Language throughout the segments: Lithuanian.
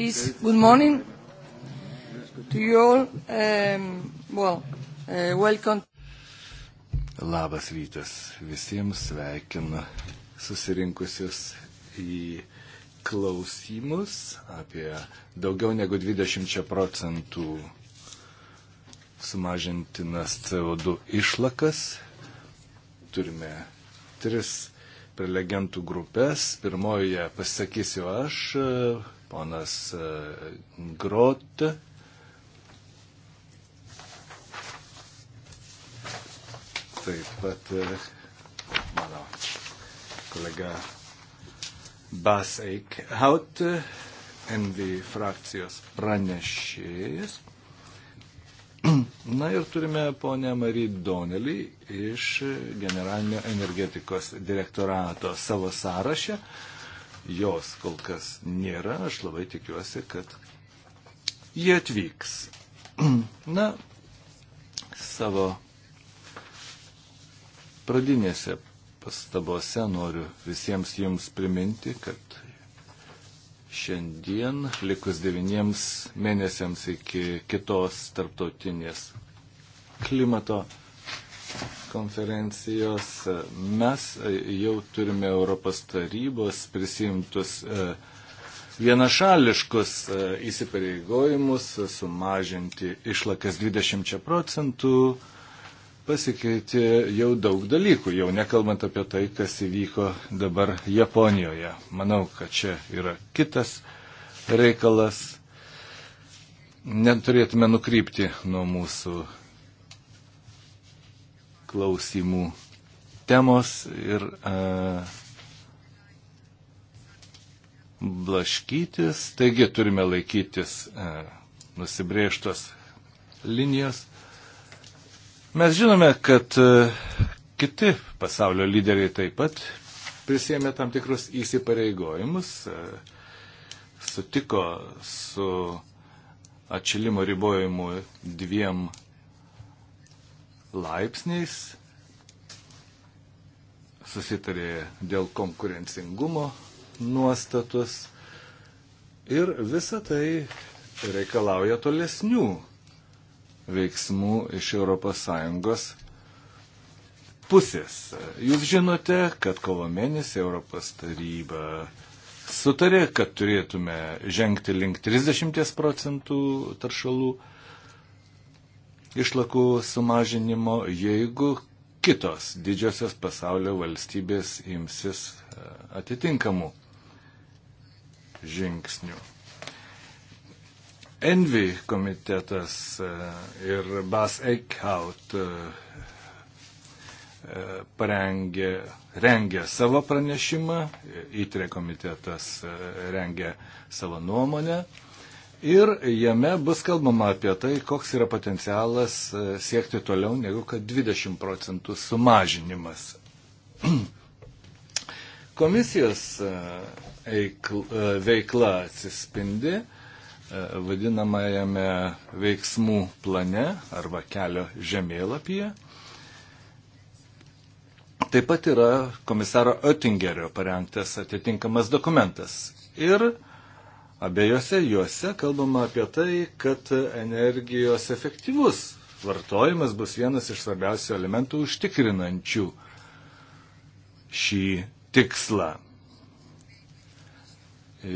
Please, good morning to you all. Um, well, uh, welcome. Labas rytas visiems sveikinu susirinkusius į klausimus apie daugiau negu 20 procentų sumažintinas CO2 išlakas. Turime tris prelegentų grupės. Pirmoje pasakysiu aš, ponas e, Grot. Taip pat e, mano kolega Bas Eichhaut, NV frakcijos pranešėjas. Na ir turime ponę Mariją Donelį iš Generalinio energetikos direktorato savo sąrašę. Uh, jos kol kas nėra, aš labai tikiuosi, kad jie atvyks. Na, savo pradinėse pastabose noriu visiems jums priminti, kad šiandien, likus devyniems mėnesiams iki kitos tarptautinės klimato konferencijos. Mes jau turime Europos tarybos prisimtus e, vienašališkus e, įsipareigojimus sumažinti išlakas 20 procentų. Pasikeitė jau daug dalykų, jau nekalbant apie tai, kas įvyko dabar Japonijoje. Manau, kad čia yra kitas reikalas neturėtume nukrypti nuo mūsų klausimų temos ir e, blaškytis. Taigi turime laikytis e, nusibrėžtos linijos. Mes žinome, kad e, kiti pasaulio lyderiai taip pat prisėmė tam tikrus įsipareigojimus, e, sutiko su atšilimo ribojimu dviem laipsniais, susitarė dėl konkurencingumo nuostatus ir visa tai reikalauja tolesnių veiksmų iš ES pusės. Jūs žinote, kad kovo mėnesį Europos taryba sutarė, kad turėtume žengti link 30 procentų taršalų išlakų sumažinimo, jeigu kitos didžiosios pasaulio valstybės imsis e, atitinkamų žingsnių. Envy komitetas e, ir Bas Eichhout e, parengė, rengė savo pranešimą, ITRE komitetas rengė savo nuomonę ir jame bus kalbama apie tai, koks yra potencialas e, siekti toliau negu kad 20 procentų sumažinimas. Komisijos e, e, veikla atsispindi vadinamajame veiksmų plane arba kelio žemėlapyje. Taip pat yra komisaro Oettingerio parengtas atitinkamas dokumentas. Ir Abiejose juose kalbama apie tai, kad energijos efektyvus vartojimas bus vienas iš svarbiausių elementų užtikrinančių šį tikslą.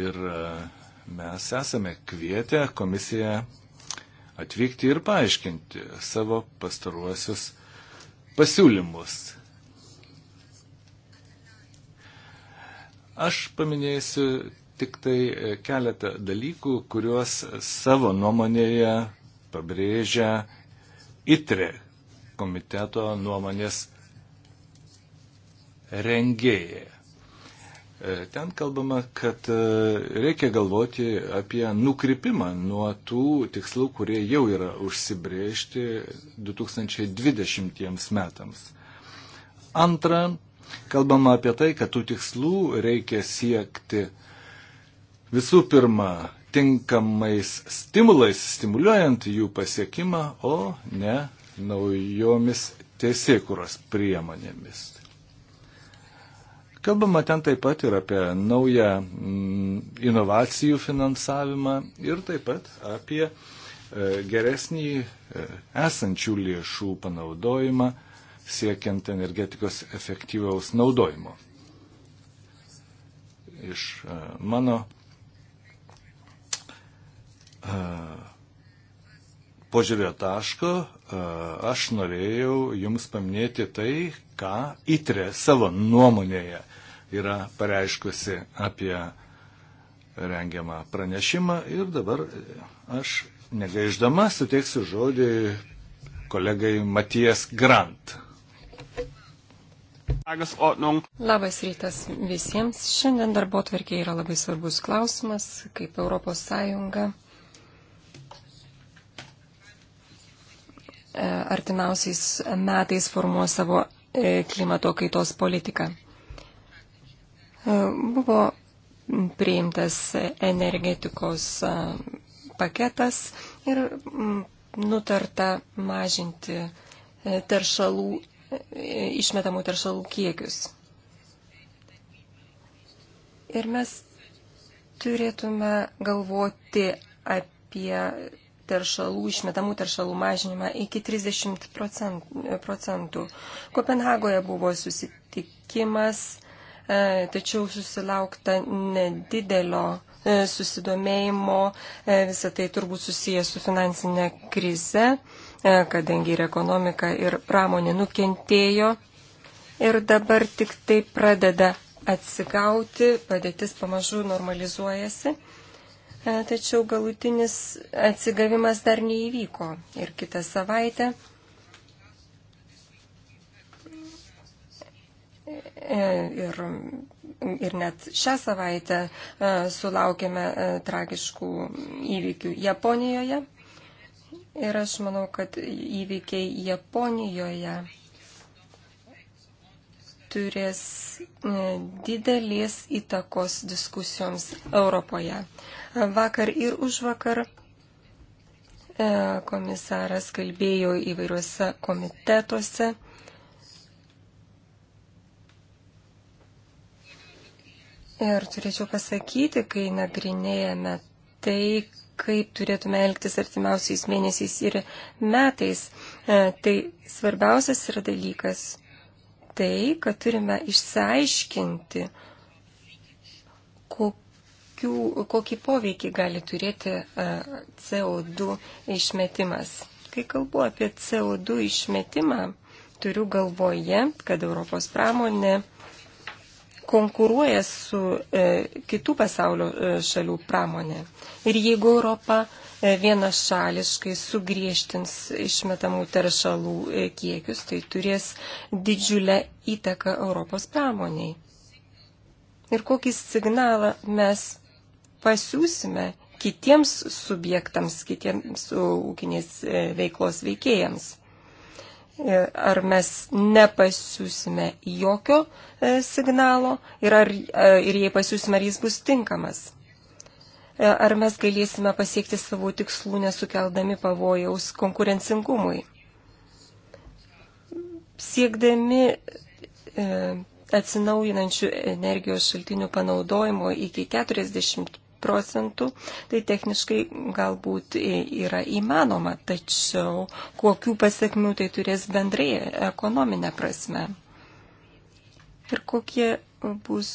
Ir e, mes esame kvietę komisiją atvykti ir paaiškinti savo pastaruosius pasiūlymus. Aš paminėsiu tik tai e, keletą dalykų, kuriuos savo nuomonėje pabrėžia ITRE komiteto nuomonės rengėja. E, ten kalbama, kad e, reikia galvoti apie nukrypimą nuo tų tikslų, kurie jau yra užsibriežti 2020 metams. Antra, kalbama apie tai, kad tų tikslų reikia siekti uh, Visų pirma, tinkamais stimulais stimuliuojant jų pasiekimą, o ne naujomis teisėkuros priemonėmis. Kalbama ten taip pat ir apie naują mm, inovacijų finansavimą ir taip pat apie e, geresnį e, esančių lėšų panaudojimą siekiant energetikos efektyvaus naudojimo. Iš e, mano E, požiūrio taško e, aš norėjau Jums paminėti tai, ką įtrė savo nuomonėje yra pareiškusi apie rengiamą pranešimą ir dabar aš negaiždama suteiksiu žodį kolegai Matijas Grant. Labas rytas visiems. Šiandien darbo tvarkiai yra labai svarbus klausimas, kaip ES E, artimiausiais metais formuos savo e, klimato kaitos politiką. E, buvo priimtas energetikos paketas ir nutarta mažinti teršalų, išmetamų teršalų kiekius. Ir mes turėtume galvoti apie teršalų, išmetamų teršalų mažinimą iki 30 procentų. Kopenhagoje buvo susitikimas, e, tačiau susilaukta nedidelio e, susidomėjimo, e, visą tai turbūt susijęs su finansinė krize, kadangi ir ekonomika, ir pramonė nukentėjo ir dabar tik tai pradeda atsigauti, padėtis pamažu normalizuojasi. E, tačiau galutinis atsigavimas dar neįvyko. Ir kitą savaitę e, ir, ir net šią savaitę e, sulaukėme tragiškų įvykių Japonijoje. Ir aš manau, kad įvykiai Japonijoje turės e, didelės įtakos diskusijoms Europoje. Vakar ir už vakar e, komisaras kalbėjo įvairiuose komitetuose. Ir turėčiau pasakyti, kai nagrinėjame tai, kaip turėtume elgtis artimiausiais mėnesiais ir metais, e, tai svarbiausias yra dalykas tai, kad turime išsiaiškinti, kokių, kokį poveikį gali turėti e, CO2 išmetimas. Kai kalbu apie CO2 išmetimą, turiu galvoje, kad Europos pramonė konkuruoja su e, kitų pasaulio e, šalių pramonė. Ir jeigu Europa vienašališkai sugriežtins išmetamų teršalų e, kiekius, tai turės didžiulę įtaką Europos pramoniai. Ir kokį signalą mes pasiūsime kitiems subjektams, kitiems ūkinės e, veiklos veikėjams e, ar mes nepasiūsime jokio signalo ir, ar, ir jei pasiūsime, ar jis bus tinkamas. E, ar mes galėsime pasiekti savo tikslų nesukeldami pavojaus konkurencingumui. Siekdami e, atsinaujinančių energijos šaltinių panaudojimo iki 40 procentų, tai techniškai galbūt yra įmanoma, tačiau kokių pasiekmių tai turės bendrai ekonominę prasme. Ir kokie bus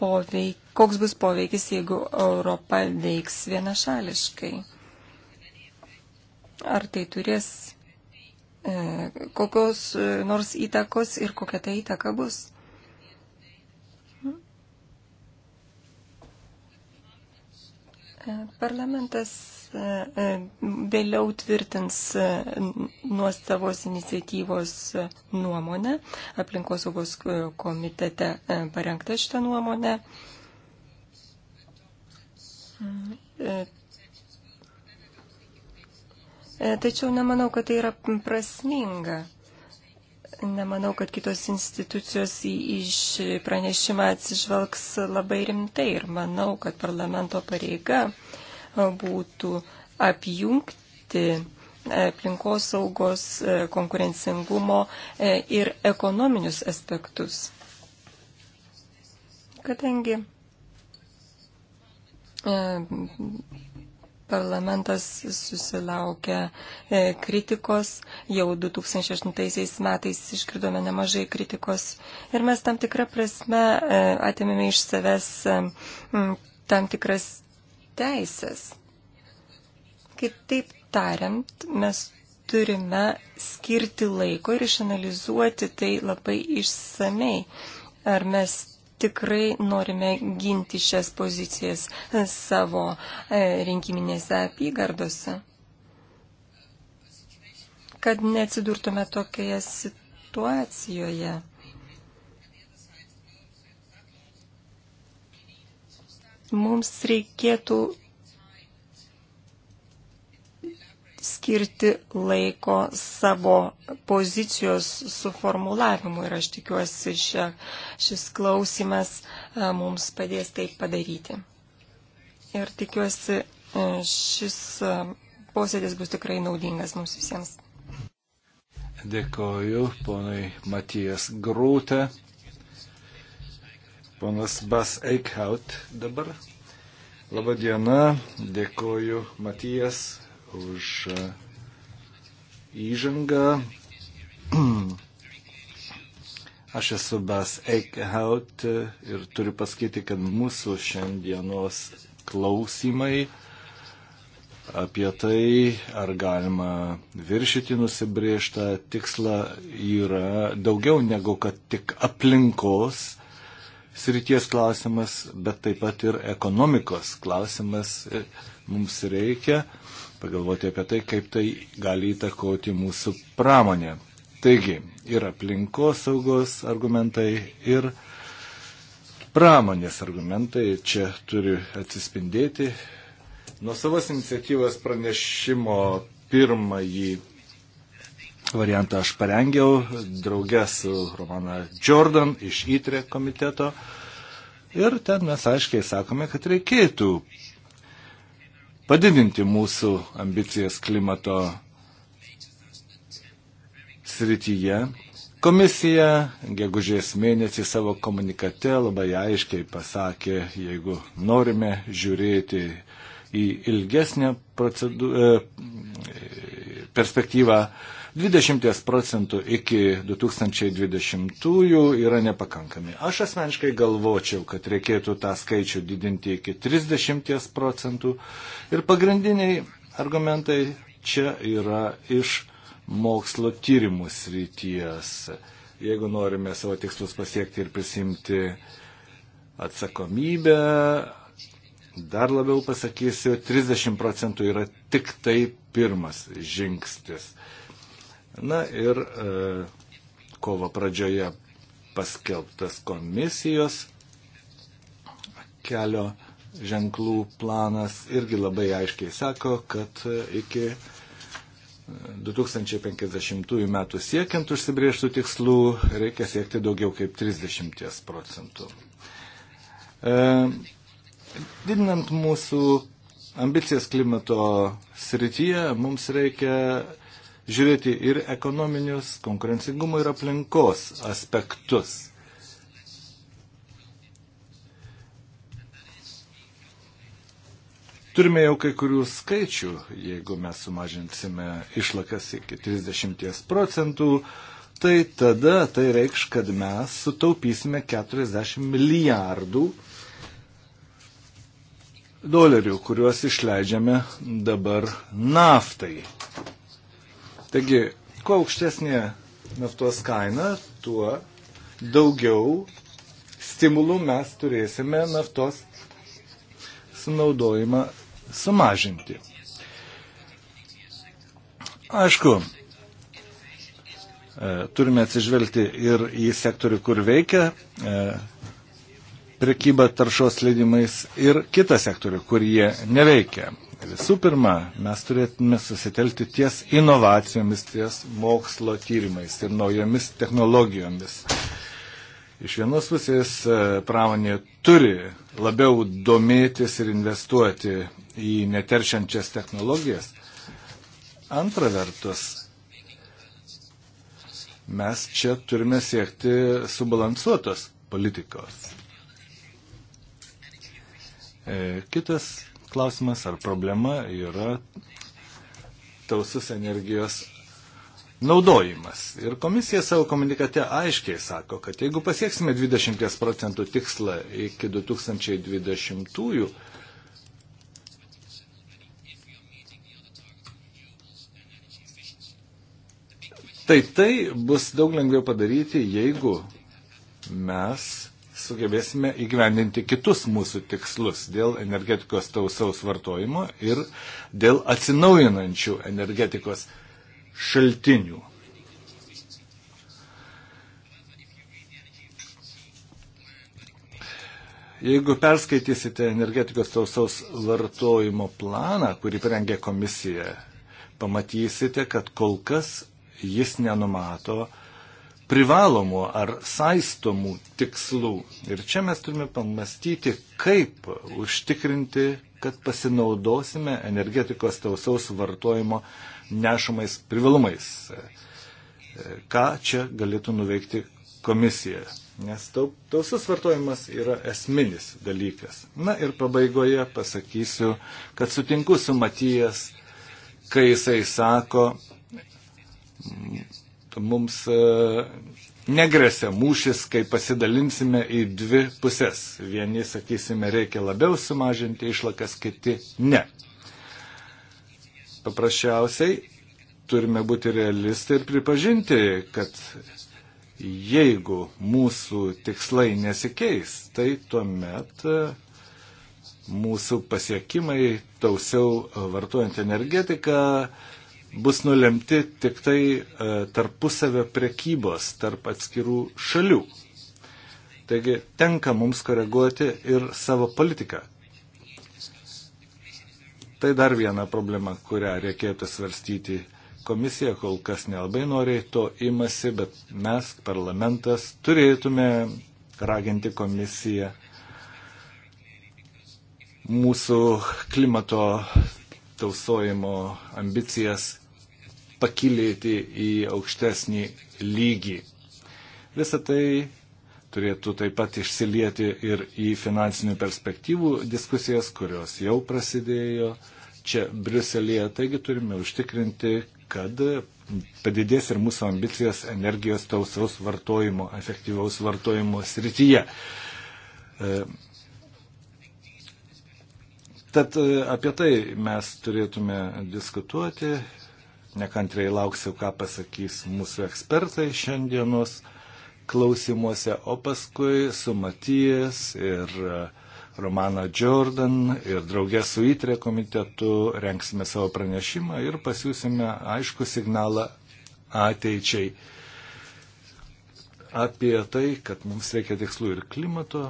poveik, koks bus poveikis, jeigu Europa veiks vienašališkai. Ar tai turės e, kokios e, nors įtakos ir kokia ta įtaka bus? E, parlamentas E, e, vėliau tvirtins e, nuostavos iniciatyvos nuomonę. Aplinkosaugos komitete parengta šitą nuomonę. Tačiau nemanau, kad tai yra prasminga. Nemanau, kad kitos institucijos į, į pranešimą atsižvelgs labai rimtai ir manau, kad parlamento pareiga uh, būtų apjungti aplinkos saugos, e, konkurencingumo e, ir ekonominius aspektus. Kadangi e, parlamentas susilaukia kritikos, jau 2008 metais išgirdome nemažai kritikos ir mes tam tikrą prasme atimėme iš savęs tam tikras teisės. Kitaip tariant, mes turime skirti laiko ir išanalizuoti tai labai išsamei. Ar mes tikrai norime ginti šias pozicijas savo e, rinkiminėse apygardose? Kad neatsidurtume tokioje situacijoje mums reikėtų skirti laiko savo pozicijos suformulavimui ir aš tikiuosi šia, šis klausimas e, mums padės tai padaryti. Ir tikiuosi e, šis e, posėdis bus tikrai naudingas mums visiems. Dėkoju ponui Matijas Grūtė ponas Bas Eichhout dabar. Labą dieną, dėkoju Matijas už e, įžangą. Aš esu Bas Eichhout ir turiu pasakyti, kad mūsų šiandienos klausimai apie tai, ar galima viršyti nusibriežtą tikslą, yra daugiau negu kad tik aplinkos srities klausimas, bet taip pat ir ekonomikos klausimas. E, mums reikia pagalvoti apie tai, kaip tai gali įtakoti mūsų pramonę. Taigi, ir aplinkos saugos argumentai, ir pramonės argumentai čia turi atsispindėti. Nuo savas iniciatyvas pranešimo pirmąjį variantą aš parengiau draugę su Romana Jordan iš ITRE komiteto. Ir ten mes aiškiai sakome, kad reikėtų padidinti mūsų ambicijas klimato srityje. Komisija gegužės mėnesį savo komunikate labai aiškiai pasakė, jeigu norime žiūrėti į ilgesnę e, perspektyvą, 20 procentų iki 2020-ųjų yra nepakankami. Aš asmeniškai galvočiau, kad reikėtų tą skaičių didinti iki 30 procentų. Ir pagrindiniai argumentai čia yra iš mokslo tyrimų srities. Jeigu norime savo tikslus pasiekti ir prisimti atsakomybę, dar labiau pasakysiu, 30 procentų yra tik tai pirmas žingsnis. Na ir e, kovo pradžioje paskelbtas komisijos kelio ženklų planas irgi labai aiškiai sako, kad e, iki 2050 e, metų siekiant užsibrieštų tikslų reikia siekti daugiau kaip 30 procentų. E, didinant mūsų ambicijas klimato srityje, mums reikia žiūrėti ir ekonominius, konkurencingumo ir aplinkos aspektus. Turime jau kai kurių skaičių, jeigu mes sumažinsime išlakas iki 30 procentų, tai tada tai reikš, kad mes sutaupysime 40 milijardų dolerių, kuriuos išleidžiame dabar naftai. Taigi, kuo aukštesnė naftos kaina, tuo daugiau stimulų mes turėsime naftos sunaudojimą sumažinti. Aišku, e, turime atsižvelgti ir į sektorių, kur veikia e, prekyba taršos leidimais ir kitą sektorių, kur jie neveikia. Visų pirma, mes turėtume susitelti ties inovacijomis, ties mokslo tyrimais ir naujomis technologijomis. Iš vienos pusės e, pramonė turi labiau domėtis ir investuoti į neteršiančias technologijas. Antra vertus, mes čia turime siekti subalansuotos politikos. E, kitas klausimas ar problema yra tausus energijos naudojimas. Ir komisija savo komunikate aiškiai sako, kad jeigu pasieksime 20 procentų tikslą iki 2020-ųjų, tai tai bus daug lengviau padaryti, jeigu mes sugebėsime įgyvendinti kitus mūsų tikslus dėl energetikos tausaus vartojimo ir dėl atsinaujinančių energetikos šaltinių. Jeigu perskaitysite energetikos tausaus vartojimo planą, kurį parengė komisija, pamatysite, kad kol kas jis nenumato privalomų ar saistomų tikslų. Ir čia mes turime pamastyti, kaip užtikrinti, kad pasinaudosime energetikos tausaus vartojimo nešamais privalumais. Ką čia galėtų nuveikti komisija? Nes tausus vartojimas yra esminis dalykas. Na ir pabaigoje pasakysiu, kad sutinku su Matijas, kai jisai sako, mums e, negresia mūšis, kai pasidalinsime į dvi pusės. Vieni, sakysime, reikia labiau sumažinti išlakas, kiti ne. Paprasčiausiai turime būti realistai ir pripažinti, kad jeigu mūsų tikslai nesikeis, tai tuomet e, mūsų pasiekimai tausiau vartojant energetiką bus nulemti tik tai e, tarpusavio prekybos tarp atskirų šalių. Taigi tenka mums koreguoti ir savo politiką. Tai dar viena problema, kurią reikėtų svarstyti. Komisija kol kas nelabai noriai to imasi, bet mes, parlamentas, turėtume raginti komisiją mūsų klimato tausojimo ambicijas pakilėti į aukštesnį lygį. Visą tai turėtų taip pat išsilieti ir į finansinių perspektyvų diskusijas, kurios jau prasidėjo čia Briuselėje. Taigi turime užtikrinti, kad padidės ir mūsų ambicijos energijos tausaus vartojimo, efektyvaus vartojimo srityje. E, Tad e, apie tai mes turėtume diskutuoti Nekantriai lauksiu, ką pasakys mūsų ekspertai šiandienos klausimuose, o paskui su Matijas ir e, Romana Jordan ir draugė su ITRE komitetu renksime savo pranešimą ir pasiūsime aišku signalą ateičiai apie tai, kad mums reikia tikslų ir klimato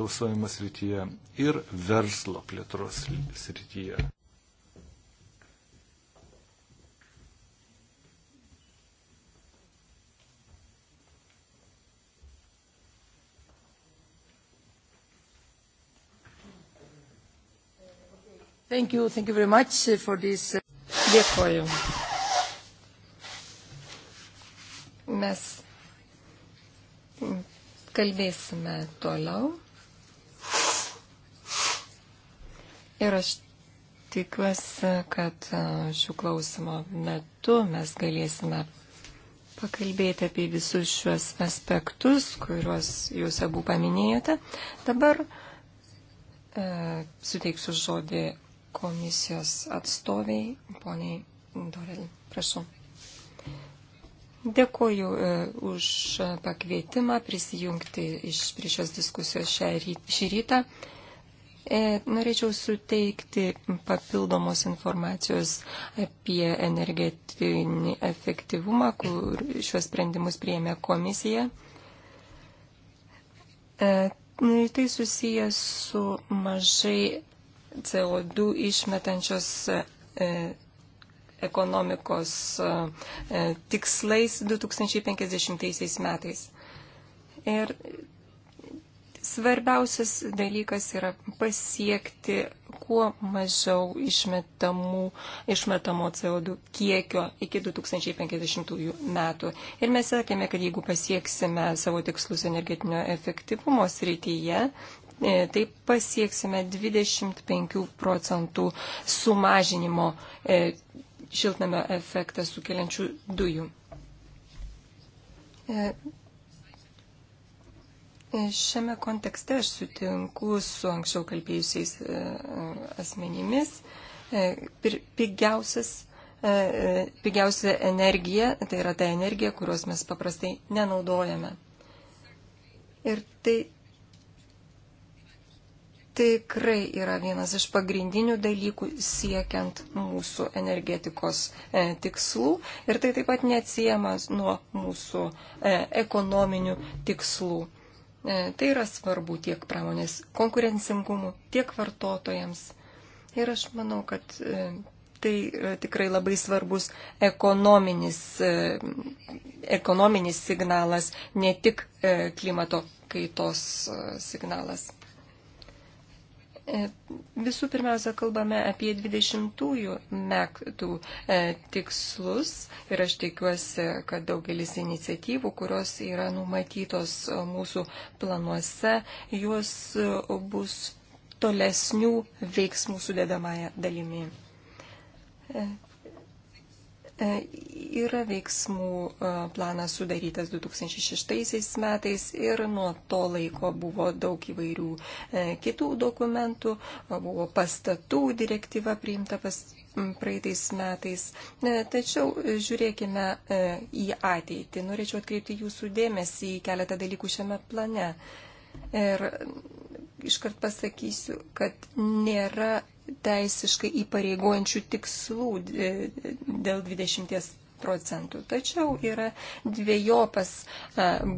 tausojimo srityje, ir verslo plėtros srityje. Thank you, thank you very much uh, for this. Uh, dėkoju. Mes kalbėsime toliau. Ir aš tikiuosi, kad uh, šių klausimo metu mes galėsime pakalbėti apie visus šiuos aspektus, kuriuos jūs abu paminėjote. Dabar e, suteiksiu žodį komisijos atstoviai, poniai Dorel, prašau. Dėkuoju e, už pakvietimą prisijungti iš, prie šios diskusijos ryt, šį rytą. E, norėčiau suteikti papildomos informacijos apie energetinį efektyvumą, kur šios sprendimus priėmė komisija. E, nu, tai susijęs su mažai CO2 išmetančios e, e, ekonomikos e, tikslais 2050 metais. Ir svarbiausias dalykas yra pasiekti kuo mažiau išmetamų, išmetamo CO2 kiekio iki 2050 metų. Ir mes sakėme, kad jeigu pasieksime savo tikslus energetinio efektyvumo srityje, E, Taip pasieksime 25 procentų sumažinimo e, šiltnamio efektą sukeliančių dujų. E, šiame kontekste aš sutinku su anksčiau kalbėjusiais asmenimis. Pigiausias, pigiausia energija, tai yra ta energija, kurios mes paprastai nenaudojame. Ir tai tikrai yra vienas iš pagrindinių dalykų siekiant mūsų energetikos e, tikslų ir tai taip pat neatsiemas nuo mūsų e, ekonominių tikslų. E, tai yra svarbu tiek pramonės konkurencingumų, tiek vartotojams. Ir aš manau, kad e, tai yra tikrai labai svarbus ekonominis, e, ekonominis signalas, ne tik e, klimato kaitos e, signalas. E, visų pirmiausia, kalbame apie 20-ųjų metų e, tikslus ir aš tikiuosi, kad daugelis iniciatyvų, kurios yra numatytos mūsų planuose, juos bus tolesnių veiksmų sudėdamąją dalimi. E, E, yra veiksmų e, planas sudarytas 2006 metais ir nuo to laiko buvo daug įvairių e, kitų dokumentų, buvo pastatų direktyva priimta pas, praeitais metais. Tačiau žiūrėkime į ateitį. Norėčiau atkreipti jūsų dėmesį į keletą dalykų šiame plane. Ir iškart pasakysiu, kad nėra teisiškai įpareigojančių tikslų dėl 20 procentų. Tačiau yra dviejopas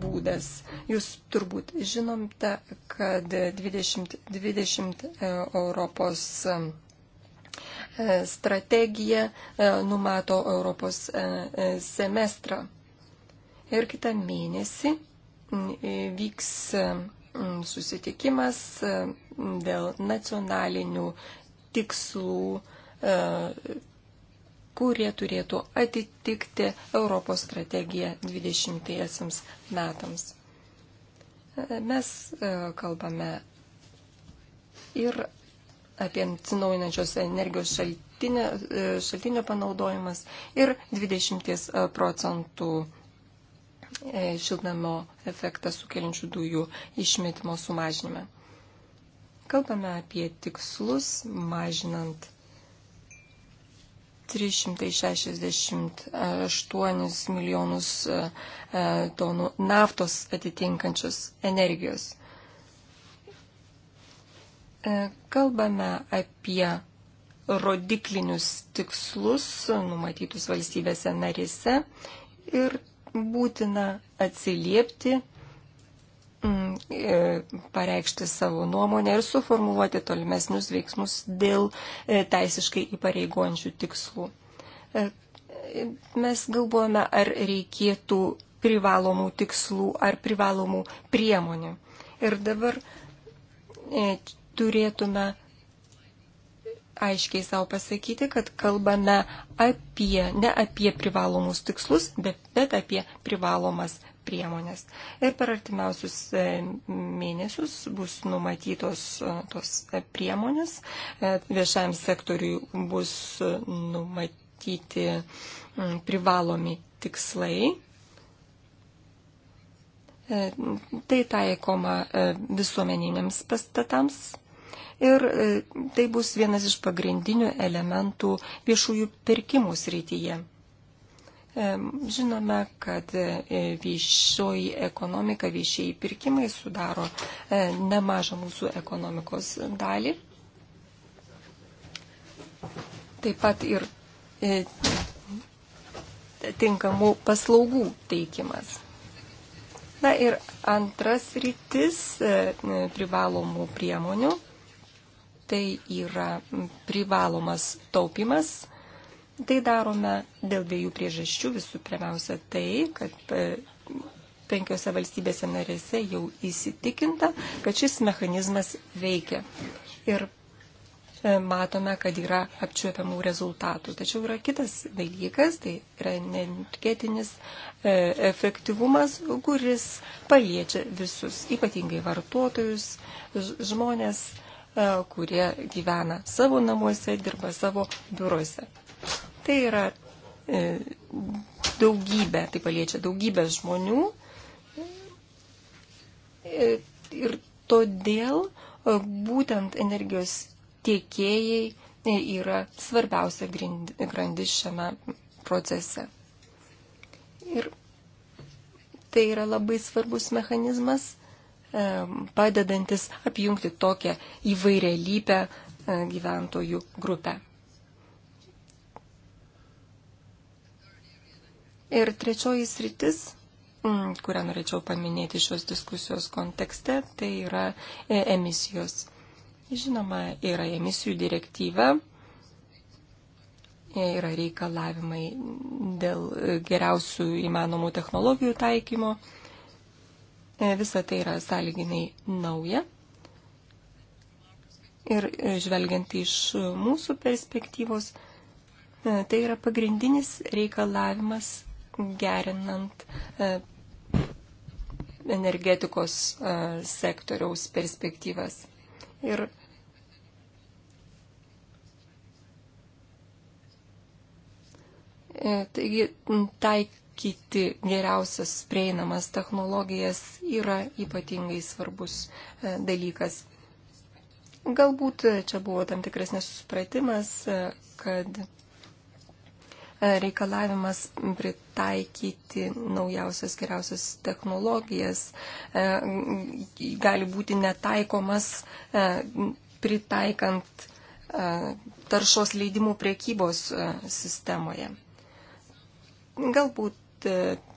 būdas. Jūs turbūt žinomte, kad 20, 20 e, Europos e, strategija e, numato Europos semestrą. Ir kitą mėnesį vyks susitikimas dėl nacionalinių tikslų, e, kurie turėtų atitikti Europos strategiją 20 metams. E, mes e, kalbame ir apie atsinaujinančios energijos šaltinio, šaltinio panaudojimas ir 20 procentų šiltnamio efektą sukeliančių dujų išmetimo sumažinime. Kalbame apie tikslus, mažinant 368 milijonus e, e, tonų naftos atitinkančios energijos. E, kalbame apie rodiklinius tikslus numatytus valstybėse narise ir būtina atsiliepti Mm, e, pareikšti savo nuomonę ir suformuoluoti tolimesnius veiksmus dėl e, teisiškai įpareigojančių tikslų. E, mes galvojame, ar reikėtų privalomų tikslų ar privalomų priemonių. Ir dabar turėtume aiškiai savo pasakyti, kad kalbame apie, ne apie privalomus tikslus, bet, bet apie privalomas priemonės. Ir per artimiausius e, mėnesius bus numatytos e, tos e, priemonės. Viešajam sektoriui bus numatyti privalomi tikslai. Tai taikoma visuomeniniams pastatams. Ir tai bus vienas iš pagrindinių elementų viešųjų pirkimų srityje. Žinome, kad e, viešoji ekonomika, viešieji pirkimai sudaro e, nemažą mūsų ekonomikos dalį. Taip pat ir e, tinkamų paslaugų teikimas. Na ir antras rytis privalomų priemonių. Tai yra privalomas taupimas, Tai darome dėl dviejų priežasčių. Visų pirmiausia tai, kad e, penkiose valstybėse narėse jau įsitikinta, kad šis mechanizmas veikia. Ir e, matome, kad yra apčiuopiamų rezultatų. Tačiau yra kitas dalykas, tai yra energetinis e, efektyvumas, kuris paliečia visus, ypatingai vartotojus, žmonės, kurie gyvena savo namuose, dirba savo biuruose. Tai yra e, daugybė, tai paliečia daugybės žmonių. E, ir todėl e, būtent energijos tiekėjai yra svarbiausia grandis šiame procese. Ir tai yra labai svarbus mechanizmas, padedantis apjungti tokią įvairialypę gyventojų grupę. Ir trečioji sritis mm, kurią norėčiau paminėti šios diskusijos kontekste, tai yra e, emisijos. Žinoma, yra emisijų direktyva, e, yra reikalavimai dėl geriausių įmanomų technologijų taikymo. E, visa tai yra sąlyginai nauja. Ir žvelgiant iš mūsų perspektyvos, tai yra pagrindinis reikalavimas gerinant e, energetikos e, sektoriaus perspektyvas. Ir e, Taigi taikyti geriausias prieinamas technologijas yra ypatingai svarbus dalykas. Galbūt čia buvo tam tikras nesusipratimas, kad reikalavimas pritaikyti naujausias geriausias technologijas e, gali būti netaikomas e, pritaikant e, taršos leidimų priekybos sistemoje. Galbūt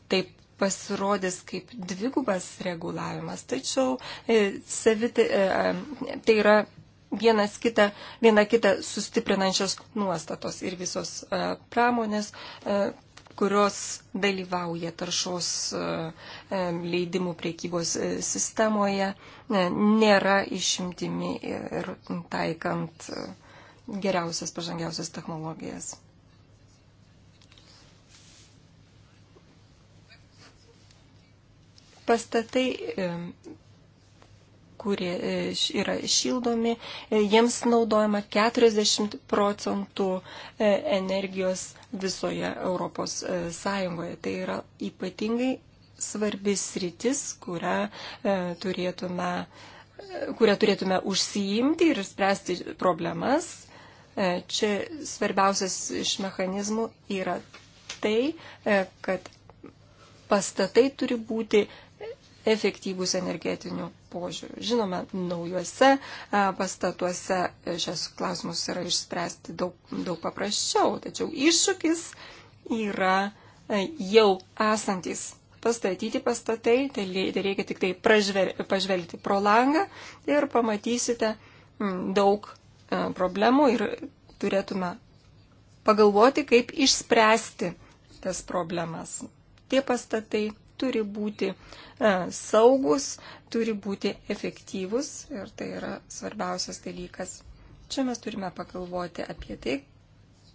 taip pasirodys kaip dvigubas reguliavimas, tačiau savit, tai yra vienas kitą, vieną kitą sustiprinančios nuostatos ir visos e, pramonės, e, kurios dalyvauja taršos e, leidimų priekybos sistemoje, nėra išimtimi ir taikant geriausias, pažangiausias technologijas. Pastatai kurie e, yra šildomi, e, jiems naudojama 40 procentų e, energijos visoje Europos Sąjungoje. Tai yra ypatingai svarbis rytis, kurią turėtume, kurią turėtume užsiimti ir spręsti problemas. Čia svarbiausias iš mechanizmų yra tai, kad pastatai turi būti efektyvūs energetinių požiūrių. Žinoma, naujuose e, pastatuose e, šias klausimus yra išspręsti daug, daug paprasčiau, tačiau iššūkis yra e, jau esantis pastatyti pastatai, tai, tai reikia tik tai pražver, pažvelgti pro langą ir pamatysite daug problemų ir turėtume pagalvoti, kaip išspręsti tas problemas. Tie pastatai turi būti e, saugus, turi būti efektyvus ir tai yra svarbiausias dalykas. Čia mes turime pagalvoti apie tai,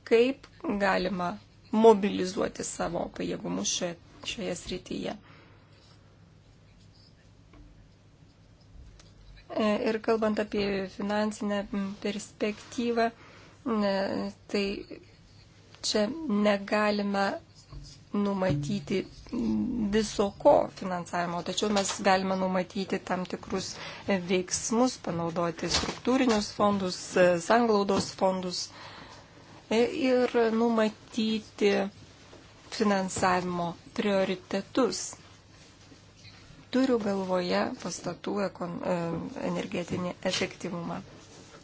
kaip galima mobilizuoti savo pajėgumus šioje, šioje srityje. E, ir kalbant apie finansinę perspektyvą, e, tai čia negalime numatyti viso ko finansavimo, tačiau mes galime numatyti tam tikrus veiksmus, panaudoti struktūrinius fondus, sanglaudos fondus ir numatyti finansavimo prioritetus. Turiu galvoje pastatų e, energetinį efektyvumą.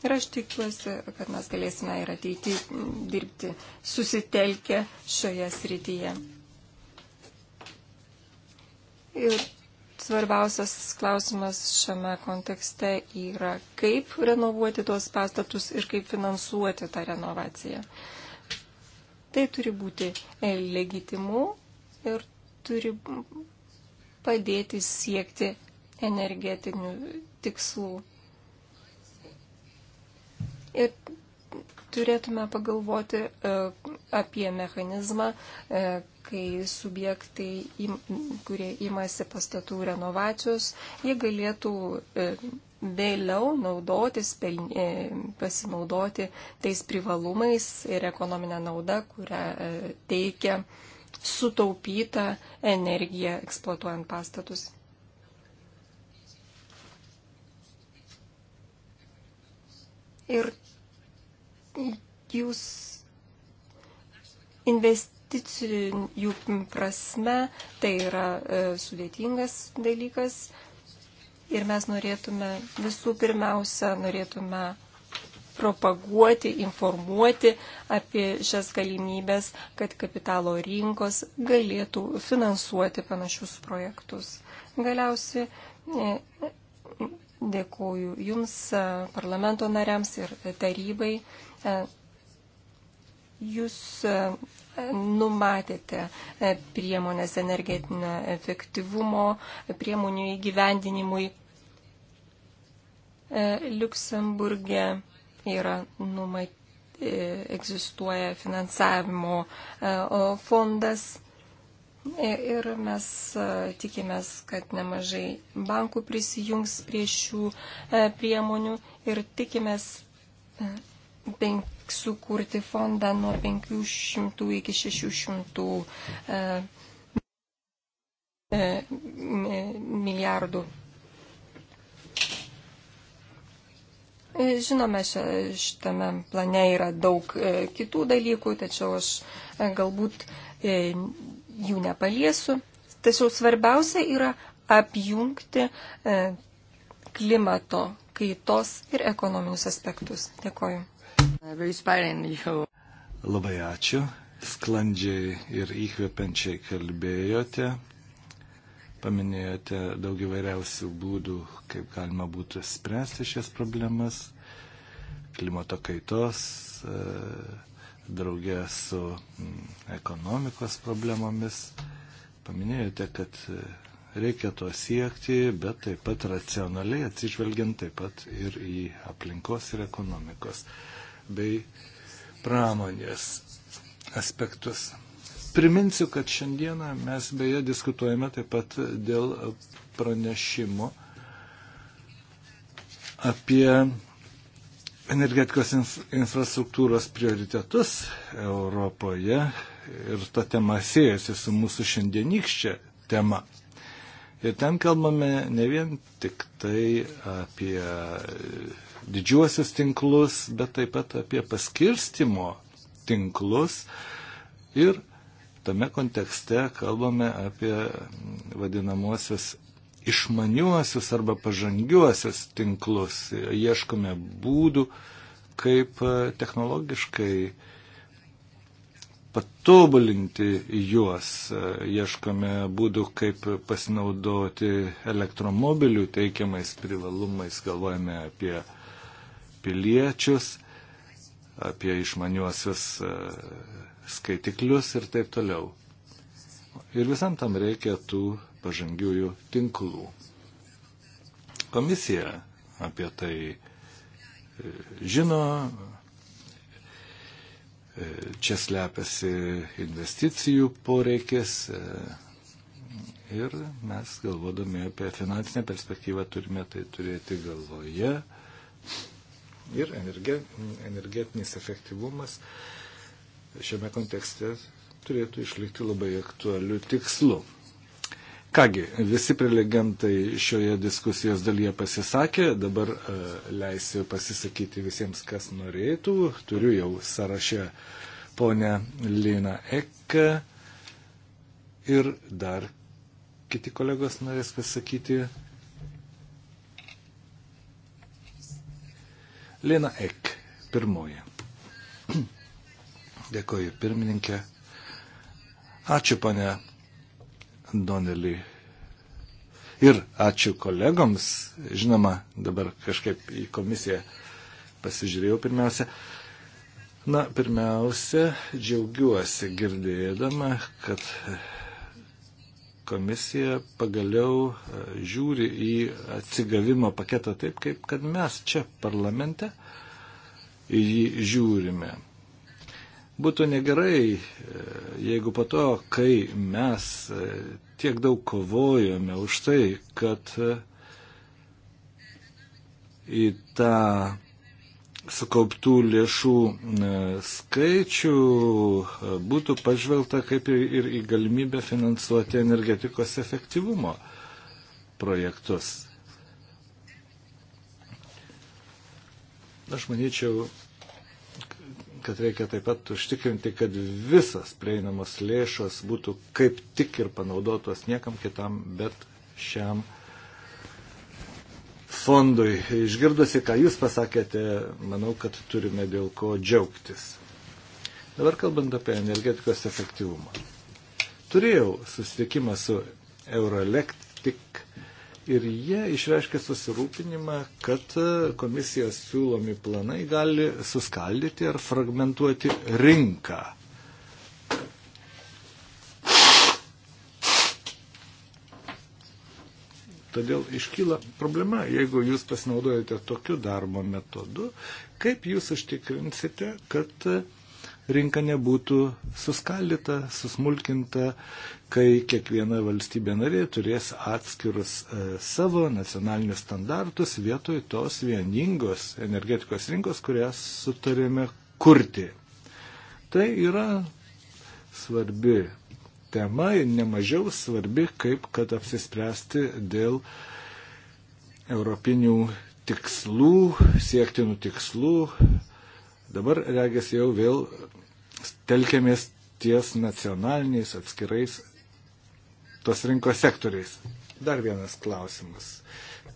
Ir aš tikiuosi, kad mes galėsime ir ateityje dirbti susitelkę šioje srityje. Ir svarbiausias klausimas šiame kontekste yra, kaip renovuoti tuos pastatus ir kaip finansuoti tą renovaciją. Tai turi būti legitimu ir turi padėti siekti energetinių tikslų. Ir turėtume pagalvoti e, apie mechanizmą, e, kai subjektai, kurie imasi pastatų renovacijos, jie galėtų e, vėliau naudotis, pasinaudoti tais privalumais ir ekonominę naudą, kurią teikia sutaupyta energija eksploatuojant pastatus. Ir jūs investicijų prasme tai yra e, sudėtingas dalykas ir mes norėtume visų pirmiausia, norėtume propaguoti, informuoti apie šias galimybės, kad kapitalo rinkos galėtų finansuoti panašius projektus. Galiausiai e, Dėkuoju Jums, e, parlamento nariams ir tarybai. E, Jūs e, numatėte priemonės energetinio efektyvumo, priemonių įgyvendinimui. Liuksemburgė yra numatė, egzistuoja finansavimo fondas Ir mes e, tikimės, kad nemažai bankų prisijungs prie šių e, priemonių ir tikimės penk, e, sukurti fondą nuo 500 iki 600 milijardų. Žinome, šitame plane yra daug kitų dalykų, tačiau aš galbūt jų nepaliesiu. Tačiau svarbiausia yra apjungti e, klimato kaitos ir ekonominius aspektus. Dėkoju. Labai ačiū. Sklandžiai ir įkvepiančiai kalbėjote. Paminėjote daug įvairiausių būdų, kaip galima būtų spręsti šias problemas. Klimato kaitos. E, draugė su mm, ekonomikos problemomis. Paminėjote, kad e, reikia to siekti, bet taip pat racionaliai atsižvelgiant taip pat ir į aplinkos ir ekonomikos bei pramonės aspektus. Priminsiu, kad šiandieną mes beje diskutuojame taip pat dėl pranešimo apie energetikos infrastruktūros prioritetus Europoje ir ta tema siejasi su mūsų šiandienykščia tema. Ir ten kalbame ne vien tik tai apie didžiuosius tinklus, bet taip pat apie paskirstimo tinklus ir tame kontekste kalbame apie vadinamosius išmaniuosius arba pažangiuosius tinklus. Ieškome būdų, kaip e, technologiškai patobulinti juos. E, ieškome būdų, kaip pasinaudoti elektromobilių teikiamais privalumais. Galvojame apie piliečius, apie išmaniuosius e, skaitiklius ir taip toliau. Ir visam tam reikia tų pažangiųjų tinklų. Komisija apie tai e, žino, e, čia slepiasi investicijų poreikis e, ir mes galvodami apie finansinę perspektyvą turime tai turėti galvoje. Ir energetinis efektyvumas šiame kontekste turėtų išlikti labai aktualiu tikslu. Kągi, visi prelegentai šioje diskusijos dalyje pasisakė, dabar e, leisiu pasisakyti visiems, kas norėtų. Turiu jau sąraše ponę Liną Ek ir dar kiti kolegos norės pasakyti. Lena Ek, pirmoji. Dėkoju, pirmininkė. Ačiū, ponė Donelį. Ir ačiū kolegoms, žinoma, dabar kažkaip į komisiją pasižiūrėjau pirmiausia. Na, pirmiausia, džiaugiuosi girdėdama, kad komisija pagaliau e, žiūri į atsigavimo paketą taip, kaip kad mes čia parlamente į jį žiūrime. Būtų negerai, e, jeigu po to, kai mes e, tiek daug kovojome už tai, kad e, į tą sukauptų lėšų skaičių būtų pažvelgta kaip ir į galimybę finansuoti energetikos efektyvumo projektus. Aš manyčiau, kad reikia taip pat užtikrinti, kad visas prieinamos lėšos būtų kaip tik ir panaudotos niekam kitam, bet šiam fondui. Išgirdusi, ką Jūs pasakėte, manau, kad turime dėl ko džiaugtis. Dabar kalbant apie energetikos efektyvumą. Turėjau susitikimą su Eurolektik ir jie išreiškė susirūpinimą, kad komisijos siūlomi planai gali suskaldyti ar fragmentuoti rinką. Todėl iškyla problema, jeigu jūs pasinaudojate tokiu darbo metodu, kaip jūs užtikrinsite, kad rinka nebūtų suskaldyta, susmulkinta, kai kiekviena valstybė narė turės atskirus e, savo nacionalinius standartus vietoj tos vieningos energetikos rinkos, kurias sutarėme kurti. Tai yra svarbi tema ir nemažiau svarbi, kaip kad apsispręsti dėl europinių tikslų, siektinų tikslų Dabar, regis, jau vėl telkėmės ties nacionaliniais atskirais tos rinkos sektoriais. Dar vienas klausimas.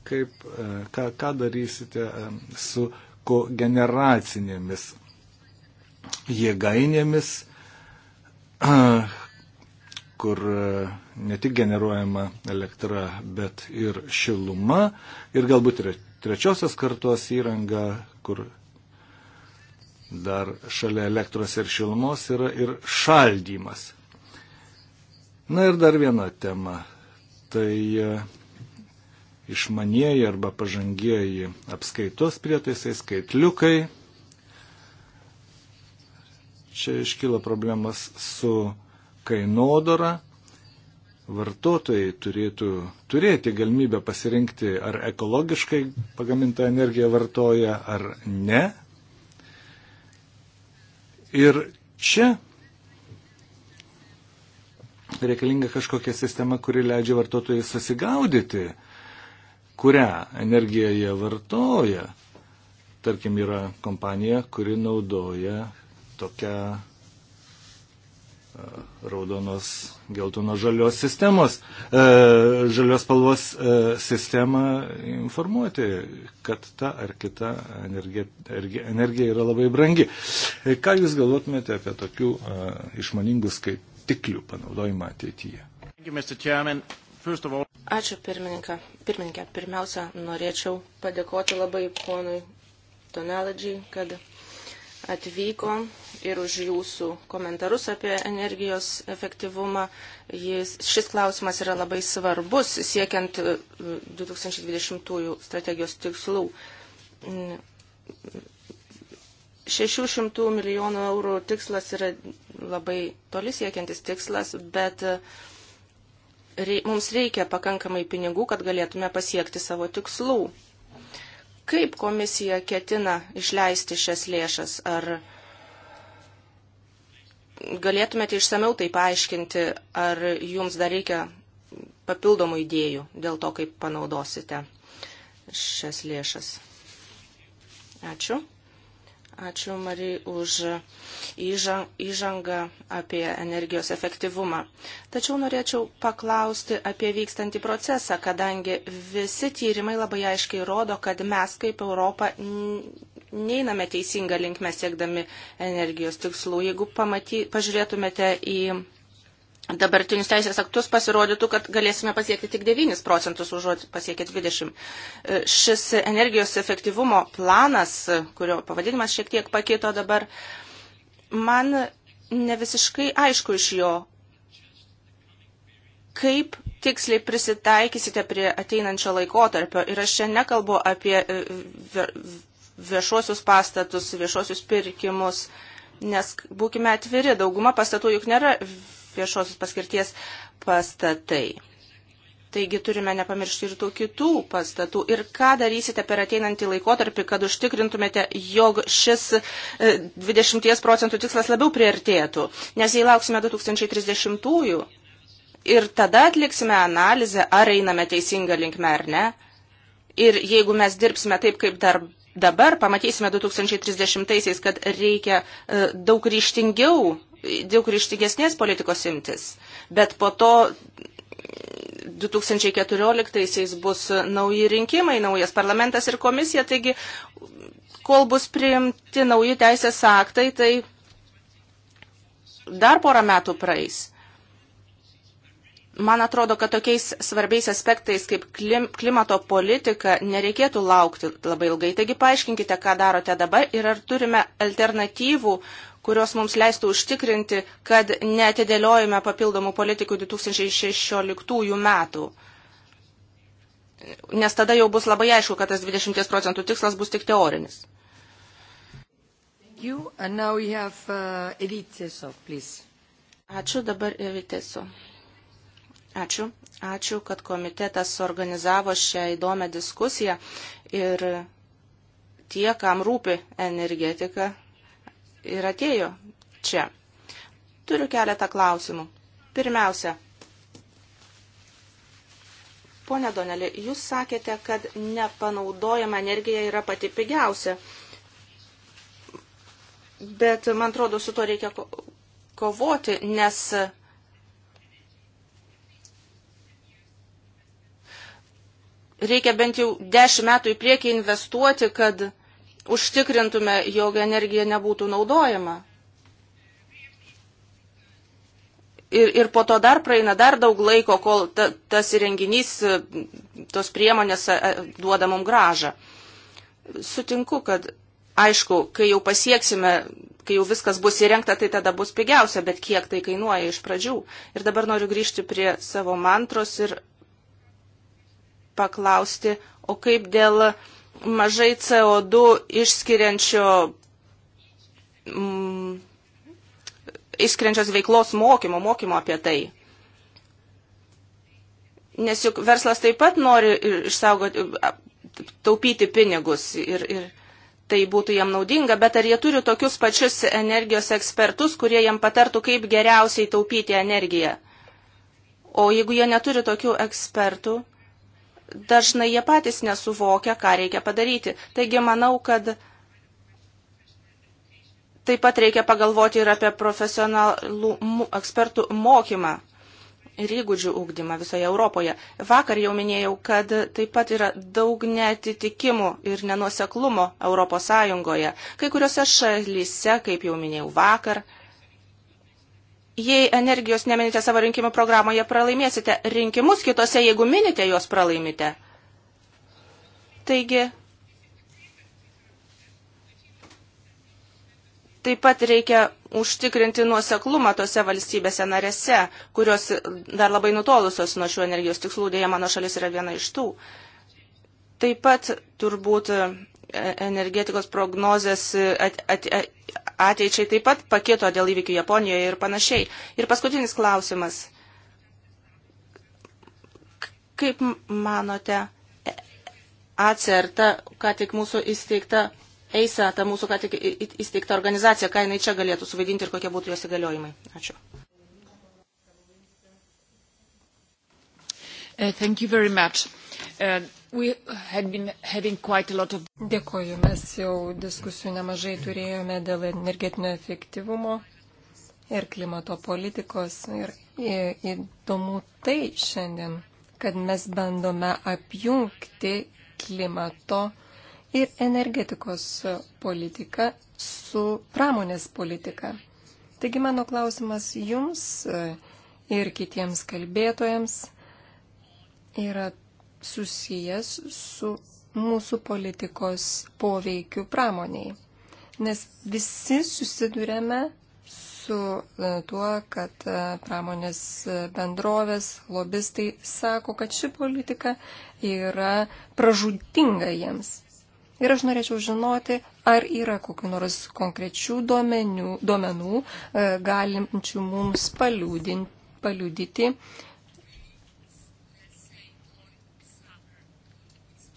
Kaip, e, ką, ką darysite e, su kogeneracinėmis jėgainėmis, e, kur ne tik generuojama elektra, bet ir šiluma ir galbūt yra trečiosios kartos įranga, kur Dar šalia elektros ir šilumos yra ir šaldymas. Na ir dar viena tema. Tai e, išmanieji arba pažangieji apskaitos prietaisai, skaitliukai. Čia iškyla problemas su kainodara. Vartotojai turėtų turėti galimybę pasirinkti, ar ekologiškai pagamintą energiją vartoja, ar ne. Ir čia reikalinga kažkokia sistema, kuri leidžia vartotojai susigaudyti, kurią energiją jie vartoja. Tarkim, yra kompanija, kuri naudoja tokią raudonos, geltonos žalios sistemos, e, žalios spalvos e, sistemą informuoti, kad ta ar kita energija, energija yra labai brangi. E, ką Jūs galvotumėte apie tokių išmaningų skaitiklių panaudojimą ateityje? Ačiū pirmininką. Pirmininkė, pirmiausia, norėčiau padėkoti labai ponui Toneladžiai, kad atvyko ir už jūsų komentarus apie energijos efektyvumą. Jis, šis klausimas yra labai svarbus siekiant 2020 e, strategijos tikslų. 600 milijonų eurų tikslas yra labai toli siekiantis tikslas, bet e, rei, mums reikia pakankamai pinigų, kad galėtume pasiekti savo tikslų. Kaip komisija ketina išleisti šias lėšas? Ar galėtumėte išsameu tai paaiškinti, ar jums dar reikia papildomų idėjų dėl to, kaip panaudosite šias lėšas? Ačiū. Ačiū, Marijai, už įžangą apie energijos efektyvumą. Tačiau norėčiau paklausti apie vykstantį procesą, kadangi visi tyrimai labai aiškiai rodo, kad mes kaip Europa neiname teisingą linkmę siekdami energijos tikslų. Jeigu pamaty, pažiūrėtumėte į dabartinius teisės aktus pasirodytų, kad galėsime pasiekti tik 9 procentus, užuot pasiekę 20. E, šis energijos efektyvumo planas, kurio pavadinimas šiek tiek pakito dabar, man ne visiškai aišku iš jo, kaip tiksliai prisitaikysite prie ateinančio laikotarpio. Ir aš čia nekalbu apie e, viešuosius pastatus, viešuosius pirkimus, nes būkime atviri, dauguma pastatų juk nėra viešosios paskirties pastatai. Taigi turime nepamiršti ir tų kitų pastatų. Ir ką darysite per ateinantį laikotarpį, kad užtikrintumėte, jog šis 20 e, procentų tikslas labiau priartėtų? Nes jei lauksime 2030-ųjų ir tada atliksime analizę, ar einame teisinga linkme ar ne. Ir jeigu mes dirbsime taip, kaip dar dabar, pamatysime 2030-aisiais, kad reikia e, daug ryštingiau daug ryštigesnės politikos imtis, bet po to 2014 bus nauji rinkimai, naujas parlamentas ir komisija, taigi kol bus priimti nauji teisės aktai, tai dar porą metų praeis. Man atrodo, kad tokiais svarbiais aspektais kaip klim, klimato politika nereikėtų laukti labai ilgai. Taigi paaiškinkite, ką darote dabar ir ar turime alternatyvų uh, kurios mums leistų užtikrinti, kad neatidėliojame papildomų politikų 2016 metų. Nes tada jau bus labai aišku, kad tas 20 procentų tikslas bus tik teorinis. Uh, Ačiū dabar Eviteso. Ačiū. Ačiū, kad komitetas organizavo šią įdomią diskusiją ir tie, kam rūpi energetika, ir atėjo čia. Turiu keletą klausimų. Pirmiausia, Pone Donelį, jūs sakėte, kad nepanaudojama energija yra pati pigiausia. Bet, man atrodo, su to reikia kovoti, nes reikia bent jau dešimt metų į priekį investuoti, kad užtikrintume, jog energija nebūtų naudojama. Ir, ir po to dar praeina dar daug laiko, kol ta, tas įrenginys, tos priemonės e, duoda mums gražą. Sutinku, kad aišku, kai jau pasieksime, kai jau viskas bus įrengta, tai tada bus pigiausia, bet kiek tai kainuoja iš pradžių. Ir dabar noriu grįžti prie savo mantros ir paklausti, o kaip dėl uh, mažai CO2 išskiriančio mm, išskiriančios veiklos mokymo, mokymo apie tai. Nes juk verslas taip pat nori išsaugoti, taupyti pinigus ir, ir tai būtų jam naudinga, bet ar jie turi tokius pačius energijos ekspertus, kurie jam patartų, kaip geriausiai taupyti energiją? O jeigu jie neturi tokių ekspertų, dažnai jie patys nesuvokia, ką reikia padaryti. Taigi manau, kad taip pat reikia pagalvoti ir apie profesionalų ekspertų mokymą ir įgūdžių ūkdymą visoje Europoje. Vakar jau minėjau, kad taip pat yra daug netitikimų ir nenuoseklumo Europos Sąjungoje. Kai kuriuose šalyse, kaip jau minėjau vakar, Jei energijos neminite savo rinkimų programoje, pralaimėsite rinkimus kitose, jeigu minite, juos pralaimite. Taigi, taip pat reikia užtikrinti nuoseklumą tose valstybėse narėse, kurios dar labai nutolusios nuo šių energijos tikslų, dėja mano šalis yra viena iš tų. Taip pat turbūt energetikos prognozės e, at, at, e, ateičiai taip pat pakito dėl įvykių Japonijoje ir panašiai. Ir paskutinis klausimas. Kaip manote, e, ACR, ta, ką tik mūsų įsteigta EISA, ta mūsų ką tik įsteigta organizacija, ką jinai čia galėtų suvaidinti ir kokie būtų jos įgaliojimai? Ačiū. Uh, thank you very much. Uh, Of... Dėkoju, mes jau diskusijų nemažai turėjome dėl energetinio efektyvumo ir klimato politikos. Ir įdomu tai šiandien, kad mes bandome apjungti klimato ir energetikos politiką su pramonės politika. Taigi mano klausimas jums ir kitiems kalbėtojams yra susijęs su mūsų politikos poveikiu pramoniai. Nes visi susidurėme su e, tuo, kad e, pramonės bendrovės, lobistai sako, kad ši politika yra pražudinga jiems. Ir aš norėčiau žinoti, ar yra kokiu nors konkrečių duomenių, duomenų e, galinčių mums paliūdinti, paliūdyti, paliūdyti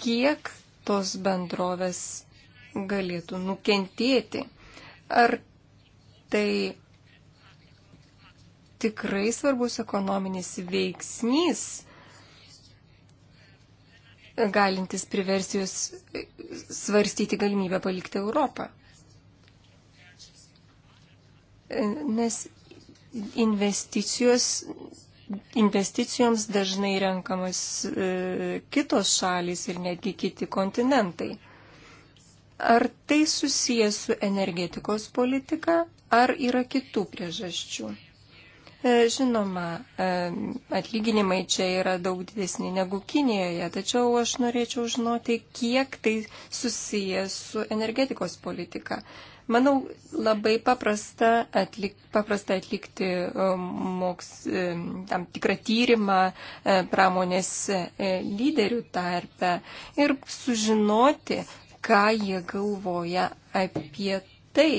kiek tos bendrovės galėtų nukentėti. Ar tai tikrai svarbus ekonominis veiksnys, galintis priversti jūs svarstyti galimybę palikti Europą? Nes investicijos investicijoms dažnai renkamas e, kitos šalys ir netgi kiti kontinentai. Ar tai susijęs su energetikos politika, ar yra kitų priežasčių? E, žinoma, e, atlyginimai čia yra daug didesni negu Kinijoje, tačiau aš norėčiau žinoti, kiek tai susijęs su energetikos politika. Manau, labai paprasta, atlik, paprasta atlikti e, moks, e, tam tikrą tyrimą e, pramonės lyderių tarpe ir sužinoti, ką jie galvoja apie tai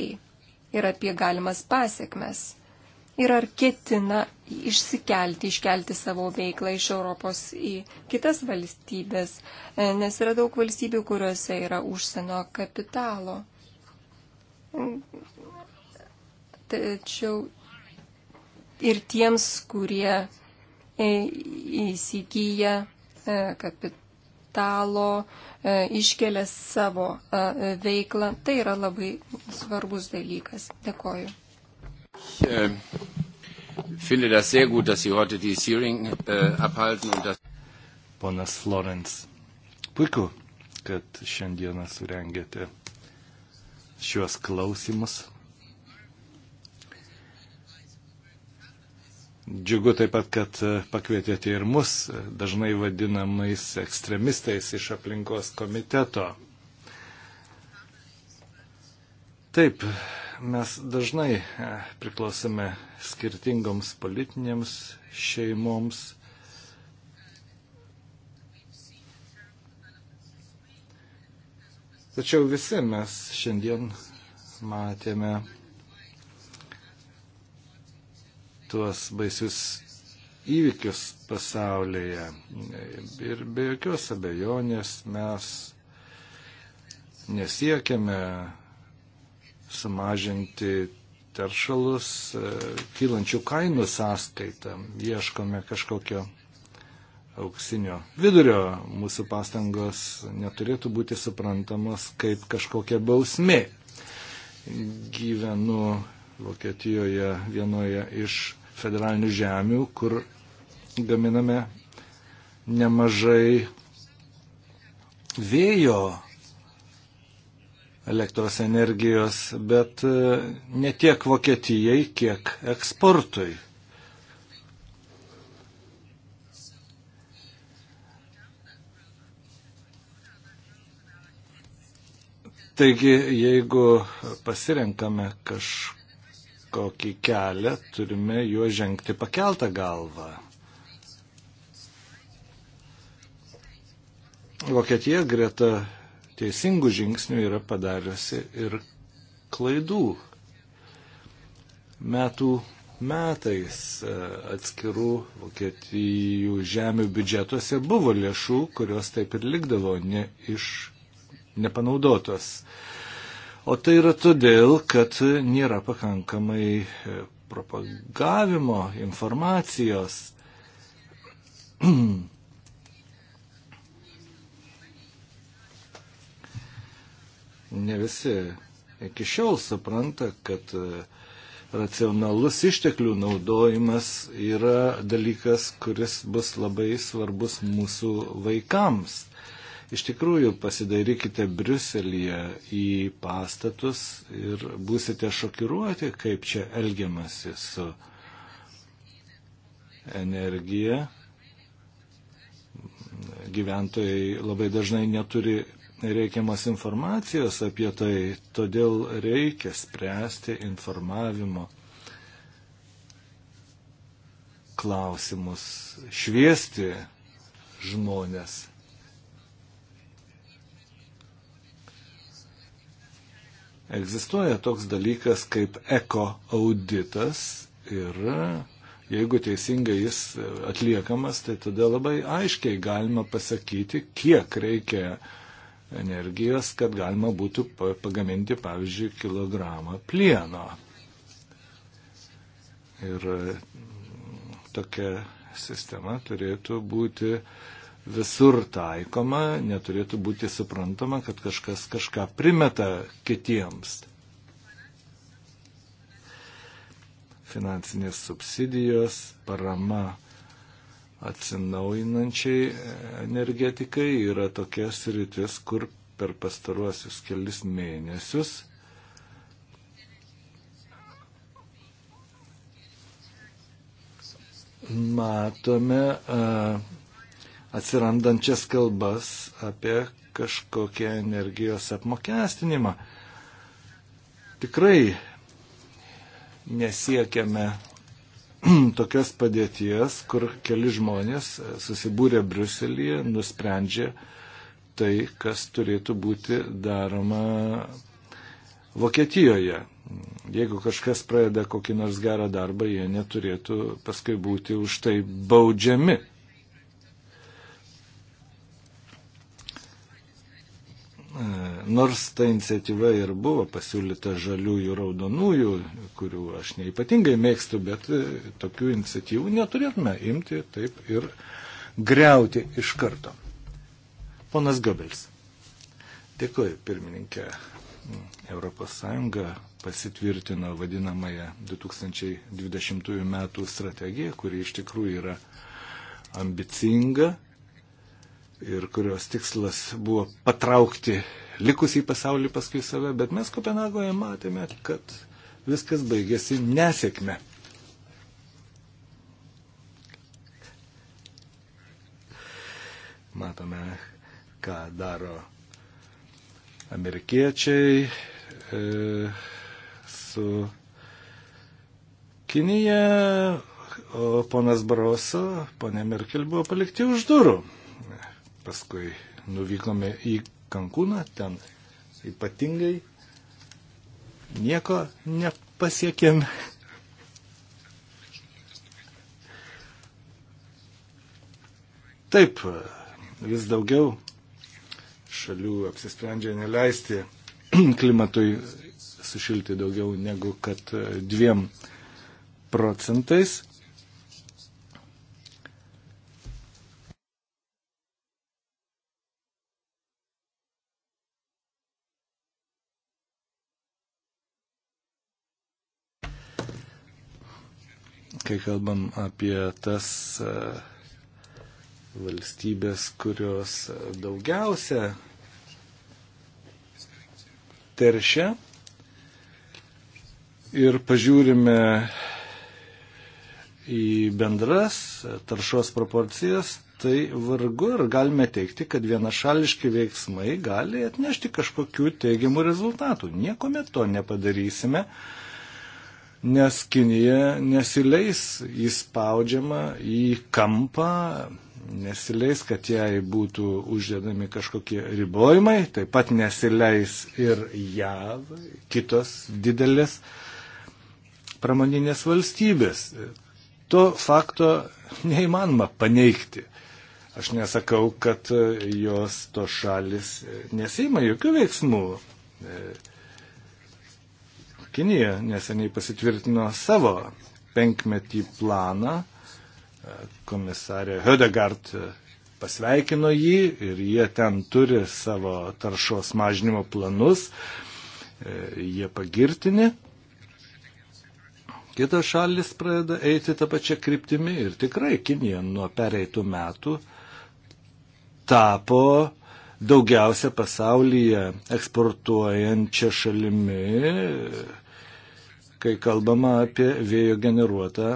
ir apie galimas pasiekmes. Ir ar ketina išsikelti, iškelti savo veiklą iš Europos į kitas valstybės, nes yra daug valstybių, kuriuose yra užsienio kapitalo. Tačiau ir tiems, kurie įsigyja e, kapitalo, e, iškelia savo e, veiklą, tai yra labai svarbus dalykas. Dėkoju. Äh, äh, Ponas Florence, puiku, kad šiandieną surengėte šiuos klausimus. Džiugu taip pat, kad e, pakvietėte ir mus, e, dažnai vadinamais ekstremistais iš aplinkos komiteto. Taip, mes dažnai e, priklausome skirtingoms politinėms šeimoms Tačiau visi mes šiandien matėme tuos baisius įvykius pasaulyje. Ir be jokios abejonės mes nesiekiame sumažinti teršalus e, kylančių kainų sąskaitą. Ieškome kažkokio auksinio vidurio. Mūsų pastangos neturėtų būti suprantamos kaip kažkokia bausmė. Gyvenu Vokietijoje vienoje iš federalinių žemių, kur gaminame nemažai vėjo elektros energijos, bet e, ne tiek Vokietijai, kiek eksportui. Taigi, jeigu pasirenkame kažkokį kelią, turime juo žengti pakeltą galvą. Vokietija greta teisingų žingsnių yra padariusi ir klaidų. Metų metais e, atskirų Vokietijų žemių biudžetuose buvo lėšų, kurios taip ir likdavo neiš nepanaudotos. O tai yra todėl, kad nėra pakankamai e, propagavimo informacijos. Ne visi iki šiol supranta, kad e, racionalus išteklių naudojimas yra dalykas, kuris bus labai svarbus mūsų vaikams. Iš tikrųjų, pasidairykite Briuselyje į pastatus ir būsite šokiruoti, kaip čia elgiamasi su energija. Gyventojai labai dažnai neturi reikiamas informacijos apie tai, todėl reikia spręsti informavimo klausimus, šviesti žmonės. Egzistuoja toks dalykas kaip eko auditas ir jeigu teisingai jis atliekamas, tai tada labai aiškiai galima pasakyti, kiek reikia energijos, kad galima būtų pagaminti, pavyzdžiui, kilogramą plieno. Ir tokia sistema turėtų būti uh, visur taikoma, neturėtų būti suprantama, kad kažkas kažką primeta kitiems. Finansinės subsidijos, parama atsinaujinančiai energetikai yra tokia sritis, kur per pastaruosius kelis mėnesius matome a, atsirandančias kalbas apie kažkokią energijos apmokestinimą. Tikrai nesiekiame tokios padėties, kur keli žmonės susibūrė Bruselėje, nusprendžia tai, kas turėtų būti daroma Vokietijoje. Jeigu kažkas pradeda kokį nors gerą darbą, jie neturėtų paskui būti už tai baudžiami. Nors ta iniciatyva ir buvo pasiūlyta žaliųjų raudonųjų, kurių aš neipatingai mėgstu, bet e, tokių iniciatyvų neturėtume imti taip ir greuti iš karto. Ponas Gobelis. Dėkuoju, pirmininkė. ES pasitvirtino vadinamąją 2020 m. strategiją, kuri iš tikrųjų yra ambicinga ir kurios tikslas buvo patraukti likusį pasaulį paskui save, bet mes Kopenhagoje matėme, kad viskas baigėsi nesėkme. Matome, ką daro amerikiečiai e, su Kinija, o ponas Baroso, ponė Merkel buvo palikti už durų. Paskui nuvykome į Kankūną, ten ypatingai nieko nepasiekėm. Taip, vis daugiau šalių apsisprendžia neleisti klimatui sušilti daugiau negu kad dviem procentais. kai kalbam apie tas e, valstybės, kurios daugiausia teršia ir pažiūrime į bendras taršos proporcijas, tai vargu ar galime teikti, kad vienašališki veiksmai gali atnešti kažkokių teigiamų rezultatų. Niekuomet to nepadarysime. Uh, nes Kinija nesileis įspaudžiama į kampą, nesileis, kad jai būtų uždedami kažkokie ribojimai, taip pat nesileis ir JAV, kitos didelės pramoninės valstybės. To fakto neįmanoma paneigti. Aš nesakau, kad jos to šalis nesima jokių veiksmų. E, Kinija neseniai pasitvirtino savo penkmetį planą. E, komisarė Hödegard e, pasveikino jį ir jie ten turi savo taršos mažinimo planus. E, jie pagirtini. Kitos šalis pradeda eiti tą pačią kryptimį ir tikrai Kinija nuo pereitų metų tapo daugiausia pasaulyje eksportuojančia šalimi kai kalbama apie vėjo generuotą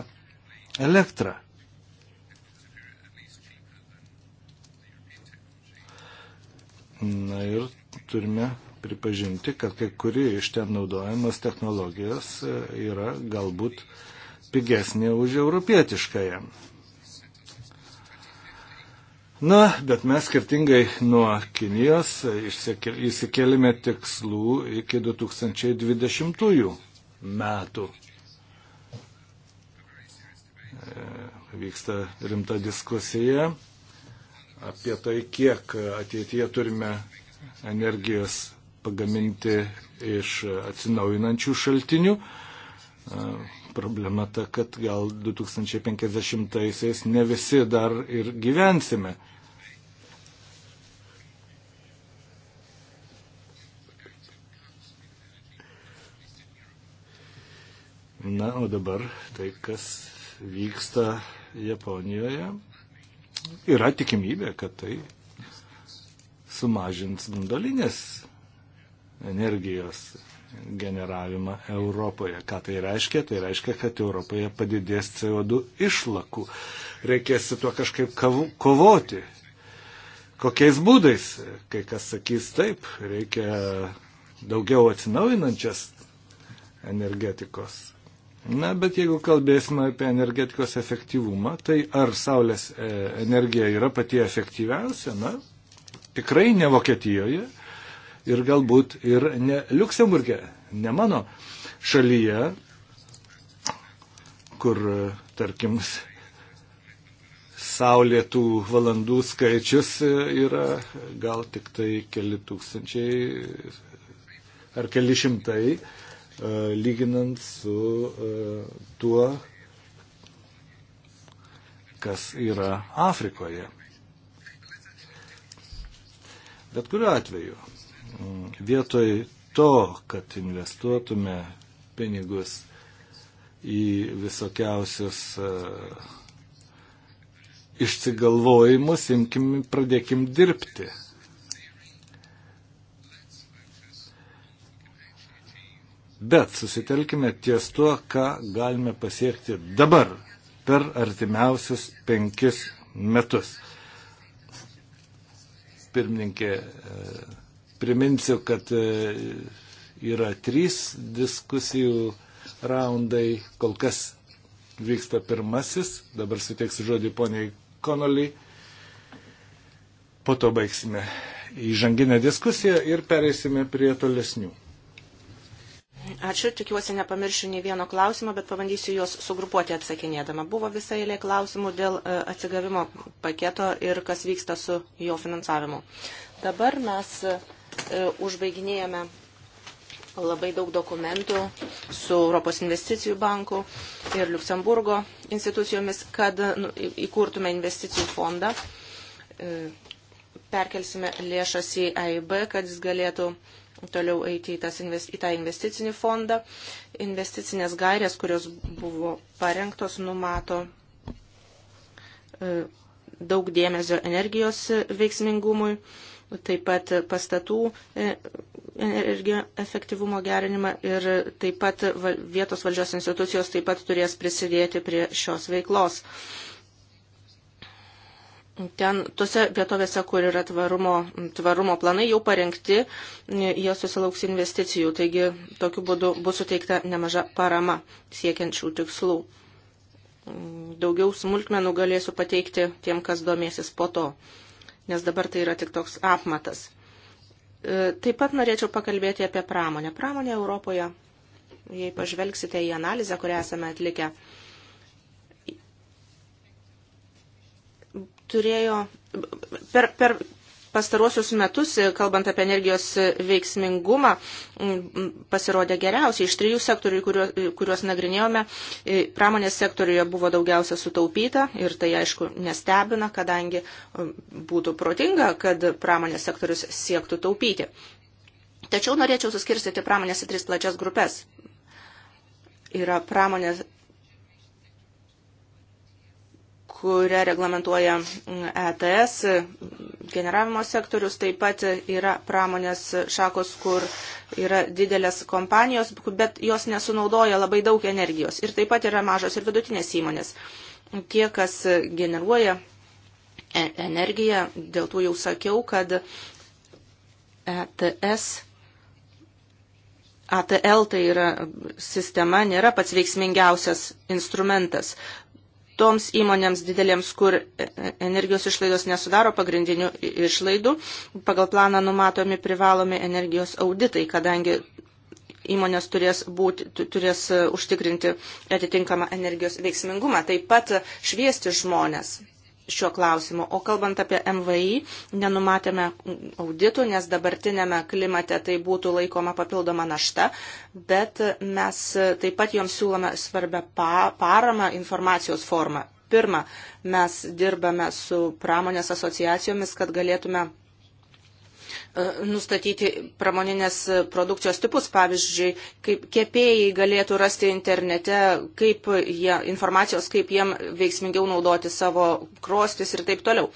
elektrą. Na ir turime pripažinti, kad kai kuri iš ten naudojamas technologijos e, yra galbūt pigesnė už europietiškąją. Na, bet mes skirtingai nuo Kinijos e, išsikėlėme tikslų iki 2020. -ųjų metų. E, vyksta rimta diskusija apie tai, kiek ateityje turime energijos pagaminti iš atsinaujinančių šaltinių. E, problema ta, kad gal 2050-aisiais ne visi dar ir gyvensime Na, o dabar tai, kas vyksta Japonijoje, yra tikimybė, kad tai sumažins dalinės energijos generavimą Europoje. Ką tai reiškia? Tai reiškia, kad Europoje padidės CO2 išlakų. Reikės su tuo kažkaip kavu, kovoti. Kokiais būdais? Kai kas sakys taip, reikia daugiau atsinaujinančias energetikos Na, bet jeigu kalbėsime apie energetikos efektyvumą, tai ar saulės e, energija yra pati efektyviausia? Na, tikrai ne Vokietijoje ir galbūt ir ne Luksemburgė, ne mano šalyje, kur, e, tarkim, saulėtų valandų skaičius e, yra gal tik tai keli tūkstančiai ar keli šimtai E, lyginant su e, tuo, kas yra Afrikoje. Bet kuriu atveju, mm, vietoj to, kad investuotume pinigus į visokiausius e, išsigalvojimus, imkim, pradėkim dirbti. Bet susitelkime ties tuo, ką galime pasiekti dabar per artimiausius penkis metus. Pirmininkė, e, priminsiu, kad e, yra trys diskusijų raundai. Kol kas vyksta pirmasis. Dabar suteiksiu žodį poniai Konoliai. Po to baigsime įžanginę diskusiją ir pereisime prie tolesnių. Ačiū, tikiuosi nepamiršiu nei vieno klausimo, bet pabandysiu juos sugrupuoti atsakinėdama. Buvo visa eilė klausimų dėl e, atsigavimo paketo ir kas vyksta su jo finansavimu. Dabar mes e, užbaiginėjame labai daug dokumentų su Europos investicijų banku ir Luksemburgo institucijomis, kad nu, įkurtume investicijų fondą, e, perkelsime lėšas į AIB, kad jis galėtų toliau eiti į, tas, į tą investicinį fondą. Investicinės gairės, kurios buvo parengtos, numato e, daug dėmesio energijos veiksmingumui, taip pat pastatų e, energijo efektyvumo gerinimą ir taip pat vietos valdžios institucijos taip pat turės prisidėti prie šios veiklos. Ten tose vietovėse, kur yra tvarumo, tvarumo planai jau parengti, jie susilauks investicijų, taigi tokiu būdu bus suteikta nemaža parama siekiančių tikslų. Daugiau smulkmenų galėsiu pateikti tiem, kas domėsis po to, nes dabar tai yra tik toks apmatas. E, taip pat norėčiau pakalbėti apie pramonę. Pramonė Europoje, jei pažvelgsite į analizę, kurią esame atlikę, turėjo per, per pastaruosius metus, kalbant apie energijos veiksmingumą, pasirodė geriausiai. Iš trijų sektorių, kuriuos, kuriuos nagrinėjome, pramonės sektoriuje buvo daugiausia sutaupyta ir tai aišku nestebina, kadangi būtų protinga, kad pramonės sektorius siektų taupyti. Tačiau norėčiau suskirstyti pramonės į tris plačias grupės. Yra pramonės kurią reglamentuoja ETS generavimo sektorius, taip pat yra pramonės šakos, kur yra didelės kompanijos, bet jos nesunaudoja labai daug energijos. Ir taip pat yra mažos ir vidutinės įmonės. Tie, kas generuoja e- energiją, dėl to jau sakiau, kad ETS ATL tai yra sistema, nėra pats veiksmingiausias instrumentas toms įmonėms didelėms, kur e, e, energijos išlaidos nesudaro pagrindinių išlaidų. Pagal planą numatomi privalomi energijos auditai, kadangi įmonės turės, būti, turės e, užtikrinti atitinkamą energijos veiksmingumą, taip pat šviesti žmonės šiuo klausimu. O kalbant apie MVI, nenumatėme auditų, nes dabartinėme klimate tai būtų laikoma papildoma našta, bet mes taip pat joms siūlome svarbę paramą informacijos formą. Pirma, mes dirbame su pramonės asociacijomis, kad galėtume E, nustatyti pramoninės produkcijos tipus. Pavyzdžiui, kaip kepėjai galėtų rasti internete kaip jie, informacijos, kaip jiem veiksmingiau naudoti savo krostis ir taip toliau.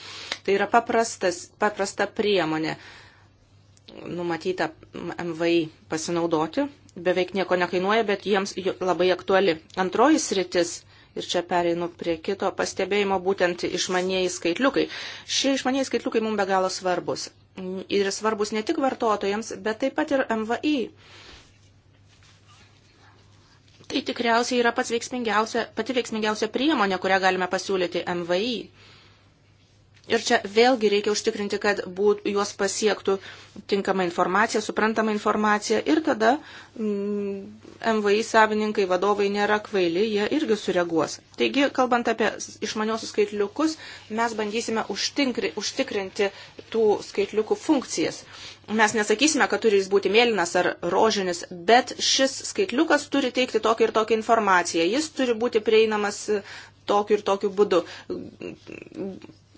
Tai yra paprasta priemonė numatyta MVI pasinaudoti. Beveik nieko nekainuoja, bet jiems labai aktuali. Antroji sritis ir čia pereinu prie kito pastebėjimo, būtent išmanieji skaitliukai. Šie išmanieji skaitliukai mums be galo svarbus ir svarbus ne tik vartotojams, bet taip pat ir MVI. Tai tikriausiai yra pats veiksmingiausia, pati veiksmingiausia priemonė, kurią galime pasiūlyti MVI. Ir čia vėlgi reikia užtikrinti, kad būt, juos pasiektų tinkama informacija, suprantama informacija ir tada mm, MVI savininkai, vadovai nėra kvaili, jie irgi sureaguos. Taigi, kalbant apie išmaniosius skaitliukus, mes bandysime užtinkri, užtikrinti tų skaitliukų funkcijas. Mes nesakysime, kad turi jis būti mėlynas ar rožinis, bet šis skaitliukas turi teikti tokią ir tokią informaciją. Jis turi būti prieinamas tokiu ir tokiu būdu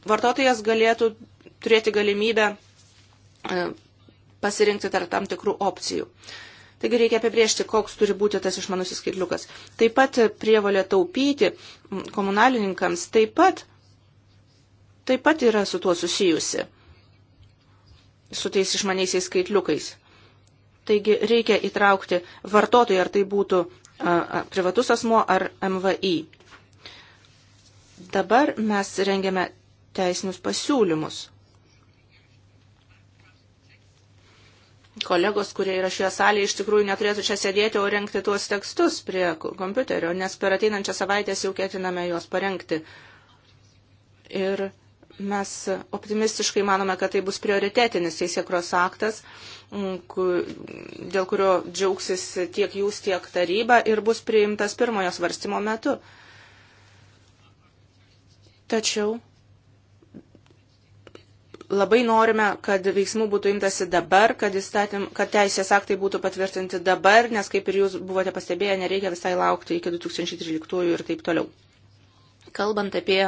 vartotojas galėtų turėti galimybę e, pasirinkti tarp tam tikrų opcijų. Taigi reikia apibriežti, koks turi būti tas išmanusis skaitliukas. Taip pat prievalė taupyti komunalininkams taip pat, taip pat yra su tuo susijusi, su tais išmaniaisiais skaitliukais. Taigi reikia įtraukti vartotojai, ar tai būtų a, a, privatus asmo ar MVI. Dabar mes rengiame teisinius pasiūlymus. Kolegos, kurie yra šioje salėje, iš tikrųjų neturėtų čia sėdėti, o renkti tuos tekstus prie kompiuterio, nes per ateinančią savaitę jau ketiname juos parengti. Ir mes optimistiškai manome, kad tai bus prioritetinis teisėkros aktas, mm, dėl kurio džiaugsis tiek jūs, tiek taryba ir bus priimtas pirmojo svarstymo metu. Tačiau Labai norime, kad veiksmų būtų imtasi dabar, kad, įstatym, kad teisės aktai būtų patvirtinti dabar, nes kaip ir jūs buvote pastebėję, nereikia visai laukti iki 2013 ir taip toliau. Kalbant apie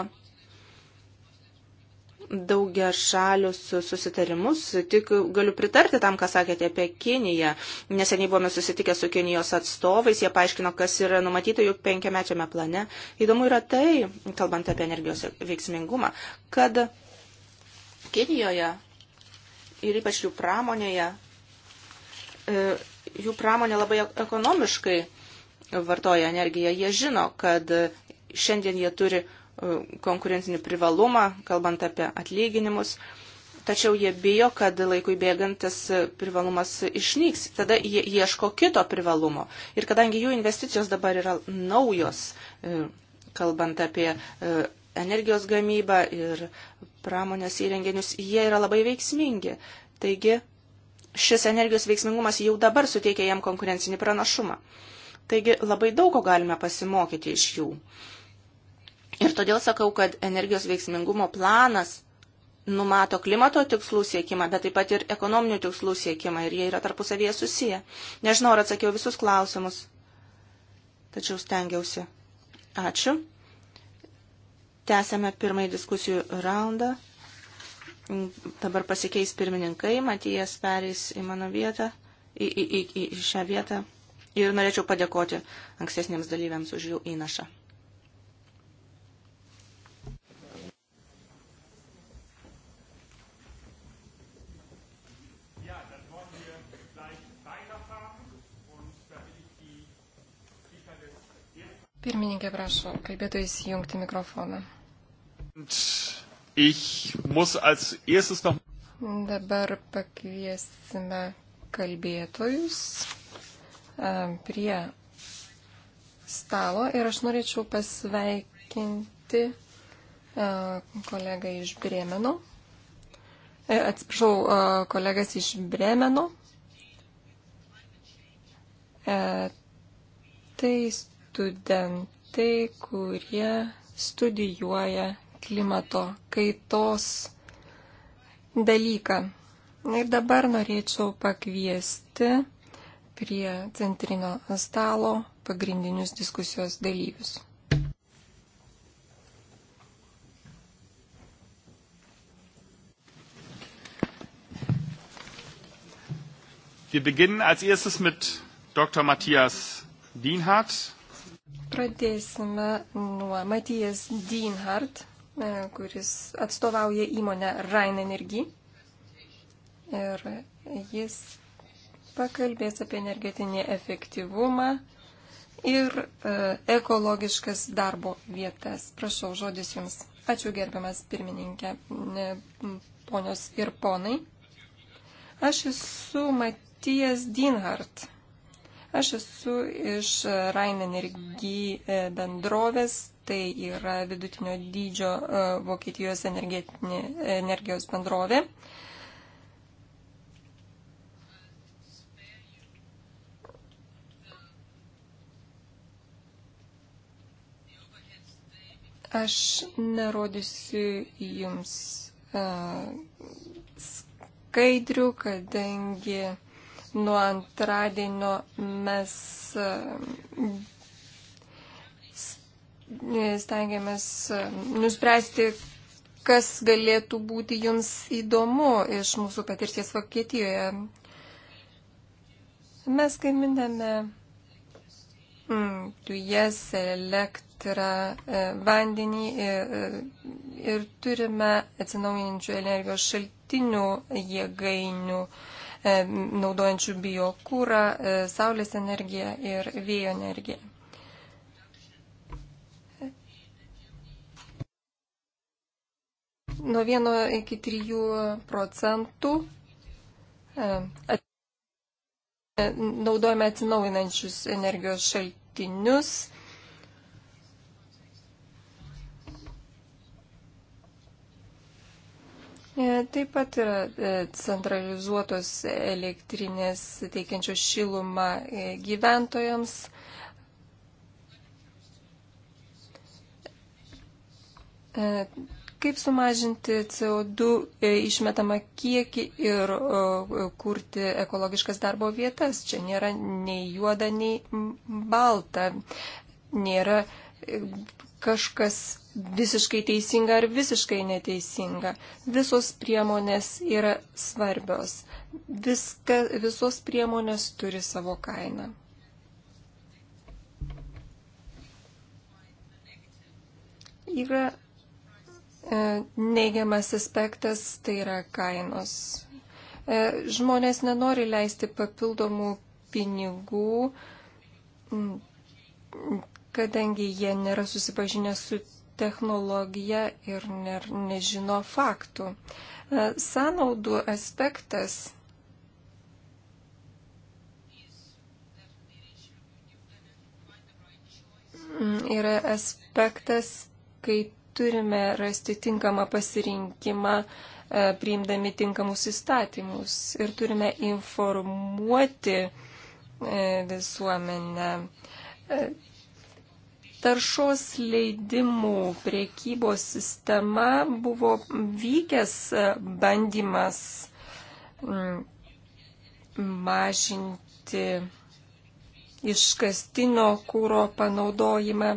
daugia šalius susitarimus. Tik galiu pritarti tam, ką sakėte apie Kiniją. Neseniai buvome susitikę su Kinijos atstovais, jie paaiškino, kas yra numatyta juk penkiamečiame plane. Įdomu yra tai, kalbant apie energijos veiksmingumą, kad Kinijoje ir ypač jų pramonėje, e, jų pramonė labai ekonomiškai vartoja energiją. Jie žino, kad šiandien jie turi e, konkurencinį privalumą, kalbant apie atlyginimus, tačiau jie bijo, kad laikui bėgant tas privalumas išnyks. Tada jie ieško kito privalumo. Ir kadangi jų investicijos dabar yra naujos, e, kalbant apie energijos gamybą ir pramonės įrenginius, jie yra labai veiksmingi. Taigi šis energijos veiksmingumas jau dabar suteikia jam konkurencinį pranašumą. Taigi labai daug ko galime pasimokyti iš jų. Ir todėl sakau, kad energijos veiksmingumo planas numato klimato tikslų siekimą, bet taip pat ir ekonominių tikslų siekimą ir jie yra tarpusavėje susiję. Nežinau, ar atsakiau visus klausimus, tačiau stengiausi. Ačiū. Tęsėme pirmąjį diskusijų raundą. Dabar pasikeis pirmininkai, Matijas perės į mano vietą, į, į, į, į šią vietą. Ir norėčiau padėkoti ankstesniems dalyviams už jų įnašą. Pirmininkė prašo kalbėtojus įjungti mikrofoną. Dabar pakviesime kalbėtojus prie stalo ir aš norėčiau pasveikinti kolegą iš Brėmeno. E, atsiprašau, kolegas iš Brėmeno. E, tai studentai, kurie studijuoja klimato kaitos dalyką. Ir dabar norėčiau pakviesti prie centrinio stalo pagrindinius diskusijos dalyvius. Wir beginnen als erstes mit Dr. Matthias Dienhardt. Pradėsime nuo Matijas Dienhardt, E, kuris atstovauja įmonę Rain Energy. Ir jis pakalbės apie energetinį efektyvumą ir e, ekologiškas darbo vietas. Prašau, žodis Jums. Ačiū gerbiamas pirmininkė, ponios ir ponai. Aš esu Matijas Dinhart. Aš esu iš Rain Energy e, bendrovės tai yra vidutinio dydžio e, Vokietijos energijos bendrovė. Aš nerodysiu jums e, skaidrių, kadangi nuo antradienio mes e, stengiamės e, nuspręsti, kas galėtų būti jums įdomu iš mūsų patirties Vokietijoje. Mes gaminame mm, dujas, elektrą, e, vandenį e, e ir turime atsinaujinančių energijos šaltinių jėgainių, e, naudojančių biokūrą, e, saulės energiją ir vėjo energiją. nuo 1 iki 3 procentų e, e, naudojame atsinaujinančius energijos šaltinius. E, taip pat yra centralizuotos elektrinės teikiančios šilumą gyventojams kaip sumažinti CO2 e, išmetamą kiekį ir e, kurti ekologiškas darbo vietas. Čia nėra nei juoda, nei balta. Nėra e, kažkas visiškai teisinga ar visiškai neteisinga. Visos priemonės yra svarbios. Viska, visos priemonės turi savo kainą. Yra E, neigiamas aspektas tai yra kainos. E, žmonės nenori leisti papildomų pinigų, kadangi jie nėra susipažinę su technologija ir nežino faktų. E, sąnaudų aspektas yra aspektas, kaip turime rasti tinkamą pasirinkimą e, priimdami tinkamus įstatymus ir turime informuoti e, visuomenę. E, taršos leidimų priekybos sistema buvo vykęs bandymas mm, mažinti iškastinio kūro panaudojimą.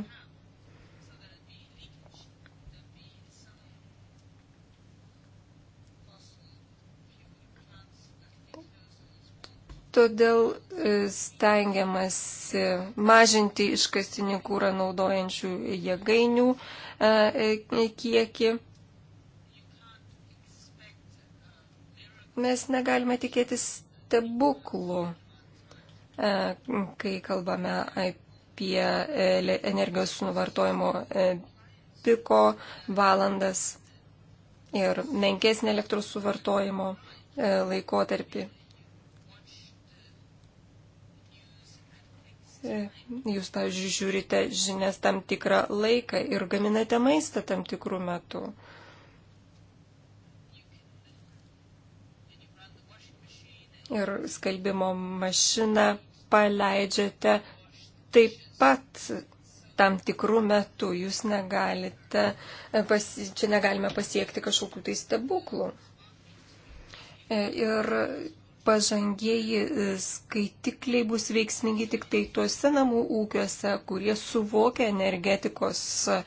todėl e, stengiamasi mažinti iškastinį kūrą naudojančių jėgainių e, e, kiekį. Mes negalime tikėtis stebuklų, kai kalbame apie energijos nuvartojimo piko valandas ir menkesnį elektros suvartojimo laikotarpį. Jūs, pavyzdžiui, žiūrite žinias tam tikrą laiką ir gaminate maistą tam tikrų metų. Ir skalbimo mašiną paleidžiate taip pat tam tikrų metų. Jūs negalite, čia negalime pasiekti kažkokių tai stebuklų. E, ir pažangieji e, skaitikliai bus veiksmingi tik tai tuose namų ūkiuose, kurie suvokia energetikos e,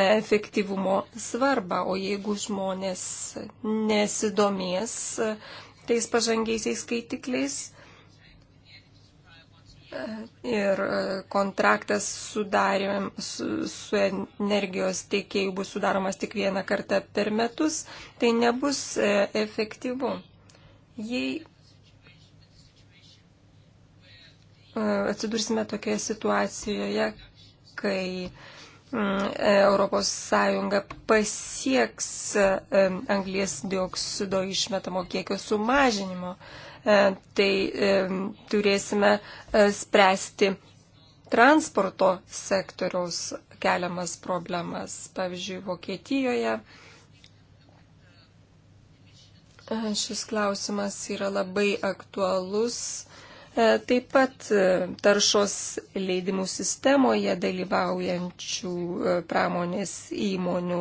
efektyvumo svarbą. O jeigu žmonės nesidomės e, tais pažangiaisiais skaitikliais ir kontraktas sudarėm, su, su energijos tiekėjų bus sudaromas tik vieną kartą per metus, tai nebus efektyvu. Jei atsidursime tokioje situacijoje, kai mm, e, Europos Sąjunga pasieks e, anglies dioksido išmetamo kiekio sumažinimo. E, tai turėsime spręsti transporto sektoriaus keliamas problemas. Pavyzdžiui, Vokietijoje šis klausimas yra labai aktualus E, taip pat e, taršos leidimų sistemoje dalyvaujančių e, pramonės įmonių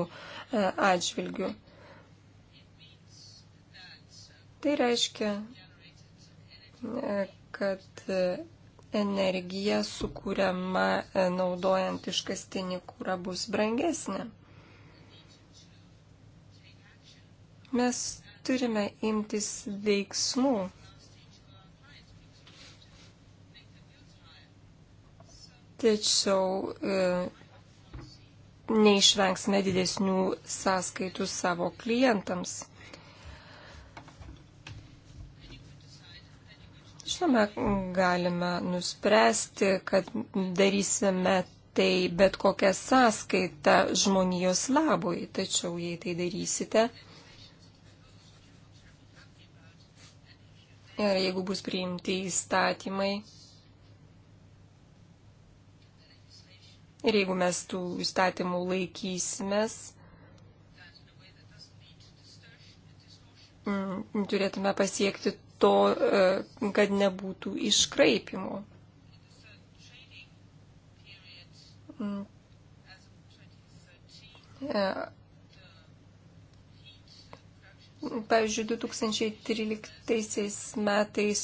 atžvilgių. Tai reiškia, kad energija sukūriama naudojant iškastinį kūrą bus brangesnė. Mes turime imtis veiksmų tačiau e, neišvengsime didesnių sąskaitų savo klientams. Žinoma, galime nuspręsti, kad darysime tai bet kokią sąskaitą žmonijos labui, tačiau jei tai darysite ir jeigu bus priimti įstatymai, Ir jeigu mes tų įstatymų laikysimės, mm, turėtume pasiekti to, e, kad nebūtų iškraipimo. Mm. E, pavyzdžiui, 2013 metais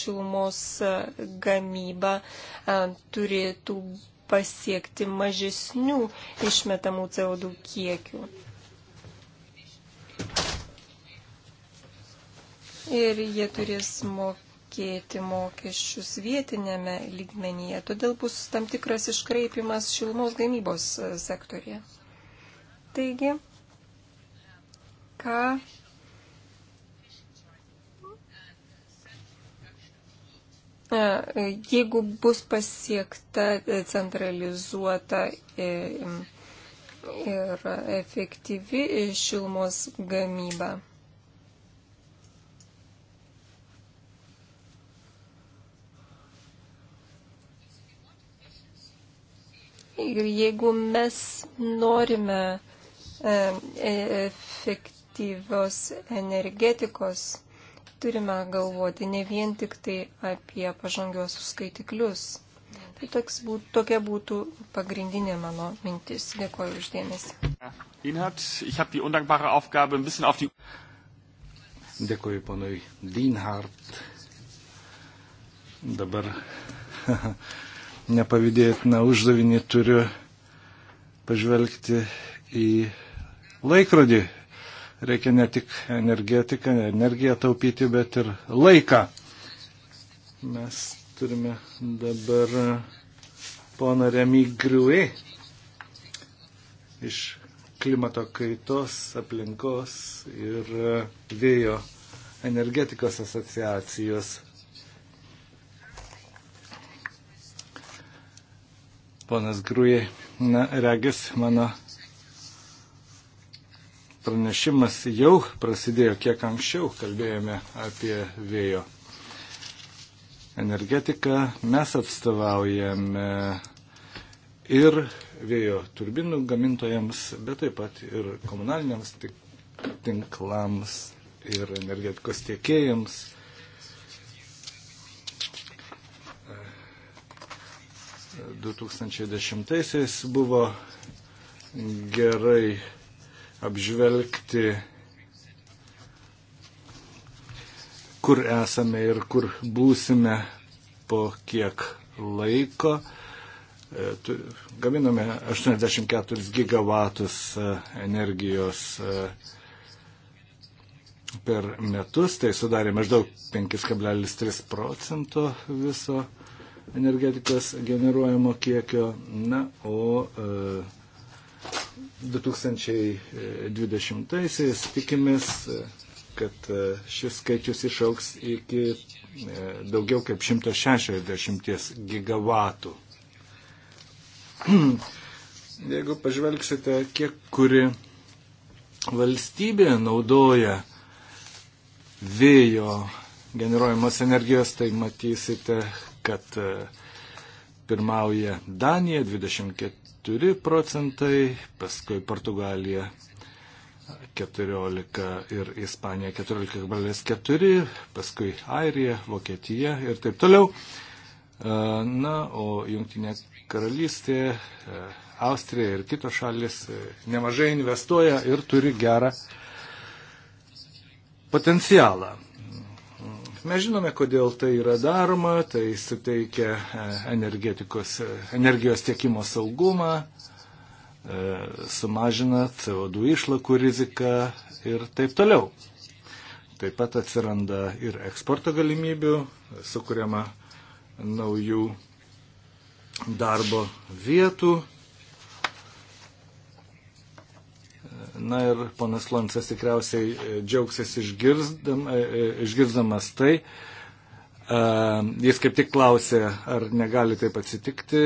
šilumos gamyba e, turėtų pasiekti mažesnių išmetamų CO2 kiekių. Ir jie turės mokėti mokesčius vietinėme lygmenyje, todėl bus tam tikras iškraipimas šilumos gamybos sektorėje. Taigi, ką Jeigu bus pasiekta centralizuota e, ir efektyvi šilumos gamyba. Ir jeigu mes norime e, e, efektyvios energetikos, turime galvoti ne vien tik tai apie pažangios skaitiklius. Tai toks būt, tokia būtų pagrindinė mano mintis. Dėkuoju uždėmesį. Dėkuoju ponui Dinhart. Dabar nepavydėtiną uždavinį turiu pažvelgti į laikrodį reikia ne tik energetiką, energiją taupyti, bet ir laiką. Mes turime dabar poną Remy Griuvi iš klimato kaitos, aplinkos ir vėjo energetikos asociacijos. Ponas Gruje, na, regis, mano pranešimas jau prasidėjo kiek anksčiau, kalbėjome apie vėjo energetiką. Mes atstovaujame ir vėjo turbinų gamintojams, bet taip pat ir komunaliniams tinklams ir energetikos tiekėjams. E, 2010 buvo gerai apžvelgti, kur esame ir kur būsime po kiek laiko. E, gaminame 84 gigavatus e, energijos e, per metus, tai sudarė maždaug 5,3 procento viso energetikos generuojamo kiekio. Na, o e, 2020-aisiais tikimės, kad e, šis skaičius išauks iki e, daugiau kaip 160 gigavatų. Jeigu pažvelgsite, kiek kuri valstybė naudoja vėjo generuojamos energijos, tai matysite, kad uh, pirmauja Danija 24 procentai, paskui Portugalija 14 ir Ispanija 14,4, paskui Airija, Vokietija ir taip toliau. E, na, o Junktinė karalystė, e, Austrija ir kitos šalis e, nemažai investuoja ir turi gerą potencialą. Mes žinome, kodėl tai yra daroma, tai suteikia e, e, energijos tiekimo saugumą, e, sumažina CO2 išlakų riziką ir taip toliau. Taip pat atsiranda ir eksporto galimybių, sukuriama naujų darbo vietų Na ir ponas Lonsas tikriausiai e, džiaugsis išgirdam, e, e, išgirdamas tai. Jis kaip tik klausė, ar negali taip atsitikti,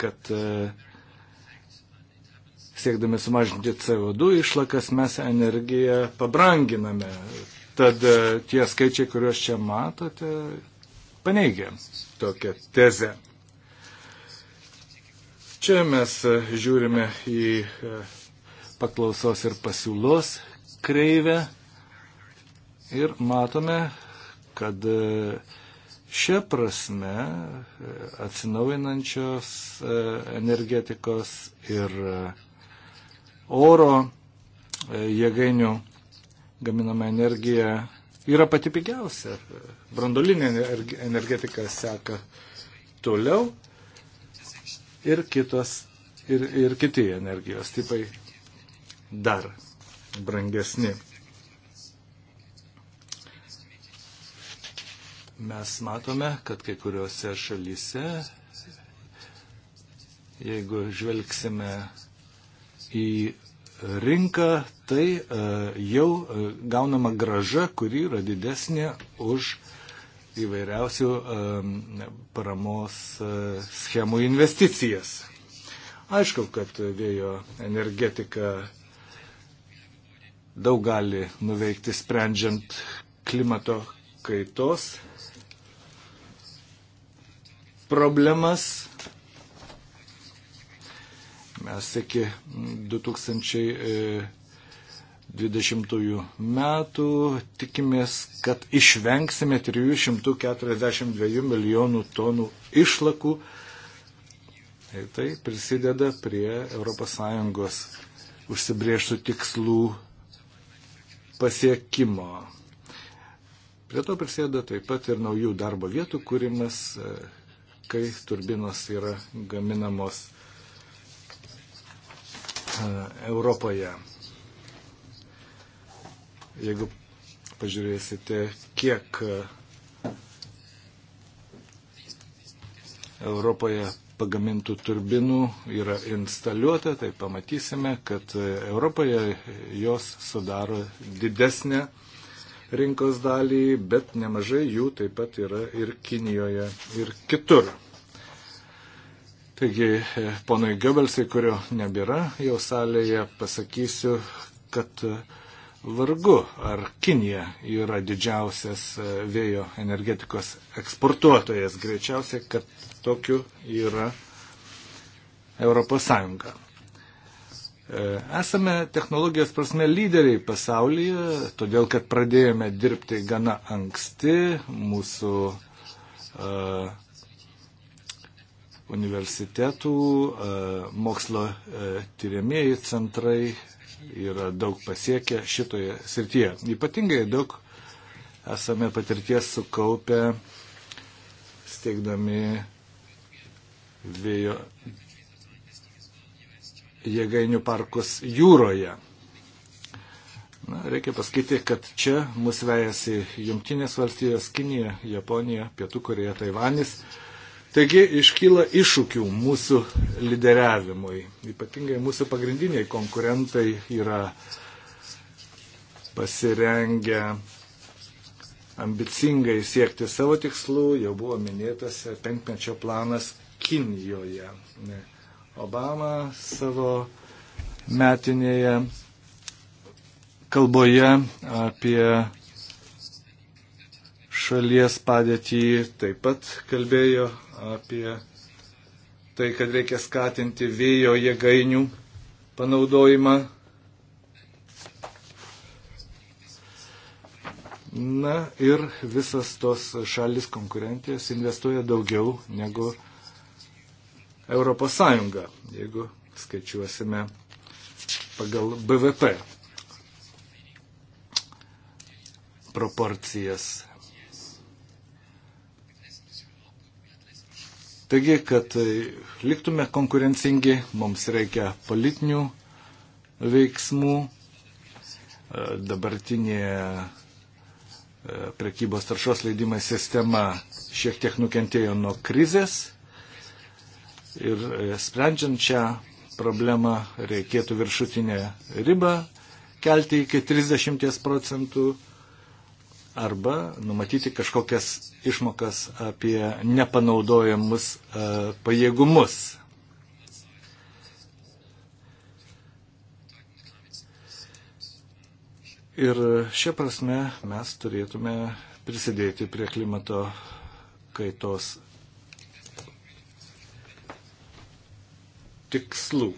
kad siekdami sumažinti CO2 išlakas mes energiją pabranginame. Tad tie skaičiai, kuriuos čia matote, paneigia tokią tezę. Čia mes žiūrime į paklausos ir pasiūlos kreivę ir matome, kad e, šia prasme e, atsinaujinančios e, energetikos ir oro jėgainių gaminama energija yra pati pigiausia. Brandolinė energetika seka toliau ir, kitos, ir, ir kiti energijos tipai dar brangesni. Mes matome, kad kai kuriuose šalyse, jeigu žvelgsime į rinką, tai e, jau e, gaunama graža, kuri yra didesnė už įvairiausių e, paramos schemų investicijas. Aišku, kad vėjo energetika daug gali nuveikti sprendžiant klimato kaitos problemas. Mes iki 2020 e, metų tikimės, kad išvengsime 342 milijonų tonų išlakų. Ir tai, tai prisideda prie ES užsibrieštų tikslų pasiekimo. Prie to prisėda taip pat ir naujų darbo vietų kūrimas, e, kai turbinos yra gaminamos e, Europoje. Jeigu pažiūrėsite, kiek e, Europoje pagamintų turbinų yra instaliuota, tai pamatysime, kad Europoje jos sudaro didesnę rinkos dalį, bet nemažai jų taip pat yra ir Kinijoje, ir kitur. Taigi, ponai Gebelsai, kurio nebėra, jau salėje pasakysiu, kad uh, Vargu, ar Kinija yra didžiausias e, vėjo energetikos eksportuotojas. Greičiausiai, kad tokiu yra Europos Sąjunga. E, esame technologijos prasme lyderiai pasaulyje, todėl kad pradėjome dirbti gana anksti. Mūsų uh, universitetų, uh, mokslo uh, tyriamieji centrai yra daug pasiekę šitoje srityje. Ypatingai daug esame patirties sukaupę steigdami vėjo jėgainių parkus jūroje. Na, reikia pasakyti, kad čia mus vejasi Junktinės valstijos, Kinija, Japonija, Pietų Koreja, Taivanis. Uh, Taigi iškyla iššūkių mūsų lyderiavimui. Ypatingai mūsų pagrindiniai konkurentai yra pasirengę ambicingai siekti savo tikslų, jau buvo minėtas penkmečio planas Kinijoje. Obama savo metinėje kalboje apie šalies padėtį taip pat kalbėjo apie tai, kad reikia skatinti vėjo jėgainių panaudojimą. Na ir visas tos šalis konkurentės investuoja daugiau negu Europos Sąjunga, jeigu skaičiuosime pagal BVP proporcijas Taigi, kad tai liktume konkurencingi, mums reikia politinių veiksmų. E, dabartinė e, prekybos taršos leidimai sistema šiek tiek nukentėjo nuo krizės ir e, sprendžiant šią problemą reikėtų viršutinę ribą kelti iki 30 procentų arba numatyti kažkokias išmokas apie nepanaudojamus e, pajėgumus. Ir šia prasme mes turėtume prisidėti prie klimato kaitos tikslų.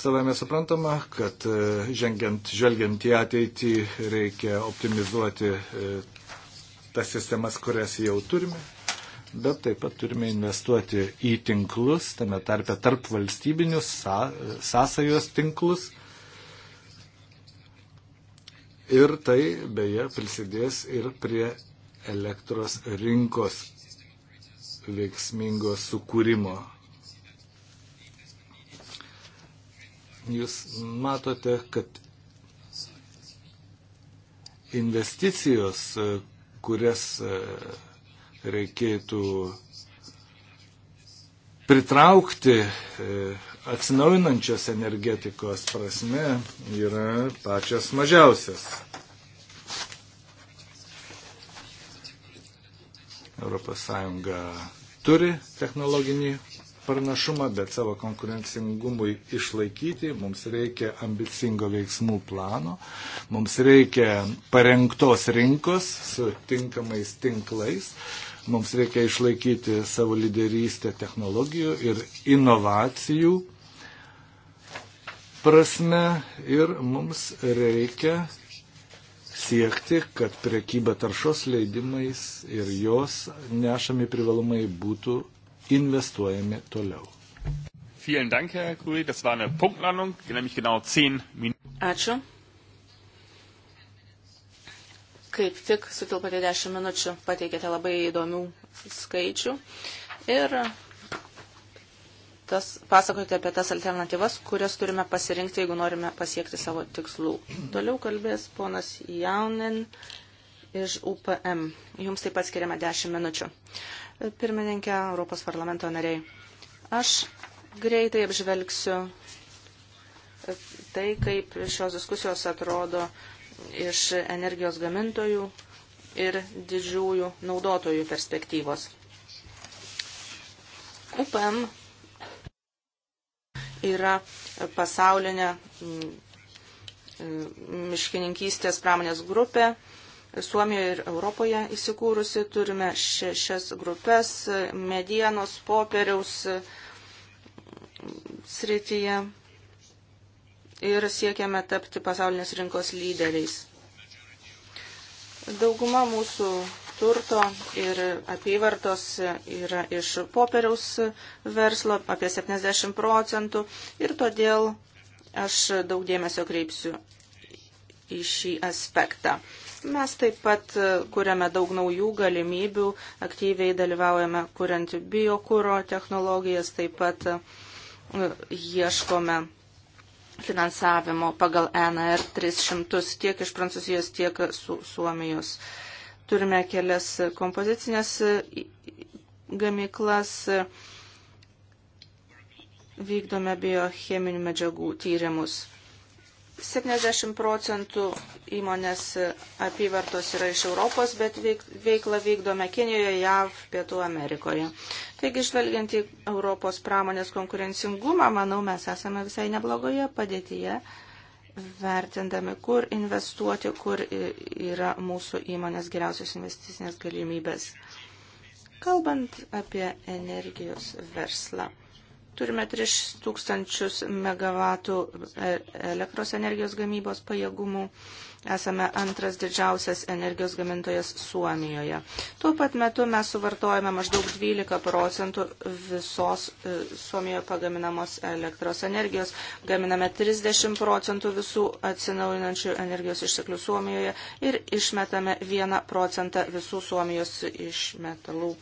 Savame suprantama, kad e, žengiant, žvelgiant į ateitį reikia optimizuoti e, tas sistemas, kurias jau turime, bet taip pat turime investuoti į tinklus, tame tarpe tarp valstybinius sąsajos tinklus. Ir tai beje prisidės ir prie elektros rinkos veiksmingo sukūrimo jūs matote, kad investicijos, e, kurias e, reikėtų pritraukti e, atsinaujinančios energetikos prasme, yra pačias mažiausias. Europos Sąjunga turi technologinį pranašumą, bet savo konkurencingumui išlaikyti, mums reikia ambicingo veiksmų plano, mums reikia parengtos rinkos su tinkamais tinklais, mums reikia išlaikyti savo lyderystę technologijų ir inovacijų prasme ir mums reikia siekti, kad prekyba taršos leidimais ir jos nešami privalumai būtų investuojame toliau. Ačiū. Kaip tik sutilpate 10 minučių, pateikėte labai įdomių skaičių ir tas, pasakojate apie tas alternatyvas, kurias turime pasirinkti, jeigu norime pasiekti savo tikslų. Toliau kalbės ponas Jaunin iš UPM. Jums taip pat skiriama 10 minučių pirmininkė, Europos parlamento nariai. Aš greitai apžvelgsiu tai, kaip šios diskusijos atrodo iš energijos gamintojų ir didžiųjų naudotojų perspektyvos. UPM yra pasaulinė mm, mm, miškininkystės pramonės grupė Suomijoje ir Europoje įsikūrusi. Turime šešias grupės medienos, popieriaus mm, srityje ir siekiame tapti pasaulinės rinkos lyderiais. Dauguma mūsų turto ir apyvartos yra iš popieriaus verslo, apie 70 procentų ir todėl aš daug dėmesio kreipsiu į šį aspektą. Mes taip pat e, kuriame daug naujų galimybių, aktyviai dalyvaujame kuriant biokūro technologijas, taip pat e, ieškome finansavimo pagal NR 300 tiek iš Prancūzijos, tiek su Suomijos. Turime kelias kompozicinės e, gamyklas, vykdome biocheminių medžiagų tyrimus. 70 procentų įmonės apyvartos yra iš Europos, bet veiklą vykdome Kinijoje, JAV, Pietų Amerikoje. Taigi, žvelgiant į Europos pramonės konkurencingumą, manau, mes esame visai neblogoje padėtyje, vertindami, kur investuoti, kur yra mūsų įmonės geriausios investicinės galimybės. Kalbant apie energijos verslą. Turime 3000 MW elektros energijos gamybos pajėgumų. Esame antras didžiausias energijos gamintojas Suomijoje. Tuo pat metu mes suvartojame maždaug 12 procentų visos e, Suomijoje pagaminamos elektros energijos. Gaminame 30 procentų visų atsinaujinančių energijos išteklių Suomijoje ir išmetame 1 procentą visų Suomijos išmetalų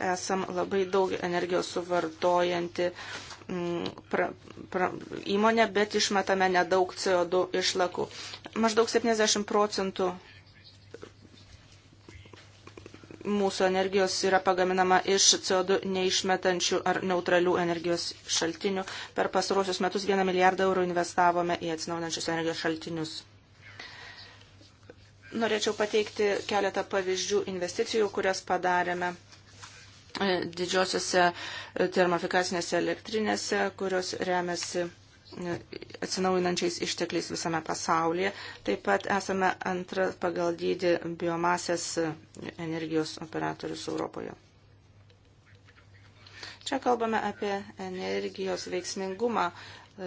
esam labai daug energijos suvartojanti mm, pra, pra, įmonė, bet išmetame nedaug CO2 išlakų. Maždaug 70 procentų mūsų energijos yra pagaminama iš CO2 neišmetančių ar neutralių energijos šaltinių. Per pastarosius metus 1 milijardą eurų investavome į atsinaunančius energijos šaltinius. Norėčiau pateikti keletą pavyzdžių investicijų, kurias padarėme didžiosiose e, termofikacinėse elektrinėse, kurios remiasi e, atsinaujinančiais ištekliais visame pasaulyje. Taip pat esame antras pagal dydį biomasės e, energijos operatorius Europoje. Čia kalbame apie energijos veiksmingumą E,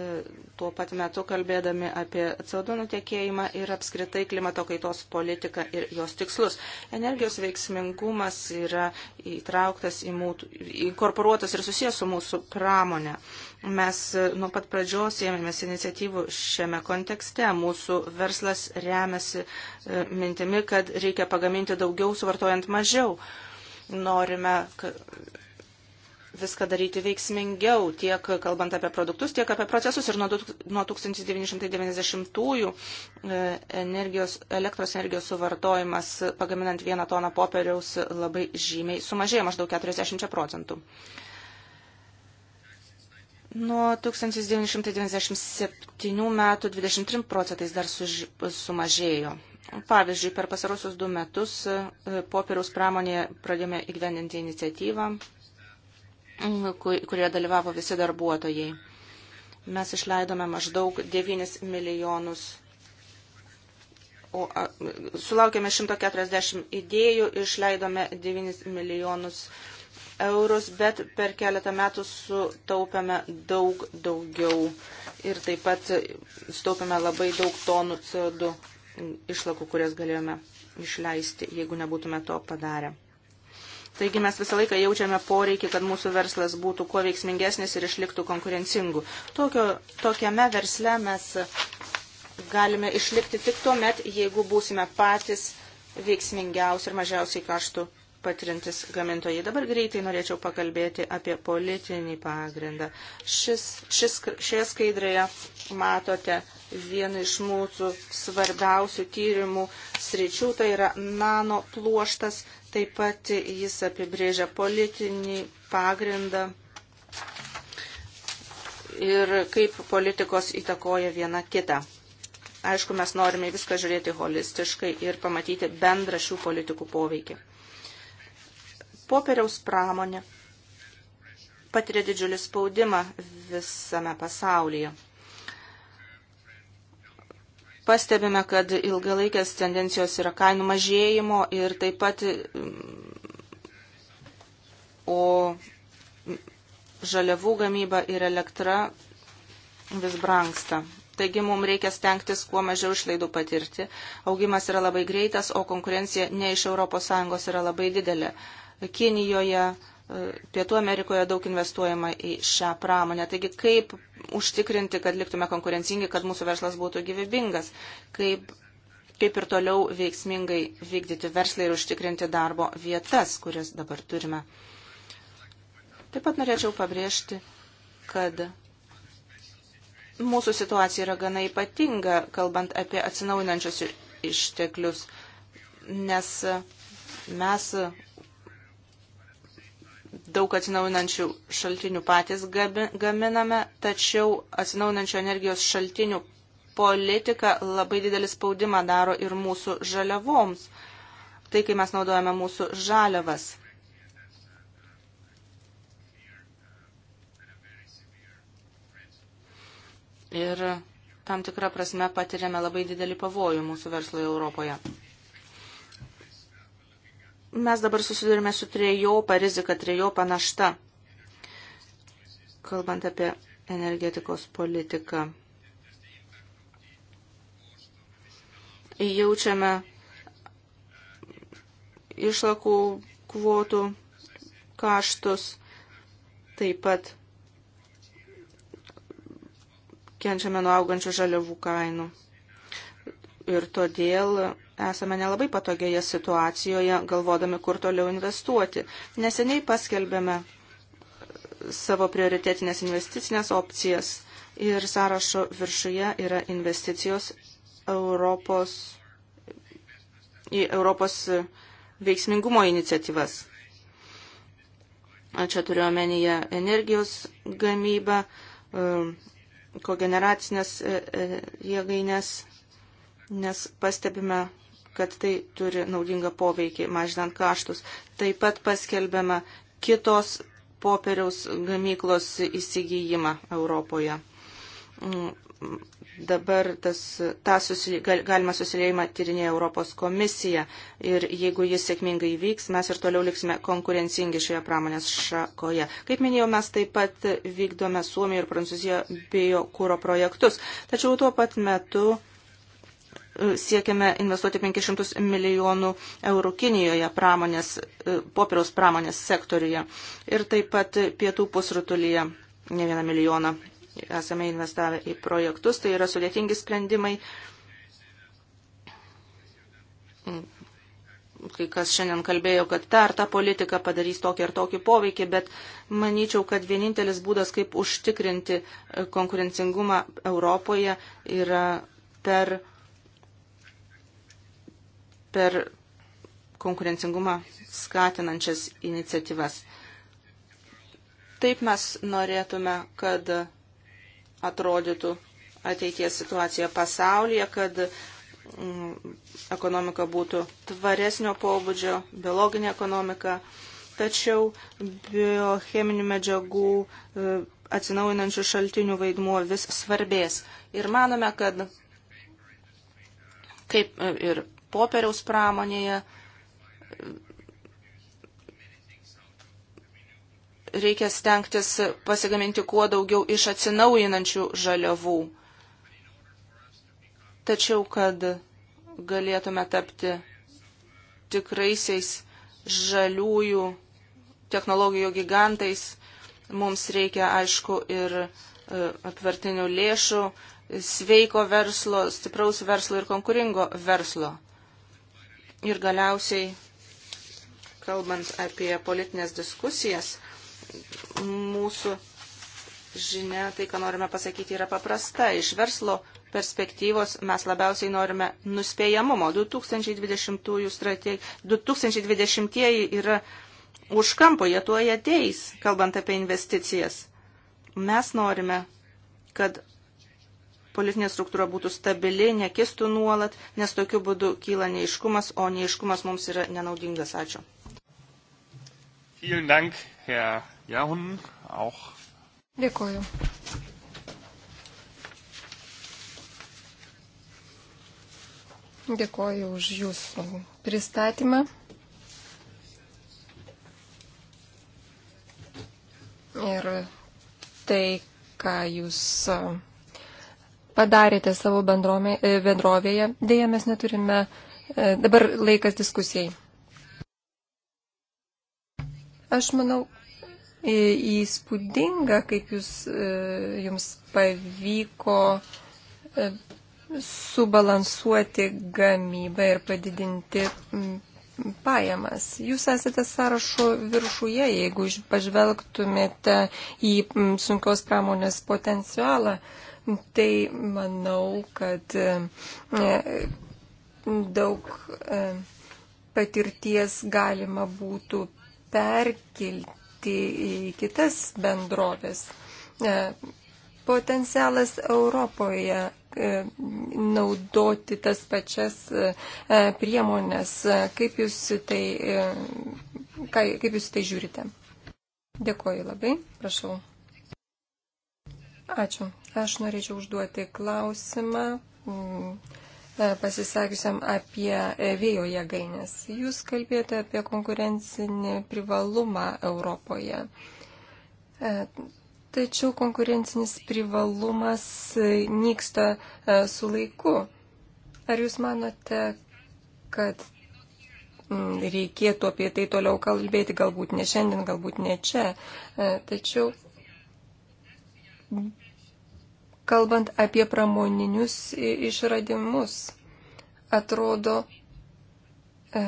tuo pat metu kalbėdami apie CO2 nutekėjimą ir apskritai klimato kaitos politiką ir jos tikslus. Energijos veiksmingumas yra įtrauktas į mūtų, inkorporuotas ir susijęs su mūsų pramonė. Mes e, nuo pat pradžios ėmėmės iniciatyvų šiame kontekste. Mūsų verslas remiasi e, mintimi, kad reikia pagaminti daugiau suvartojant mažiau. Norime viską daryti veiksmingiau, tiek kalbant apie produktus, tiek apie procesus. Ir nuo 1990-ųjų e, energijos, elektros energijos suvartojimas pagaminant vieną toną popieriaus labai žymiai sumažėjo maždaug 40 procentų. Nuo 1997 metų 23 procentais dar suž... sumažėjo. Pavyzdžiui, per pasarosius du metus e, popieriaus pramonėje pradėjome įgyvendinti iniciatyvą, Nu, kurioje dalyvavo visi darbuotojai. Mes išleidome maždaug 9 milijonus. O, a, sulaukėme 140 idėjų, išleidome 9 milijonus eurus, bet per keletą metų sutaupėme daug daugiau ir taip pat sutaupėme labai daug tonų CO2 išlakų, kurias galėjome išleisti, jeigu nebūtume to padarę. Taigi mes visą laiką jaučiame poreikį, kad mūsų verslas būtų kuo veiksmingesnis ir išliktų konkurencingu. Tokio, tokiame versle mes galime išlikti tik tuo met, jeigu būsime patys veiksmingiausi ir mažiausiai kaštų patrintis gamintojai. Dabar greitai norėčiau pakalbėti apie politinį pagrindą. Šis, šis, šioje skaidrėje matote vieną iš mūsų svarbiausių tyrimų sričių, tai yra nano pluoštas, taip pat jis apibrėžia politinį pagrindą ir kaip politikos įtakoja viena kitą. Aišku, mes norime viską žiūrėti holistiškai ir pamatyti bendrą šių politikų poveikį. Popieriaus pramonė patiria didžiulį spaudimą visame pasaulyje. Pastebime, kad ilgalaikės tendencijos yra kainų mažėjimo ir taip pat mm, o žaliavų gamyba ir elektra vis brangsta. Taigi mums reikia stengtis kuo mažiau išlaidų patirti. Augimas yra labai greitas, o konkurencija ne iš ES yra labai didelė. Kinijoje Pietų Amerikoje daug investuojama į šią pramonę. Taigi, kaip užtikrinti, kad liktume konkurencingi, kad mūsų verslas būtų gyvybingas, kaip, kaip ir toliau veiksmingai vykdyti verslą ir užtikrinti darbo vietas, kurias dabar turime. Taip pat norėčiau pabrėžti, kad mūsų situacija yra gana ypatinga, kalbant apie atsinaujinančius išteklius, nes mes daug atsinaujinančių šaltinių patys gaminame, tačiau atsinaujinančių energijos šaltinių politika labai didelį spaudimą daro ir mūsų žaliavoms. Tai, kai mes naudojame mūsų žaliavas. Ir tam tikrą prasme patiriame labai didelį pavojų mūsų verslui Europoje mes dabar susidurime su trejopą riziką, trejopą naštą, kalbant apie energetikos politiką. Jaučiame išlakų kvotų kaštus, taip pat kenčiame nuo augančių žaliavų kainų. Ir todėl Esame nelabai patogioje situacijoje, galvodami, kur toliau investuoti. Neseniai paskelbėme savo prioritetinės investicinės opcijas ir sąrašo viršuje yra investicijos Europos, į Europos veiksmingumo iniciatyvas. Čia turiu omenyje energijos gamybą, um, kogeneracinės e, e, jėgainės, nes pastebime, kad tai turi naudingą poveikį, mažinant kaštus. Taip pat paskelbėme kitos popieriaus gamyklos įsigijimą Europoje. Mm, dabar tas, tą susi, gal, galima susiliejimą tyrinėja Europos komisija ir jeigu jis sėkmingai vyks, mes ir toliau liksime konkurencingi šioje pramonės šakoje. Kaip minėjau, mes taip pat vykdome Suomijoje ir Prancūzijoje biokūro projektus, tačiau tuo pat metu E, siekiame investuoti 500 milijonų eurų Kinijoje pramonės, e, popieriaus pramonės sektoriuje ir taip pat pietų pusrutulyje ne vieną milijoną esame investavę į projektus. Tai yra sudėtingi sprendimai. Kai kas šiandien kalbėjo, kad ta ar ta politika padarys tokį ar tokį poveikį, bet manyčiau, kad vienintelis būdas, kaip užtikrinti konkurencingumą Europoje, yra per per konkurencingumą skatinančias iniciatyvas. Taip mes norėtume, kad atrodytų ateities situacija pasaulyje, kad mm, ekonomika būtų tvaresnio pobūdžio, biologinė ekonomika, tačiau biocheminių medžiagų e, atsinaujinančių šaltinių vaidmuo vis svarbės. Ir manome, kad kaip e, ir popieriaus pramonėje. Reikia stengtis pasigaminti kuo daugiau iš atsinaujinančių žaliavų. Tačiau, kad galėtume tapti tikraisiais žaliųjų technologijų gigantais, mums reikia, aišku, ir e, apvertinių lėšų, sveiko verslo, stipraus verslo ir konkuringo verslo. Ir galiausiai, kalbant apie politinės diskusijas, mūsų žinia, tai ką norime pasakyti, yra paprasta. Iš verslo perspektyvos mes labiausiai norime nuspėjamumo. 2020, strateg... 2020 yra už kampo, jie tuo ateis, kalbant apie investicijas. Mes norime, kad politinė struktūra būtų stabili, nekistų nuolat, nes tokiu būdu kyla neiškumas, o neiškumas mums yra nenaudingas. Ačiū. Dank, Herr Jahun, auch. Dėkuoju. Dėkuoju už jūsų pristatymą. Ir tai, ką jūs. Uh, padarėte savo bendrome, e, bendrovėje. Dėja, mes neturime. E, dabar laikas diskusijai. Aš manau, e, įspūdinga, kaip jūs, jums pavyko subalansuoti gamybą ir padidinti pajamas. Jūs esate sąrašo viršuje, jeigu pažvelgtumėte į sunkios pramonės potencialą. Uh, tai manau, kad e, daug e, patirties galima būtų perkelti į kitas bendrovės. E, potencialas Europoje naudoti tas pačias priemonės. Kaip jūs tai, kaip jūs tai žiūrite? Dėkuoju labai, prašau. Ačiū, Aš norėčiau užduoti klausimą mm, e, pasisakiusiam apie e, vėjo jėgainės. Jūs kalbėjote apie konkurencinį privalumą Europoje. E, tačiau konkurencinis privalumas nyksta su laiku. Ar jūs manote, kad mm, reikėtų apie tai toliau kalbėti, galbūt ne šiandien, galbūt ne čia. Tačiau kalbant apie pramoninius išradimus. Atrodo, e,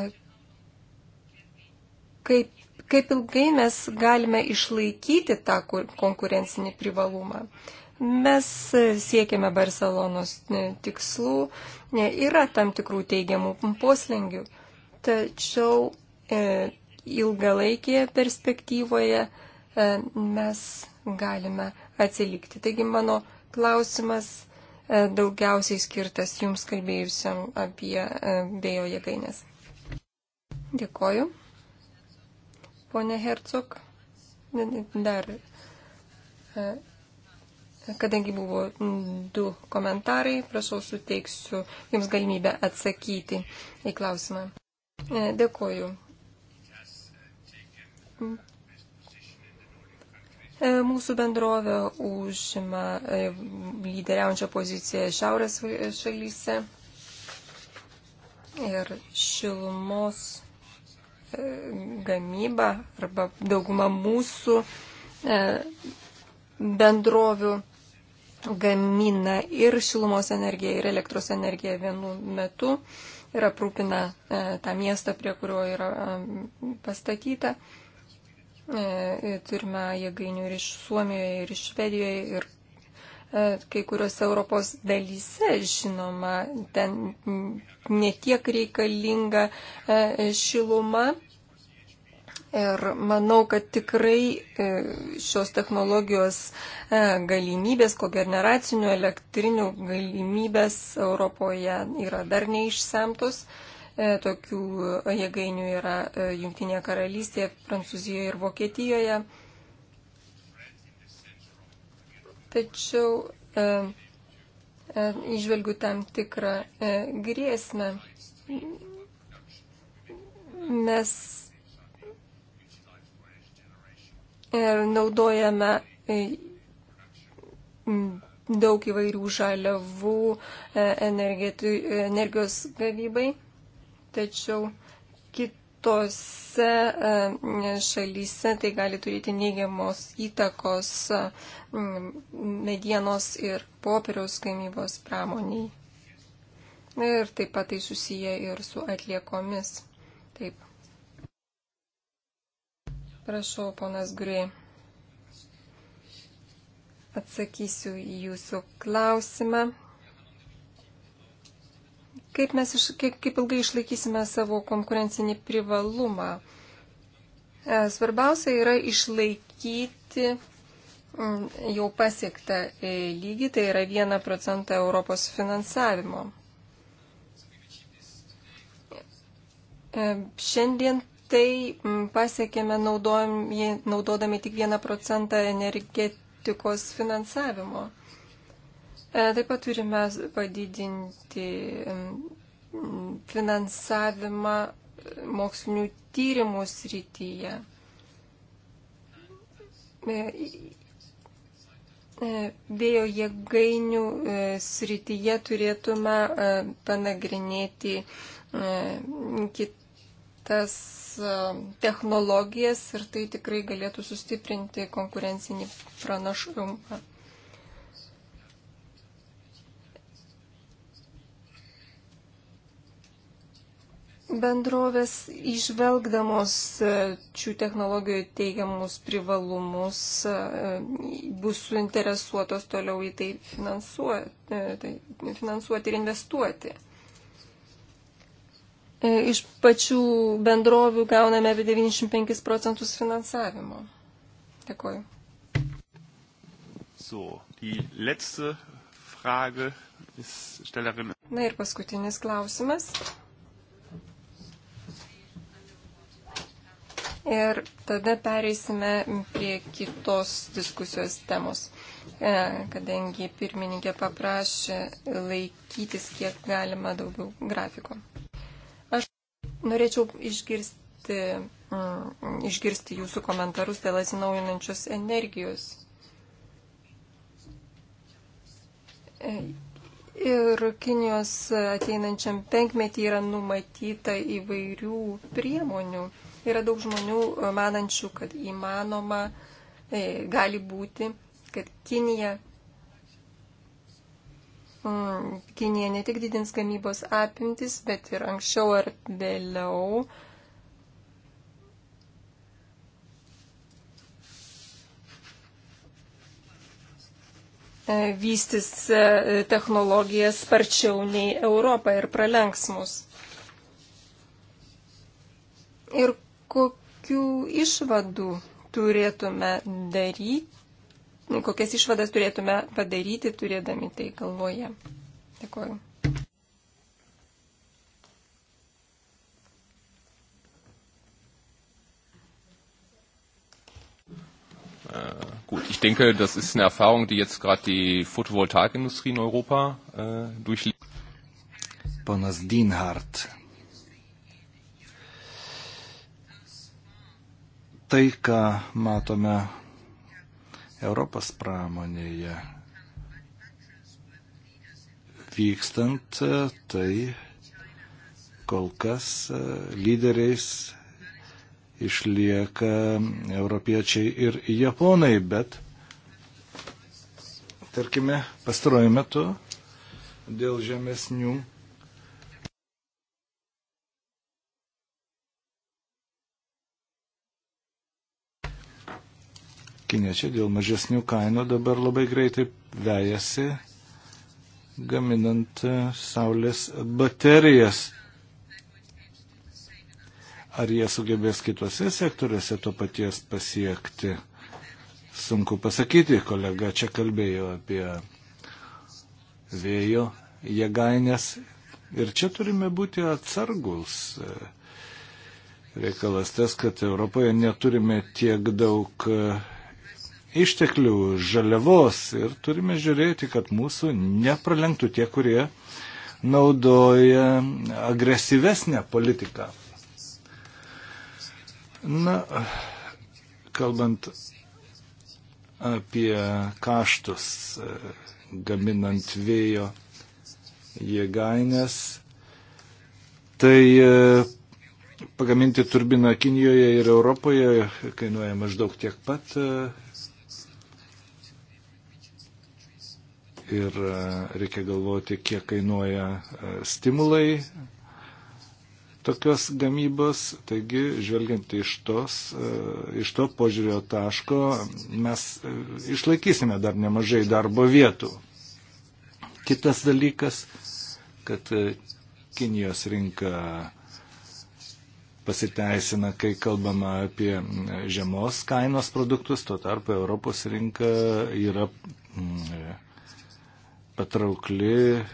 kaip, kaip ilgai mes galime išlaikyti tą konkurencinį privalumą. Mes e, siekiame Barcelonos e, tikslų, yra tam tikrų teigiamų poslingių, tačiau ilgalaikėje perspektyvoje mes galime atsilikti. Taigi mano klausimas e, daugiausiai skirtas jums kalbėjusiam apie e, vėjo jėgainės. Dėkoju. Pone Hercog, dar, e, kadangi buvo du komentarai, prašau suteiksiu jums galimybę atsakyti į klausimą. Dėkoju. E, mūsų bendrovė užima e, lyderiaujančią poziciją šiaurės šalyse ir šilumos e, gamyba arba dauguma mūsų bendrovių gamina ir šilumos energiją, ir elektros energiją vienu metu ir aprūpina tą miestą, prie kurio yra pastatyta. E, e, turime jėgainių ir iš Suomijoje, ir iš Švedijoje, ir e, kai kuriuose Europos dalyse, žinoma, ten netiek reikalinga šiluma. Ir manau, kad tikrai šios technologijos galimybės, kogeneracinių elektrinių galimybės Europoje yra dar neišsemtos. E, tokių e, jėgainių yra e, Junktinėje karalystėje, Prancūzijoje ir Vokietijoje. Tačiau e, e, išvelgiu tam tikrą e, grėsmę. Mes naudojame daug įvairių žaliavų energijos gavybai tačiau kitose e, šalyse tai gali turėti neigiamos įtakos e, medienos ir popieriaus gamybos pramoniai. Ir taip pat tai susiję ir su atliekomis. Taip. Prašau, ponas Grė. Atsakysiu į jūsų klausimą. Kaip, mes, iš, kaip, kaip ilgai išlaikysime savo konkurencinį privalumą? E, svarbiausia yra išlaikyti mm, jau pasiektą e, lygį, tai yra 1 procentą Europos finansavimo. E, šiandien tai mm, pasiekėme naudodami tik 1 procentą energetikos finansavimo. E, taip pat turime padidinti finansavimą e, mokslinių tyrimų srityje. E, vėjo jėgainių srityje turėtume panagrinėti kitas technologijas ir tai tikrai galėtų sustiprinti konkurencinį pranašumą. bendrovės išvelgdamos e, šių technologijų teigiamus privalumus e, bus suinteresuotos toliau į tai finansuoti, e, tai finansuoti ir investuoti. Iš pačių bendrovių gauname apie 95 procentus finansavimo. Dėkuoju. So, die letzte Frage ist Stellerin. Na ir paskutinis klausimas. Ir tada pereisime prie kitos diskusijos temos, e, kadangi pirmininkė paprašė laikytis kiek galima daugiau grafiko. Aš norėčiau išgirsti, mm, išgirsti jūsų komentarus dėl atsinaujinančios energijos. E, ir Kinijos ateinančiam penkmetį yra numatyta įvairių priemonių Yra daug žmonių e, manančių, kad įmanoma, e, gali būti, kad Kinija, mm, Kinija ne tik didins gamybos apimtis, bet ir anksčiau ar vėliau. E, vystis e, technologijas sparčiau nei Europą ir pralenks mus. Ir kokių išvadų turėtume daryti, kokias išvadas turėtume padaryti, turėdami tai galvoje. Dėkuoju. Äh, gut, ich denke, das ist eine Erfahrung, die jetzt gerade die Photovoltaikindustrie in Europa äh, durchlebt. Ponas Dienhardt. tai, ką matome Europos pramonėje vykstant, e, tai kol kas e, lyderiais išlieka europiečiai ir japonai, bet tarkime pastaruoju metu dėl žemesnių kiniečiai dėl mažesnių kainų dabar labai greitai vejasi gaminant e, saulės baterijas. Ar jie sugebės kitose sektoriuose to paties pasiekti? Sunku pasakyti, kolega čia kalbėjo apie vėjo jėgainės ir čia turime būti atsargus. E, reikalas tas, kad Europoje neturime tiek daug e, išteklių, žaliavos ir turime žiūrėti, kad mūsų nepralenktų tie, kurie naudoja agresyvesnę politiką. Na, kalbant apie kaštus e, gaminant vėjo jėgainės, tai e, pagaminti turbiną Kinijoje ir Europoje kainuoja maždaug tiek pat e, ir e, reikia galvoti, kiek kainuoja e, stimulai tokios gamybos. Taigi, žvelgiant iš, tos, e, iš to požiūrio taško, mes išlaikysime dar nemažai darbo vietų. Kitas dalykas, kad Kinijos rinka pasiteisina, kai kalbama apie mm, žemos kainos produktus, tuo tarpu Europos rinka yra mm, patraukli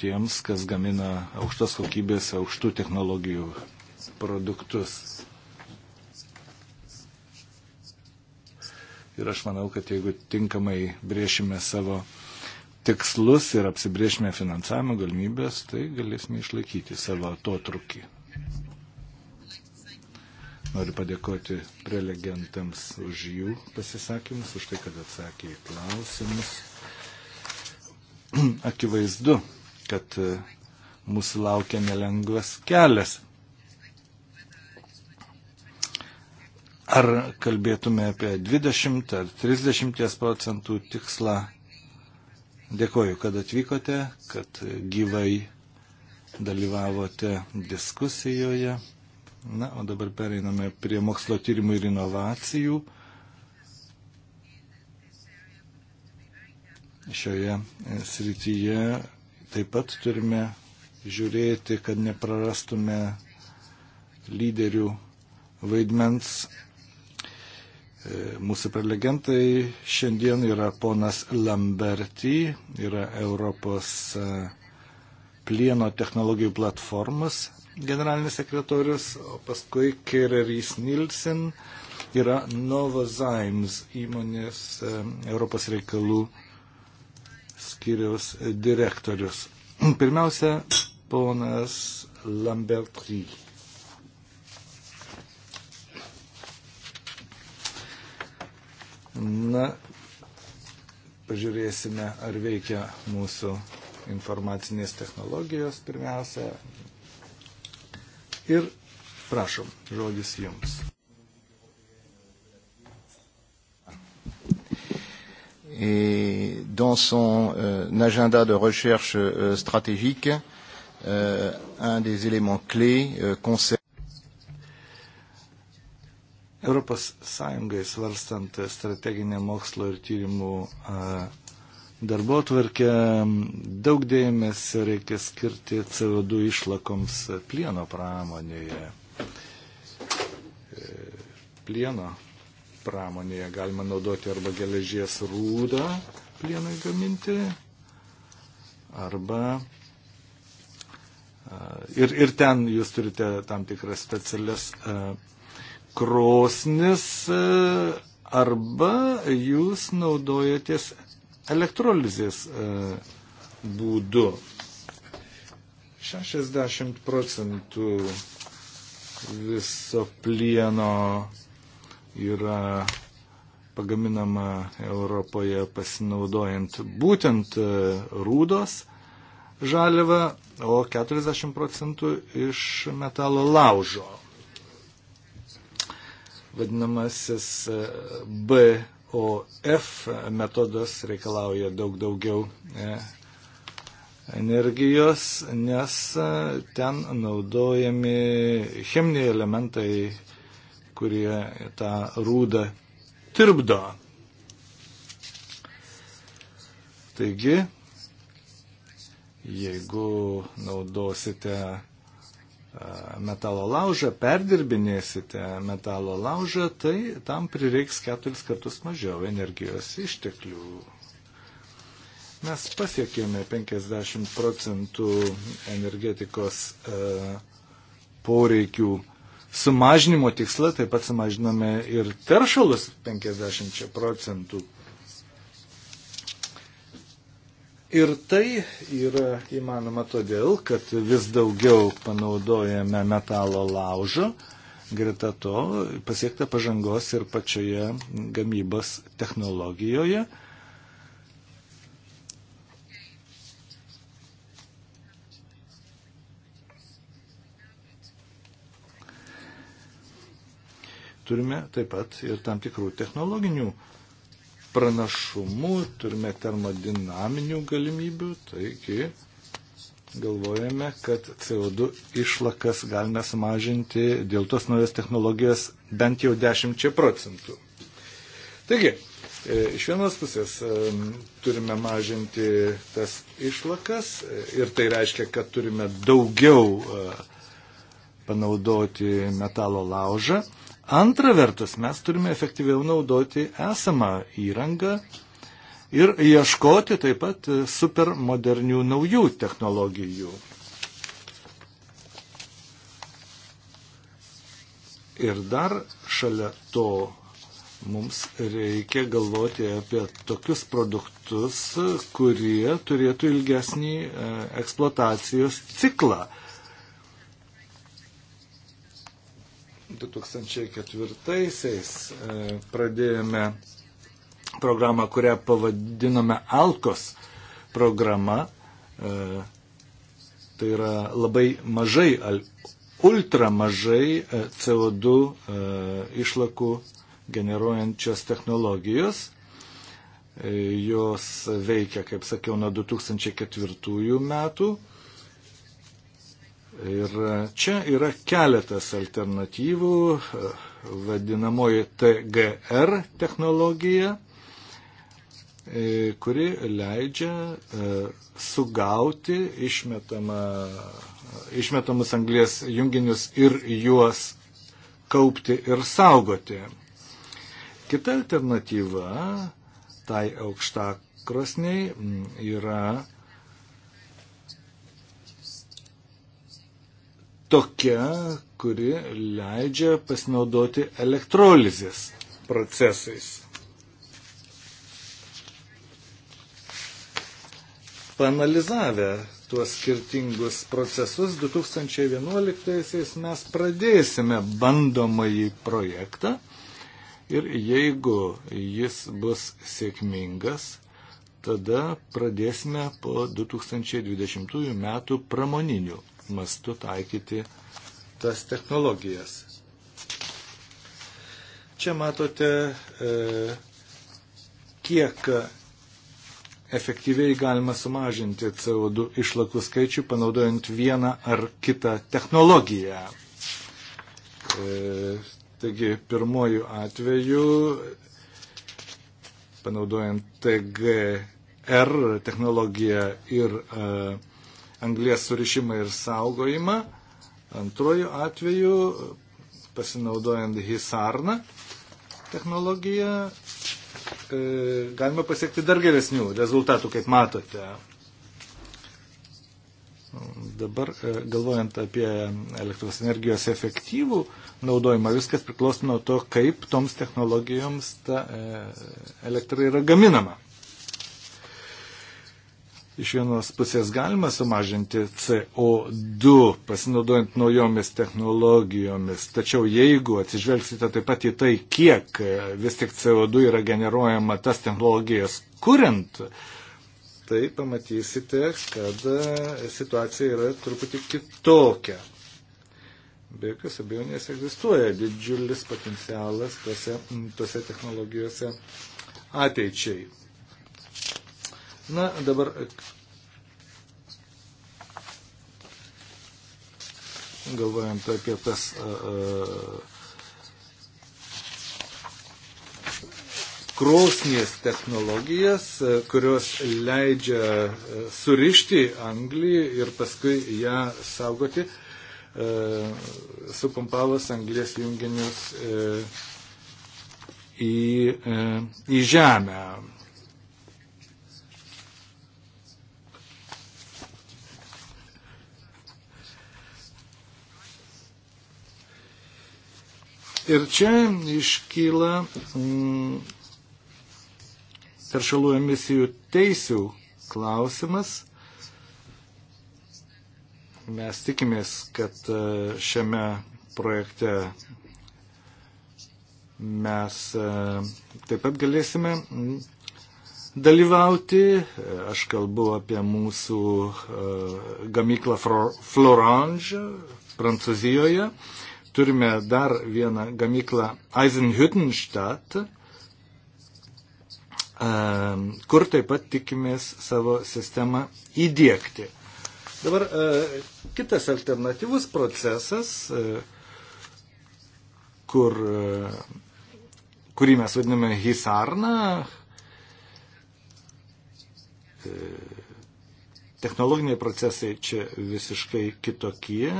tiems, kas gamina aukštos kokybės, aukštų technologijų produktus. Ir aš manau, kad jeigu tinkamai brėšime savo tikslus ir apsibrėšime finansavimo galimybės, tai galėsime išlaikyti savo atotrukį. Noriu padėkoti prelegentams už jų pasisakymus, už tai, kad atsakė į klausimus. akivaizdu, kad e, mūsų laukia nelengvas kelias. Ar kalbėtume apie 20 ar 30 procentų tikslą? Dėkoju, kad atvykote, kad gyvai dalyvavote diskusijoje. Na, o dabar pereiname prie mokslo tyrimų ir inovacijų. šioje e, srityje. Taip pat turime žiūrėti, kad neprarastume lyderių vaidmens. E, mūsų prelegentai šiandien yra ponas Lamberti, yra Europos e, plieno technologijų platformos generalinis sekretorius, o paskui Kererys Nilsen yra Novozymes įmonės Europos reikalų skiriaus direktorius. Pirmiausia, ponas Lambertry. Na, pažiūrėsime, ar veikia mūsų informacinės technologijos pirmiausia. Ir prašom, žodis jums. et dans son euh, agenda de recherche euh, stratégique, euh, un des éléments clés euh, concerne Europos Sąjungai svarstant strateginę mokslo ir tyrimų e, darbo tvarkę, daug dėmesio reikia skirti CO2 išlakoms plieno pramonėje. E, plieno pramonėje. Galima naudoti arba geležies rūdą plienai gaminti, arba ir, ir ten jūs turite tam tikras specialias krosnis, arba jūs naudojatės elektrolizės būdu. 60 procentų viso plieno yra pagaminama Europoje pasinaudojant būtent e, rūdos žaliavą, o 40 procentų iš metalo laužo. Vadinamasis e, BOF metodas reikalauja daug daugiau e, energijos, nes ten naudojami cheminiai elementai kurie tą rūdą tirpdo. Taigi, jeigu naudosite metalo laužą, perdirbinėsite metalo laužą, tai tam prireiks keturis kartus mažiau energijos išteklių. Mes pasiekėme 50 procentų energetikos poreikių sumažinimo tikslą, taip pat sumažiname ir teršalus 50 procentų. Ir tai yra įmanoma todėl, kad vis daugiau panaudojame metalo laužo, greta to pasiekta pažangos ir pačioje gamybos technologijoje. turime taip pat ir tam tikrų technologinių pranašumų, turime termodinaminių galimybių, taigi galvojame, kad CO2 išlakas galime sumažinti dėl tos naujos technologijos bent jau 10 procentų. Taigi, e, Iš vienos pusės e, turime mažinti tas išlakas e, ir tai reiškia, kad turime daugiau panaudoti metalo laužą, Antra vertus, mes turime efektyviau naudoti esamą įrangą ir ieškoti taip pat e, supermodernių naujų technologijų. Ir dar šalia to mums reikia galvoti apie tokius produktus, kurie turėtų ilgesnį e, eksploatacijos ciklą. 2004-aisiais e, pradėjome programą, kurią pavadinome Alkos programa. E, tai yra labai mažai, ultra mažai e, CO2 išlakų generuojančios technologijos. Jos veikia, kaip sakiau, nuo 2004 metų Ir e, čia yra keletas alternatyvų, e, vadinamoji TGR technologija, e, kuri leidžia sugauti išmetama, išmetamus anglės junginius ir juos kaupti ir saugoti. Kita alternatyva tai aukštakrosniai yra tokia, kuri leidžia pasinaudoti elektrolizės procesais. Panalizavę tuos skirtingus procesus, 2011 mes pradėsime bandomąjį projektą ir jeigu jis bus sėkmingas, tada pradėsime po 2020 metų pramoninių mastu taikyti tas technologijas. Čia matote, e, kiek efektyviai galima sumažinti CO2 išlakų skaičių, panaudojant vieną ar kitą technologiją. E, taigi, pirmojų atveju, panaudojant TGR technologiją ir e, anglės surišimą ir saugojimą. Antrojų atveju, pasinaudojant Hisarna technologiją, e, galima pasiekti dar geresnių rezultatų, kaip matote. Dabar, e, galvojant apie elektros energijos efektyvų naudojimą, viskas priklauso nuo to, kaip toms technologijoms ta e, elektra yra gaminama iš vienos pusės galima sumažinti CO2 pasinaudojant naujomis technologijomis, tačiau jeigu atsižvelgsite taip pat į tai, kiek e, vis tik CO2 yra generuojama tas technologijas kuriant, tai pamatysite, kad e, situacija yra truputį kitokia. Be jokios abejonės egzistuoja didžiulis potencialas tose, tose technologijose ateičiai. Na, dabar galvojant apie tas a, a, krosnies technologijas, a, kurios leidžia surišti anglį ir paskui ją saugoti, supumpavus anglės junginius į, į žemę. Ir čia iškyla mm, teršalų emisijų teisių klausimas. Mes tikimės, kad e, šiame projekte mes e, taip pat galėsime mm, dalyvauti. Aš kalbu apie mūsų e, gamyklą Florange Prancūzijoje. Turime dar vieną gamyklą Eisenhüttenstadt, e, kur taip pat tikimės savo sistemą įdėkti. Dabar e, kitas alternatyvus procesas, e, kur, kurį mes vadiname Hisarna, technologiniai procesai čia visiškai kitokie,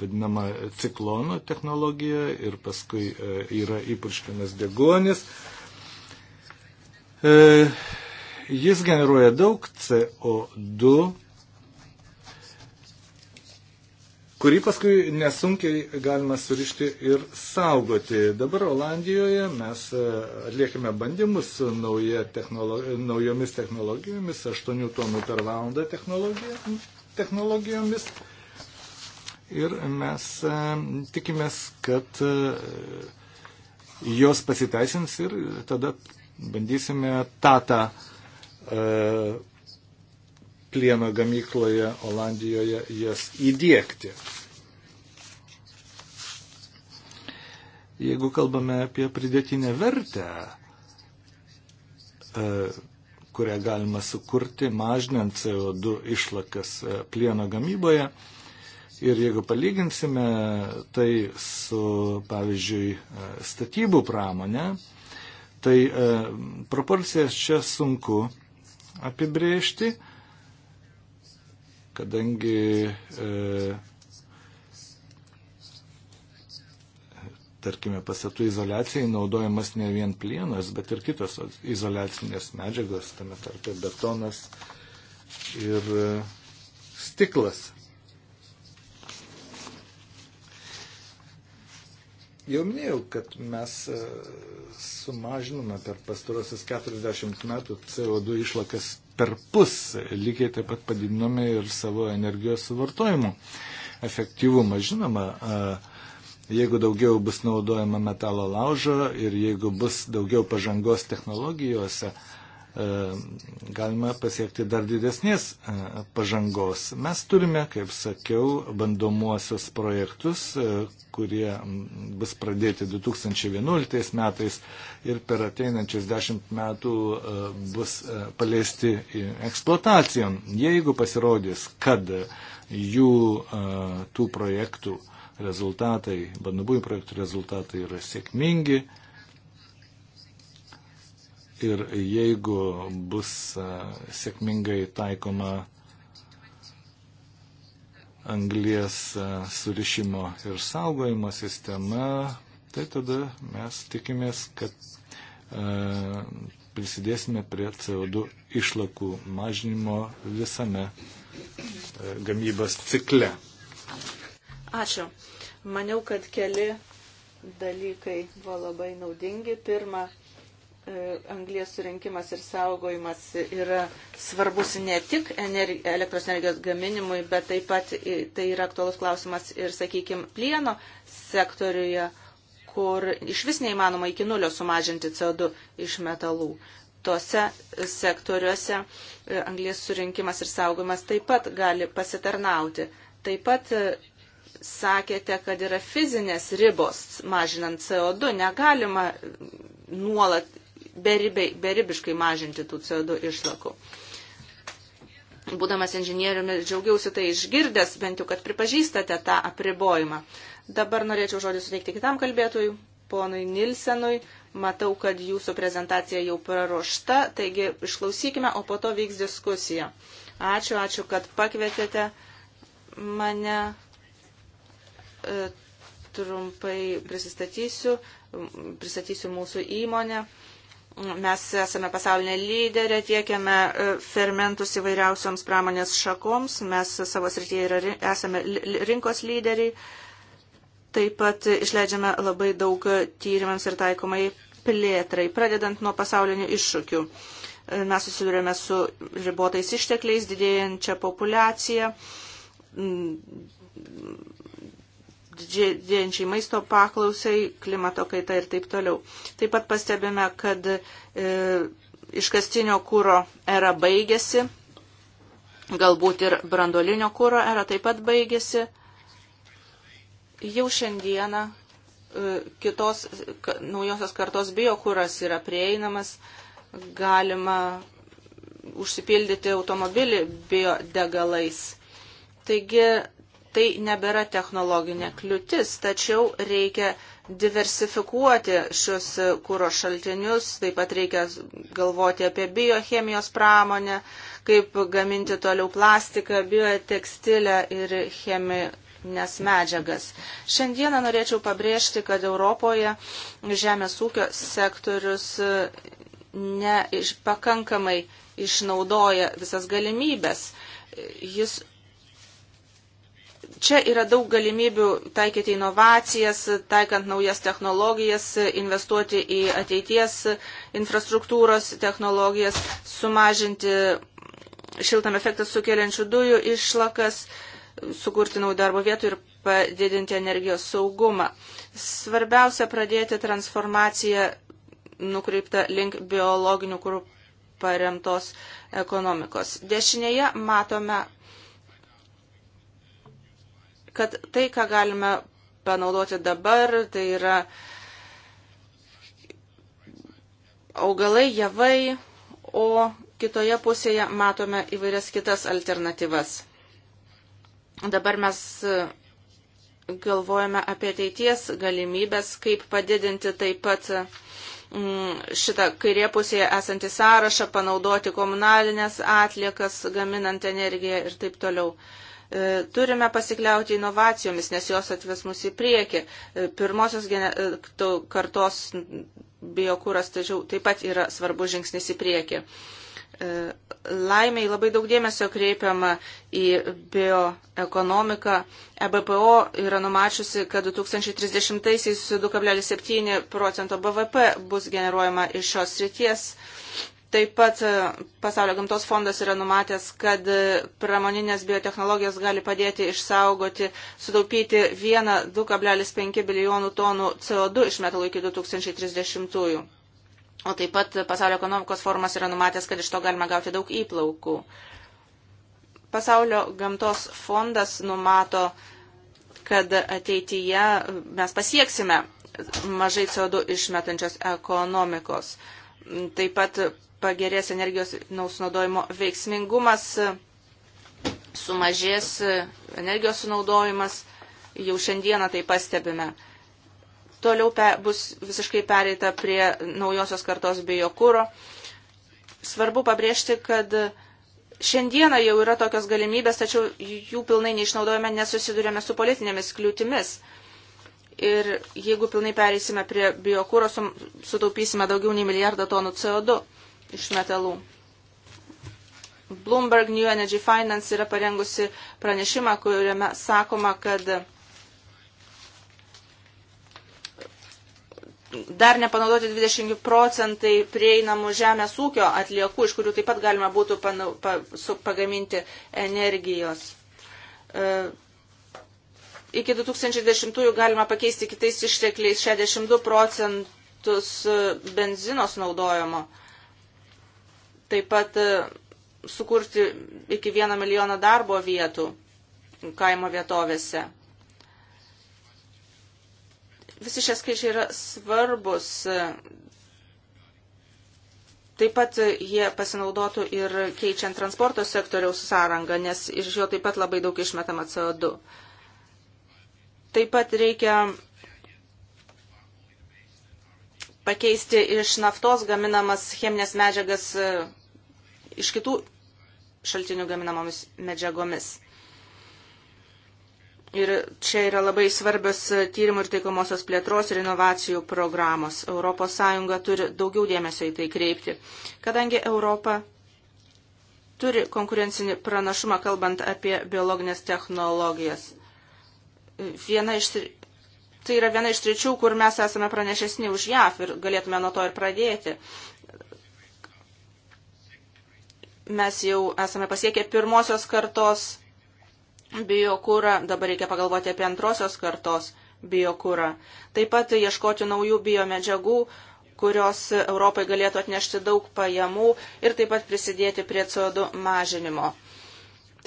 vadinama ciklono technologija ir paskui e, yra įpurškiamas deguonis. E, jis generuoja daug CO2, kurį paskui nesunkiai galima surišti ir saugoti. Dabar Olandijoje mes e, atliekame bandymus su nauja technolo naujomis technologijomis, 8 tonų per valandą technologijomis ir mes e, tikimės, kad e, jos pasiteisins ir tada bandysime tatą e, plieno gamykloje Olandijoje jas įdėkti. Jeigu kalbame apie pridėtinę vertę, kurią galima sukurti mažinant CO2 išlakas plieno gamyboje, Ir jeigu palyginsime tai su, pavyzdžiui, e, statybų pramonė, tai e, proporcijas čia sunku apibrėžti, kadangi, e, tarkime, pastatų izolacijai naudojamas ne vien plienas, bet ir kitos izolacinės medžiagos, tame tarpe betonas ir e, stiklas. Jau minėjau, kad mes e, sumažinome per pastarosius 40 metų CO2 išlakas per pus, lygiai taip pat padidinome ir savo energijos suvartojimo efektyvumą. Žinoma, e, jeigu daugiau bus naudojama metalo laužo ir jeigu bus daugiau pažangos technologijose, E, galima pasiekti dar didesnės e, pažangos. Mes turime, kaip sakiau, bandomuosius projektus, e, kurie bus pradėti 2011 metais ir per ateinančius dešimt metų bus paleisti eksploatacijom. Jeigu pasirodys, kad jų tų projektų rezultatai, bandobųjų projektų rezultatai yra sėkmingi, Ir jeigu bus sėkmingai taikoma anglies surišimo ir saugojimo sistema, tai tada mes tikimės, kad e, prisidėsime prie CO2 išlakų mažinimo visame gamybos cikle. Ačiū. Maniau, kad keli dalykai buvo labai naudingi. Pirma, E, anglės surinkimas ir saugojimas yra svarbus ne tik energi elektros energijos gaminimui, bet taip pat tai yra aktualus klausimas ir, sakykime, plieno sektoriuje, kur iš vis neįmanoma iki nulio sumažinti CO2 iš metalų. Tose sektoriuose e, anglės surinkimas ir saugojimas taip pat gali pasitarnauti. Taip pat e, sakėte, kad yra fizinės ribos mažinant CO2, negalima nuolat beribai, beribiškai mažinti tų CO2 išlakų. Būdamas inžinieriumi, džiaugiausi tai išgirdęs, bent jau, kad pripažįstate tą apribojimą. Dabar norėčiau žodį suteikti kitam kalbėtojui, ponui Nilsenui. Matau, kad jūsų prezentacija jau praruošta, taigi išklausykime, o po to vyks diskusija. Ačiū, ačiū, kad pakvietėte mane. E, trumpai prisistatysiu, pristatysiu mūsų įmonę. Mes esame pasaulinė lyderė, tiekiame e, fermentus įvairiausioms pramonės šakoms, mes savo srityje yra, esame rinkos lyderiai, taip pat išleidžiame labai daug tyrimams ir taikomai plėtrai, pradedant nuo pasaulinių iššūkių. E, mes susidurėme su ribotais ištekliais, didėjančia populiacija, mm, didėjančiai maisto paklausai, klimato kaita ir taip toliau. Taip pat pastebime, kad e, iškastinio kūro era baigėsi, galbūt ir brandolinio kūro era taip pat baigėsi. Jau šiandieną e, kitos ka, naujosios kartos biokūras yra prieinamas, galima užsipildyti automobilį biodegalais. Taigi tai nebėra technologinė kliūtis, tačiau reikia diversifikuoti šios kūro šaltinius, taip pat reikia galvoti apie biochemijos pramonę, kaip gaminti toliau plastiką, biotekstilę ir cheminės medžiagas. Šiandieną norėčiau pabrėžti, kad Europoje žemės ūkio sektorius e, nepakankamai išnaudoja visas galimybės. Jis Čia yra daug galimybių taikyti inovacijas, taikant naujas technologijas, investuoti į ateities infrastruktūros technologijas, sumažinti šiltam efektą sukeliančių dujų išlakas, sukurti naujų darbo vietų ir padidinti energijos saugumą. Svarbiausia pradėti transformaciją nukreiptą link biologinių kurų paremtos ekonomikos. Dešinėje matome kad tai, ką galime panaudoti dabar, tai yra augalai, javai, o kitoje pusėje matome įvairias kitas alternatyvas. Dabar mes galvojame apie ateities galimybės, kaip padidinti taip pat mm, šitą kairė pusėje esantį sąrašą, panaudoti komunalinės atliekas, gaminant energiją ir taip toliau. E, turime pasikliauti inovacijomis, nes jos atves mus į priekį. E, pirmosios e, kartos biokūras tai taip pat yra svarbus žingsnis į priekį. Laimiai labai daug dėmesio kreipiama į bioekonomiką. EBPO yra numačiusi, kad 2030-aisiais 2,7 procento BVP bus generuojama iš šios srities. Taip pat e, Pasaulio gamtos fondas yra numatęs, kad e, pramoninės biotehnologijos gali padėti išsaugoti, sutaupyti 1,2,5 bilijonų tonų CO2 išmetalų iki 2030-ųjų. O taip pat e, Pasaulio ekonomikos formas yra numatęs, kad iš to galima gauti daug įplaukų. Pasaulio gamtos fondas numato, kad ateityje mes pasieksime mažai CO2 išmetančios ekonomikos. Taip pat pagerės energijos nausnaudojimo veiksmingumas, sumažės e, energijos sunaudojimas, jau šiandieną tai pastebime. Toliau pe, bus visiškai pereita prie naujosios kartos biokūro. Svarbu pabrėžti, kad šiandieną jau yra tokios galimybės, tačiau jų pilnai neišnaudojame, nesusidurėme su politinėmis kliūtimis. Ir jeigu pilnai pereisime prie biokūro, sutaupysime daugiau nei milijardą tonų CO2 iš metalų. Bloomberg New Energy Finance yra parengusi pranešimą, kuriame sakoma, kad dar nepanaudoti 20 procentai prieinamų žemės ūkio atliekų, iš kurių taip pat galima būtų panau, pa, su, pagaminti energijos. E, iki 2010 galima pakeisti kitais ištekliais 62 procentus e, benzinos naudojimo. E, Taip pat e, sukurti iki vieną milijoną darbo vietų kaimo vietovėse. Visi šie skaičiai yra svarbus. E, taip pat jie pasinaudotų ir keičiant transporto sektoriaus sąrangą, nes iš jo taip pat labai daug išmetama CO2. Taip pat reikia pakeisti iš naftos gaminamas cheminės medžiagas e, iš kitų šaltinių gaminamomis medžiagomis. Ir čia yra labai svarbios tyrimų ir taikomosios plėtros ir inovacijų programos. ES turi daugiau dėmesio į tai kreipti, kadangi Europa turi konkurencinį pranašumą, kalbant apie biologinės technologijas. Viena iš, tai yra viena iš tričių, kur mes esame pranešesni už JAF ir galėtume nuo to ir pradėti. Mes jau esame pasiekę pirmosios kartos biokūrą, dabar reikia pagalvoti apie antrosios kartos biokūrą. Taip pat ieškoti naujų biomedžiagų, kurios Europai galėtų atnešti daug pajamų ir taip pat prisidėti prie CO2 mažinimo.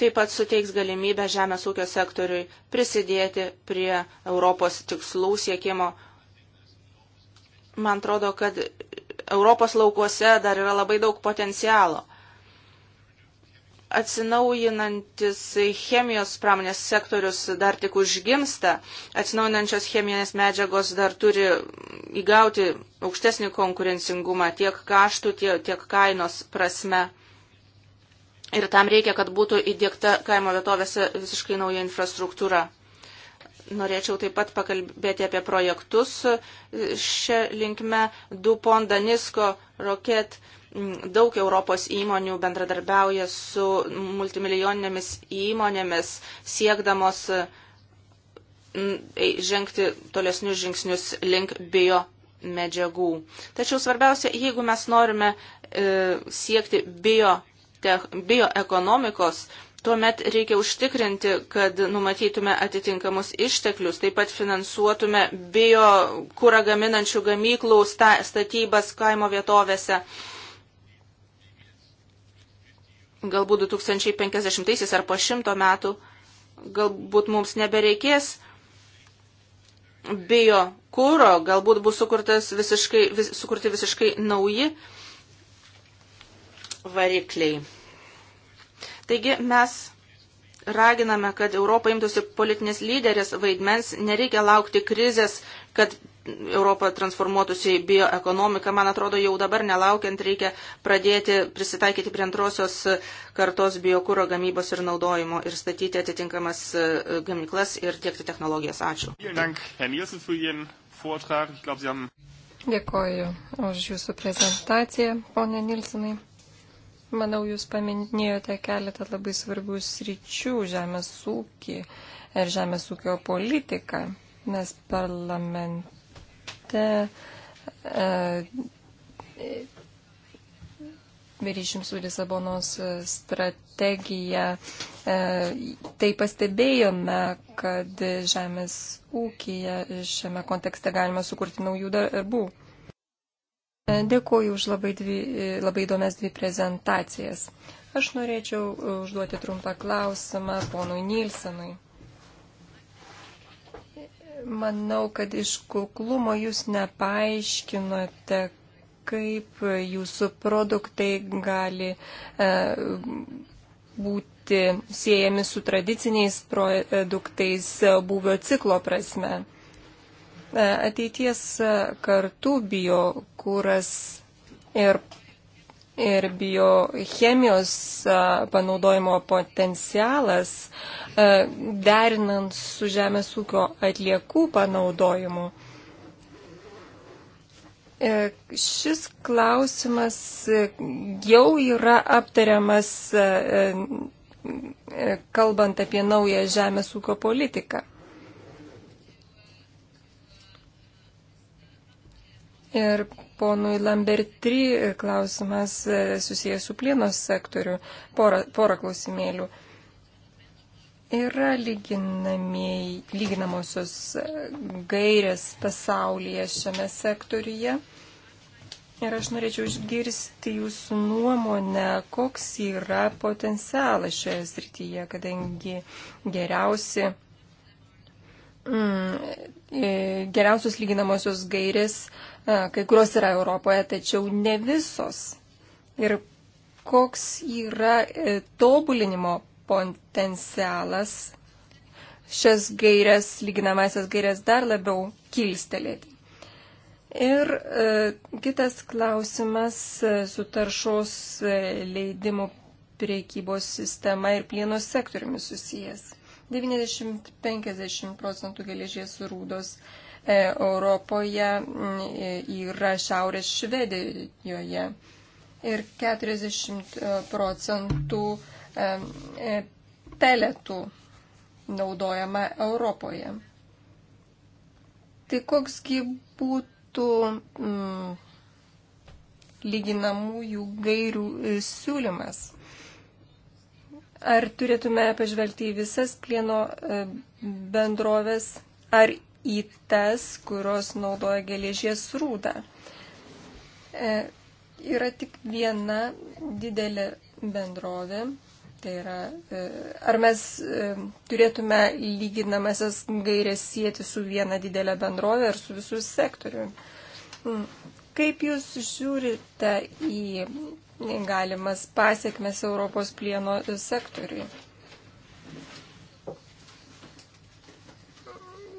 Taip pat suteiks galimybę žemės ūkio sektoriui prisidėti prie Europos tikslų siekimo. Man atrodo, kad Europos laukuose dar yra labai daug potencialo. Atsinaujinantis chemijos pramonės sektorius dar tik užgimsta, atsinaujinančios cheminės medžiagos dar turi įgauti aukštesnį konkurencingumą tiek kaštų, tiek kainos prasme. Ir tam reikia, kad būtų įdėkta kaimo vietovėse visiškai nauja infrastruktūra. Norėčiau taip pat pakalbėti apie projektus šią linkme. Dupont, Danisko, Roket. Daug Europos įmonių bendradarbiauja su multimilijoninėmis įmonėmis, siekdamos mm, žengti tolesnius žingsnius link bio medžiagų. Tačiau svarbiausia, jeigu mes norime e, siekti bio, tech, bioekonomikos, Tuomet reikia užtikrinti, kad numatytume atitinkamus išteklius, taip pat finansuotume bio kūrą gaminančių gamyklų statybas kaimo vietovėse galbūt 2050 ar po šimto metų, galbūt mums nebereikės bio kūro, galbūt bus sukurtas visiškai, vis, sukurti visiškai nauji varikliai. Taigi mes raginame, kad Europą imtųsi politinės lyderės vaidmens, nereikia laukti krizės, kad Europa transformuotųsi į bioekonomiką, man atrodo, jau dabar nelaukiant reikia pradėti prisitaikyti prie antrosios kartos biokūro gamybos ir naudojimo ir statyti atitinkamas e, gamyklas ir tiekti technologijas. Ačiū. Dėkoju už Jūsų prezentaciją, ponė Nilsinai. Manau, Jūs paminėjote keletą labai svarbių sričių - žemės ūkį ir žemės ūkio politiką, nes parlament E, ryšim su Lisabonos strategija. E, tai pastebėjome, kad žemės ūkija šiame kontekste galima sukurti naujų darbų. Dėkuoju už labai, dvi, labai įdomias dvi prezentacijas. Aš norėčiau užduoti trumpą klausimą ponui Nilsenui. Manau, kad iš kuklumo jūs nepaaiškinote, kaip jūsų produktai gali e, būti siejami su tradiciniais produktais būvio ciklo prasme. E, ateities kartų biokūras ir ir biochemijos panaudojimo potencialas derinant su žemės ūkio atliekų panaudojimu. E, šis klausimas jau yra aptariamas e, kalbant apie naują žemės ūkio politiką. Ir ponui Lambertry klausimas e, susijęs su plienos sektoriu. Porą, porą klausimėlių. Yra lyginamosios e, gairės pasaulyje šiame sektoriuje. Ir aš norėčiau išgirsti jūsų nuomonę, koks yra potencialas šioje srityje, kadangi geriausi, mm, e, geriausios lyginamosios gairės E, kai kurios yra Europoje, tačiau ne visos. Ir koks yra e, tobulinimo potencialas šias gairias, lyginamasias gairias dar labiau kilstelėti. Ir e, kitas klausimas e, su taršos e, leidimų priekybos sistema ir plieno sektoriumi susijęs. 90-50 procentų geležies rūdos e, E, Europoje yra Šiaurės Švedijoje ir 40 e, procentų e, peletų naudojama Europoje. Tai koksgi būtų mm, lyginamųjų gairių siūlymas? Ar turėtume pažvelgti į visas plieno bendrovės, ar į tas, kurios naudoja geležies rūdą. E, yra tik viena didelė bendrovė. Tai yra, e, ar mes e, turėtume lyginamasias gairias sieti su viena didelė bendrovė ar su visų sektoriu? Mm. Kaip Jūs žiūrite į galimas pasiekmes Europos plieno sektoriui?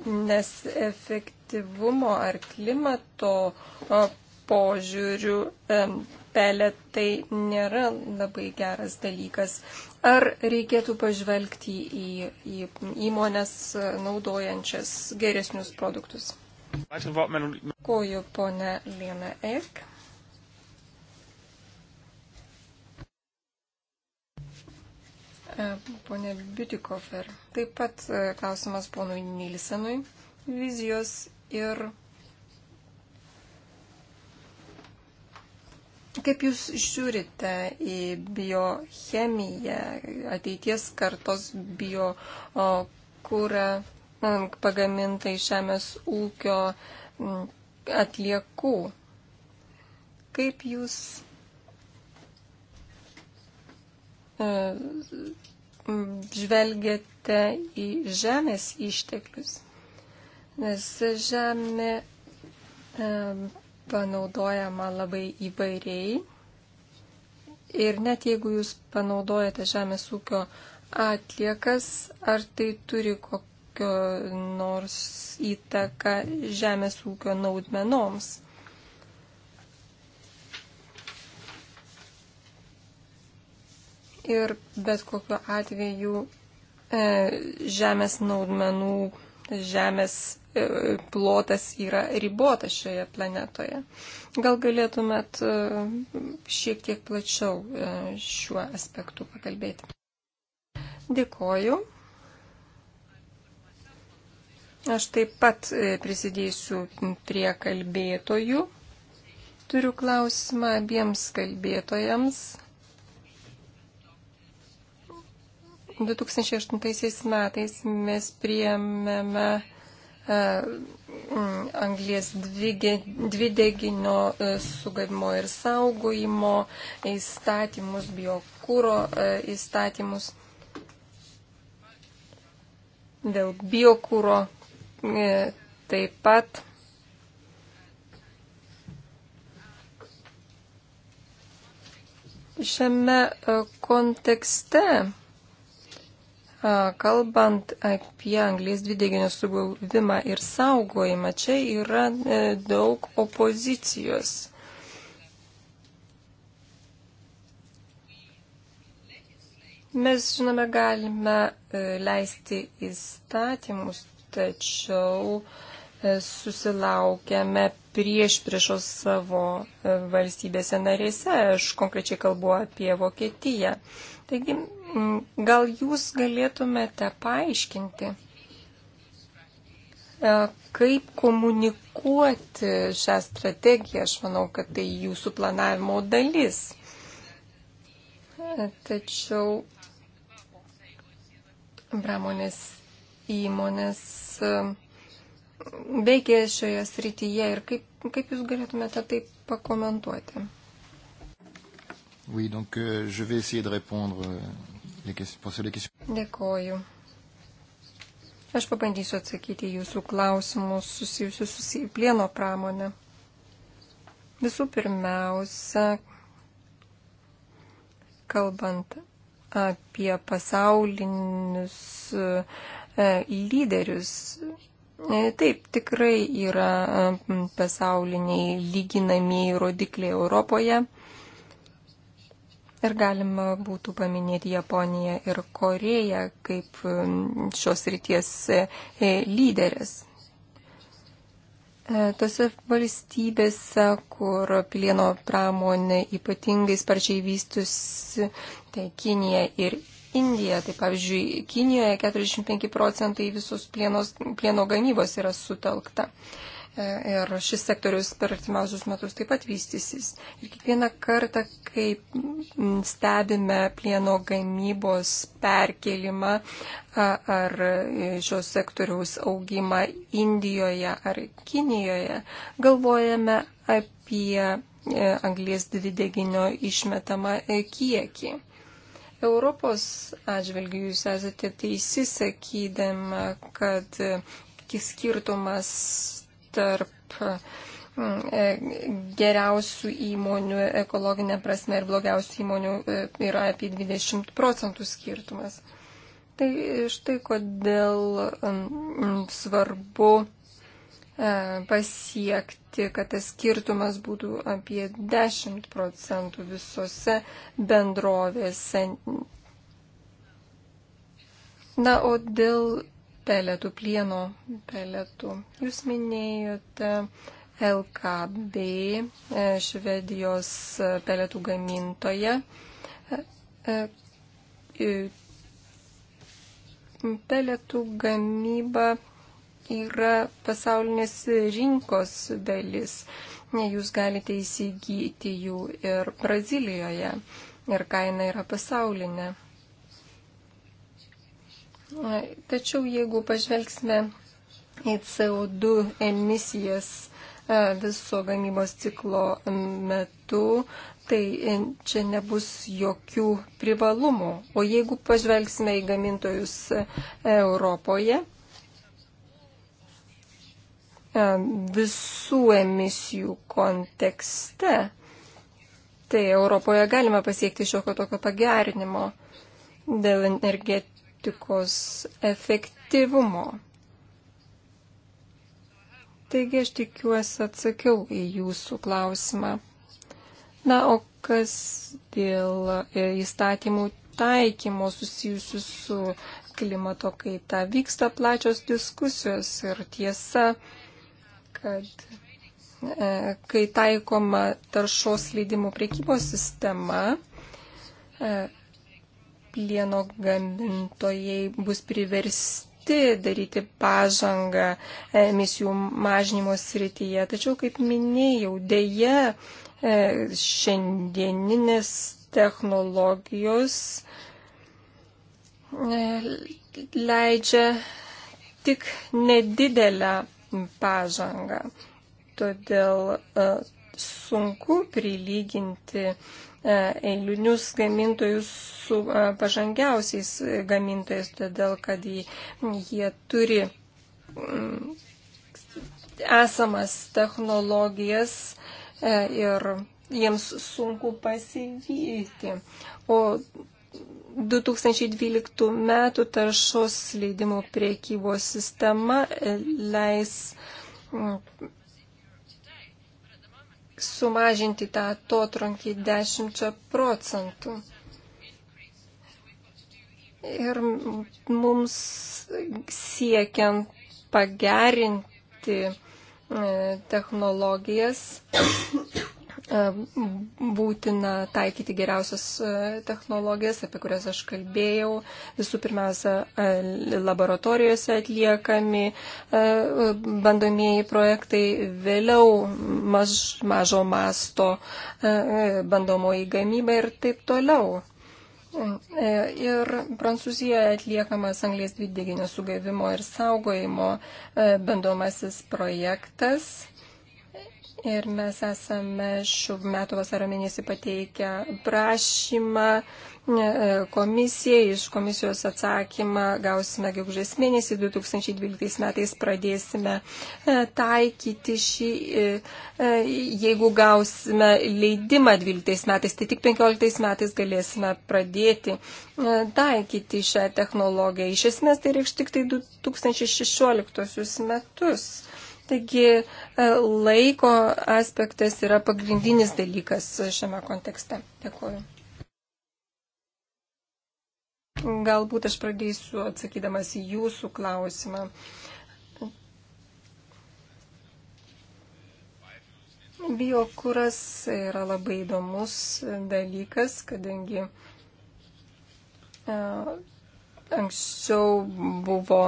nes efektyvumo ar klimato požiūrių peletai nėra labai geras dalykas. Ar reikėtų pažvelgti į, į įmonės naudojančias geresnius produktus? Koju, ponė Lena Ek. E, Pone Biutikofer, taip pat e, klausimas ponui Nilsenui vizijos ir kaip jūs žiūrite į biochemiją, ateities kartos biokūrą pagamintą iš žemės ūkio atliekų? Kaip jūs E, žvelgiate į žemės išteklius, nes žemė e, panaudojama labai įvairiai. Ir net jeigu jūs panaudojate žemės ūkio atliekas, ar tai turi kokio nors įtaką žemės ūkio naudmenoms? ir bet kokiu atveju e, žemės naudmenų, žemės e, plotas yra ribotas šioje planetoje. Gal galėtumėt e, šiek tiek plačiau e, šiuo aspektu pakalbėti. Dėkoju. Aš taip pat e, prisidėsiu prie kalbėtojų. Turiu klausimą abiems kalbėtojams. 2008 metais mes priėmėme e, mm, anglės dvideginio e, sugavimo ir saugojimo įstatymus, biokūro e, įstatymus. Dėl biokūro taip pat šiame kontekste Kalbant apie anglės dvideginio sugavimą ir saugojimą, čia yra e, daug opozicijos. Mes, žinome, galime e, leisti įstatymus, tačiau e, susilaukiame prieš priešos savo valstybėse narėse. Aš konkrečiai kalbu apie Vokietiją. Taigi Mm, gal jūs galėtumėte paaiškinti, e, kaip komunikuoti šią strategiją? Aš manau, kad tai jūsų planavimo dalis. E, tačiau pramonės įmonės e, veikia šioje srityje ir kaip, kaip jūs galėtumėte tai pakomentuoti? Oui, donc euh, je vais essayer de répondre euh, Dėkoju. Aš pabandysiu atsakyti jūsų klausimus susijusius su plieno pramonė. Visų pirmiausia, kalbant apie pasaulinius e, lyderius, e, taip tikrai yra pasauliniai lyginamieji rodikliai Europoje. Ir galima būtų paminėti Japoniją ir Koreją kaip um, šios ryties e, e, lyderės. E, tose valstybėse, kur plieno pramonė ypatingai sparčiai vystusi, tai Kinija ir Indija. Tai pavyzdžiui, Kinijoje 45 procentai visos plienos, plieno gamybos yra sutelkta. Uh, ir šis sektorius per artimiausius metus taip pat vystysis. Ir kiekvieną kartą, kai stebime plieno gamybos perkelimą ar šios sektoriaus augimą Indijoje ar Kinijoje, galvojame apie e, anglės dvideginio išmetamą e, kiekį. Europos atžvilgių jūs esate teisi sakydama, kad e, skirtumas tarp mm, e, geriausių įmonių ekologinė prasme ir blogiausių įmonių e, yra apie 20 procentų skirtumas. Tai štai kodėl mm, svarbu e, pasiekti, kad tas skirtumas būtų apie 10 procentų visose bendrovėse. Na, o dėl peletų, plieno peletų. Jūs minėjote LKB, e, Švedijos peletų gamintoje. E, e, peletų gamyba yra pasaulinės rinkos dalis. Jūs galite įsigyti jų ir Brazilijoje. Ir kaina yra pasaulinė. Tačiau jeigu pažvelgsime į CO2 emisijas viso gamybos ciklo metu, tai e, čia nebus jokių privalumų. O jeigu pažvelgsime į gamintojus e, Europoje, visų emisijų kontekste, tai Europoje galima pasiekti šiokio tokio pagerinimo dėl energetikos politikos efektyvumo. Taigi aš tikiuosi atsakiau į jūsų klausimą. Na, o kas dėl e, įstatymų taikymo susijusių su klimato kaita vyksta plačios diskusijos ir tiesa, kad e, kai taikoma taršos leidimų priekybos sistema, e, plieno gamintojai bus priversti daryti pažangą emisijų mažinimo srityje. Tačiau, kaip minėjau, dėje šiandieninės technologijos e, leidžia tik nedidelę pažangą. Todėl e, sunku prilyginti E, eilinius gamintojus su e, pažangiausiais gamintojais, todėl kad jie turi mm, esamas technologijas e, ir jiems sunku pasivyti. O 2012 metų taršos leidimų priekybos sistema leis mm, sumažinti tą atotrunkį 10 procentų. Ir mums siekiant pagerinti e, technologijas E, būtina taikyti geriausias e, technologijas, apie kurias aš kalbėjau. Visų pirmiausia, e, laboratorijose atliekami bandomieji projektai, vėliau maž, mažo masto bandomoji gamyba ir taip toliau. Ir Prancūzijoje atliekamas anglės dvideginio sugavimo ir saugojimo bandomasis projektas Ir mes esame šių metų vasaro mėnesį pateikę prašymą e, komisijai. Iš komisijos atsakymą gausime gegužės mėnesį. 2012 metais pradėsime e, taikyti šį, e, jeigu gausime leidimą 12 metais, tai tik 15 metais galėsime pradėti taikyti šią technologiją. Iš esmės tai reikš tik tai 2016 metus Taigi e, laiko aspektas yra pagrindinis dalykas šiame kontekste. Dėkuoju. Galbūt aš pradėsiu atsakydamas į jūsų klausimą. Biokuras yra labai įdomus dalykas, kadangi e, anksčiau buvo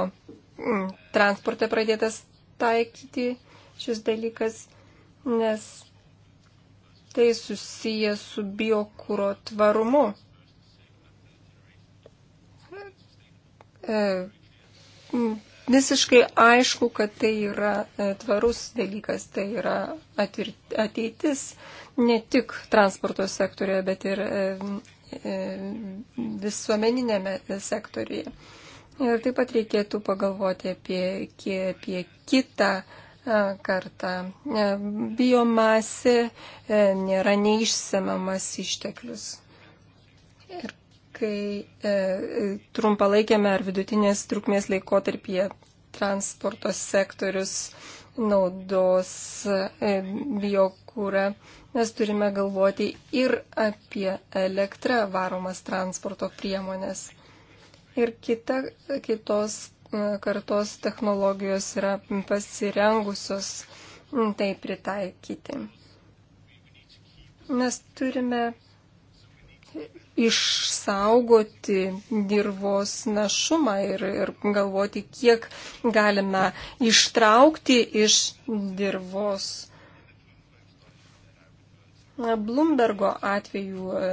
transporte pradėtas taikyti šis dalykas, nes tai susiję su biokūro tvarumu. E, visiškai aišku, kad tai yra e, tvarus dalykas, tai yra ateitis ne tik transporto sektorioje, bet ir e, e, visuomeninėme sektorijoje. Ir taip pat reikėtų pagalvoti apie, apie kitą kartą. E, biomasė e, nėra neišsemamas išteklius. Ir kai e, trumpalaikėme ar vidutinės trukmės laikotarpyje transporto sektorius naudos biokūrą, mes turime galvoti ir apie elektrą varomas transporto priemonės ir kita, kitos kartos technologijos yra pasirengusios tai pritaikyti. Mes turime išsaugoti dirvos našumą ir, ir galvoti, kiek galime ištraukti iš dirvos. Blumbergo atveju, e,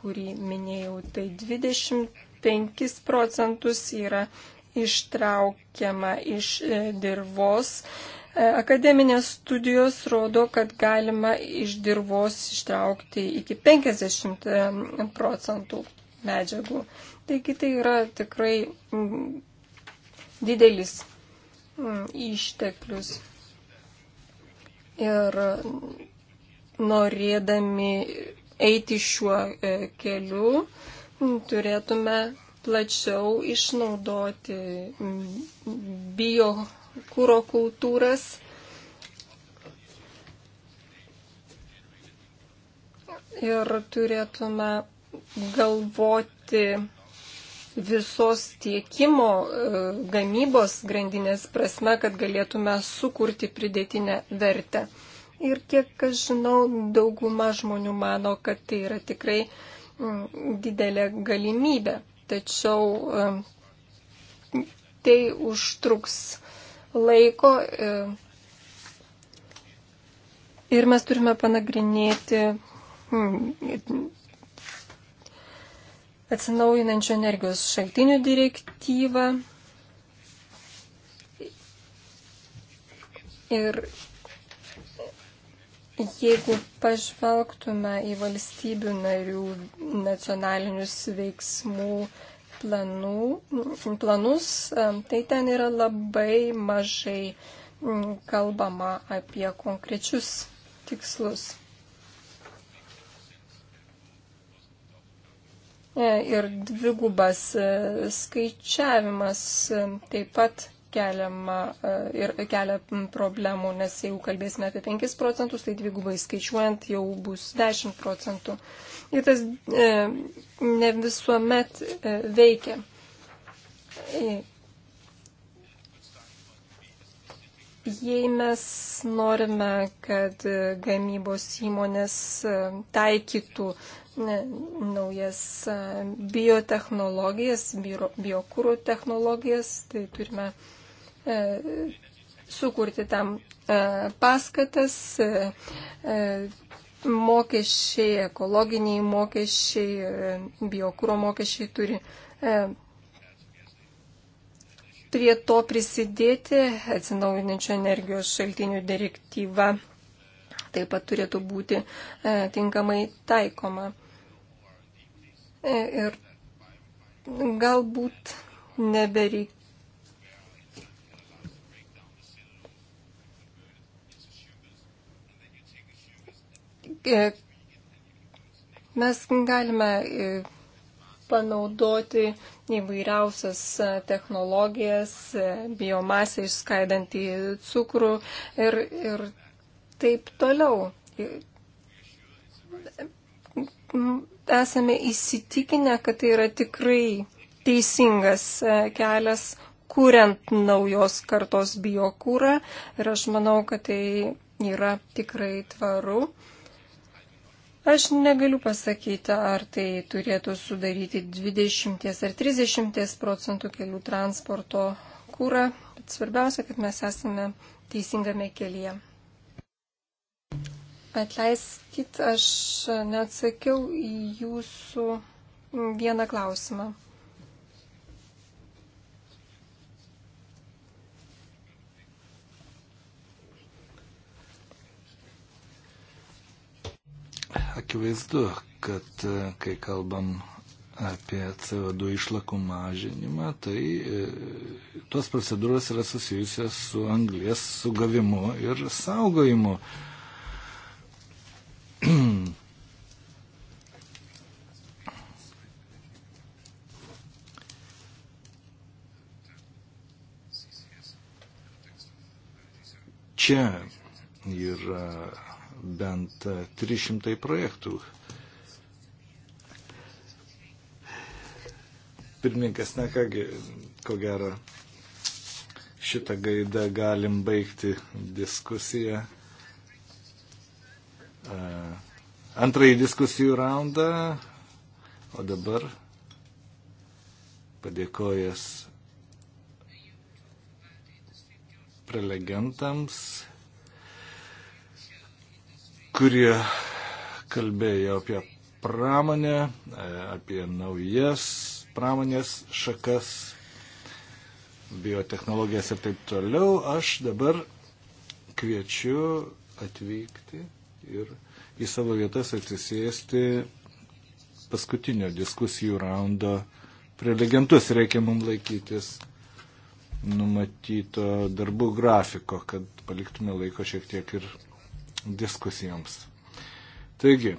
kurį minėjau, tai 20 5 procentus yra ištraukiama iš e, dirvos. E, akademinės studijos rodo, kad galima iš dirvos ištraukti iki 50 e, procentų medžiagų. Taigi tai yra tikrai didelis išteklius. Ir norėdami eiti šiuo keliu, turėtume plačiau išnaudoti bio kūro kultūras. Ir turėtume galvoti visos tiekimo e, gamybos grandinės prasme, kad galėtume sukurti pridėtinę vertę. Ir kiek aš žinau, dauguma žmonių mano, kad tai yra tikrai uh, Mm, didelė galimybė, tačiau mm, tai užtruks laiko mm, ir mes turime panagrinėti atsinaujinančio energijos šaltinių direktyvą ir Jeigu pažvelgtume į valstybių narių nacionalinius veiksmų planų, planus, tai ten yra labai mažai kalbama apie konkrečius tikslus. E, ir dvigubas e, skaičiavimas e, taip pat keliama, e, ir kelia problemų, nes jeigu kalbėsime apie 5 procentus, tai dvigubai skaičiuojant jau bus 10 procentų. Ir tas e, ne visuomet e, veikia. E, jei mes norime, kad e, gamybos įmonės taikytų naujas biotehnologijas, biokūro technologijas, tai turime uh, E, sukurti tam e, paskatas, e, mokesčiai, ekologiniai mokesčiai, biokūro mokesčiai turi prie to prisidėti atsinaujinančio energijos šaltinių direktyva taip pat turėtų būti tinkamai taikoma. Ir galbūt nebereik, E, mes galime e, panaudoti įvairiausias e, technologijas, biomasę išskaidant į cukrų ir, ir taip toliau. Esame įsitikinę, kad tai yra tikrai teisingas kelias, kuriant naujos kartos biokūrą ir aš manau, kad tai yra tikrai tvaru. Aš negaliu pasakyti, ar tai turėtų sudaryti 20 ar 30 procentų kelių transporto kūrą, bet svarbiausia, kad mes esame teisingame kelyje. Atleiskit, aš neatsakiau į jūsų vieną klausimą. Akivaizdu, kad e, kai kalbam apie CO2 išlakų mažinimą, tai e, tos procedūros yra susijusios su anglės sugavimu ir saugojimu. Čia yra bent 300 e, projektų. Pirmininkas, na kągi, ko gero, šitą gaidą galim baigti diskusiją. E, antrąjį diskusijų raundą, o dabar padėkojęs prelegentams kurie kalbėjo apie pramonę, e, apie naujas pramonės šakas, biotehnologijas ir taip toliau, aš dabar kviečiu atvykti ir į savo vietas atsisėsti paskutinio diskusijų raundo prelegentus. Reikia mums laikytis numatyto darbų grafiko, kad paliktume laiko šiek tiek ir diskusijoms. Taigi,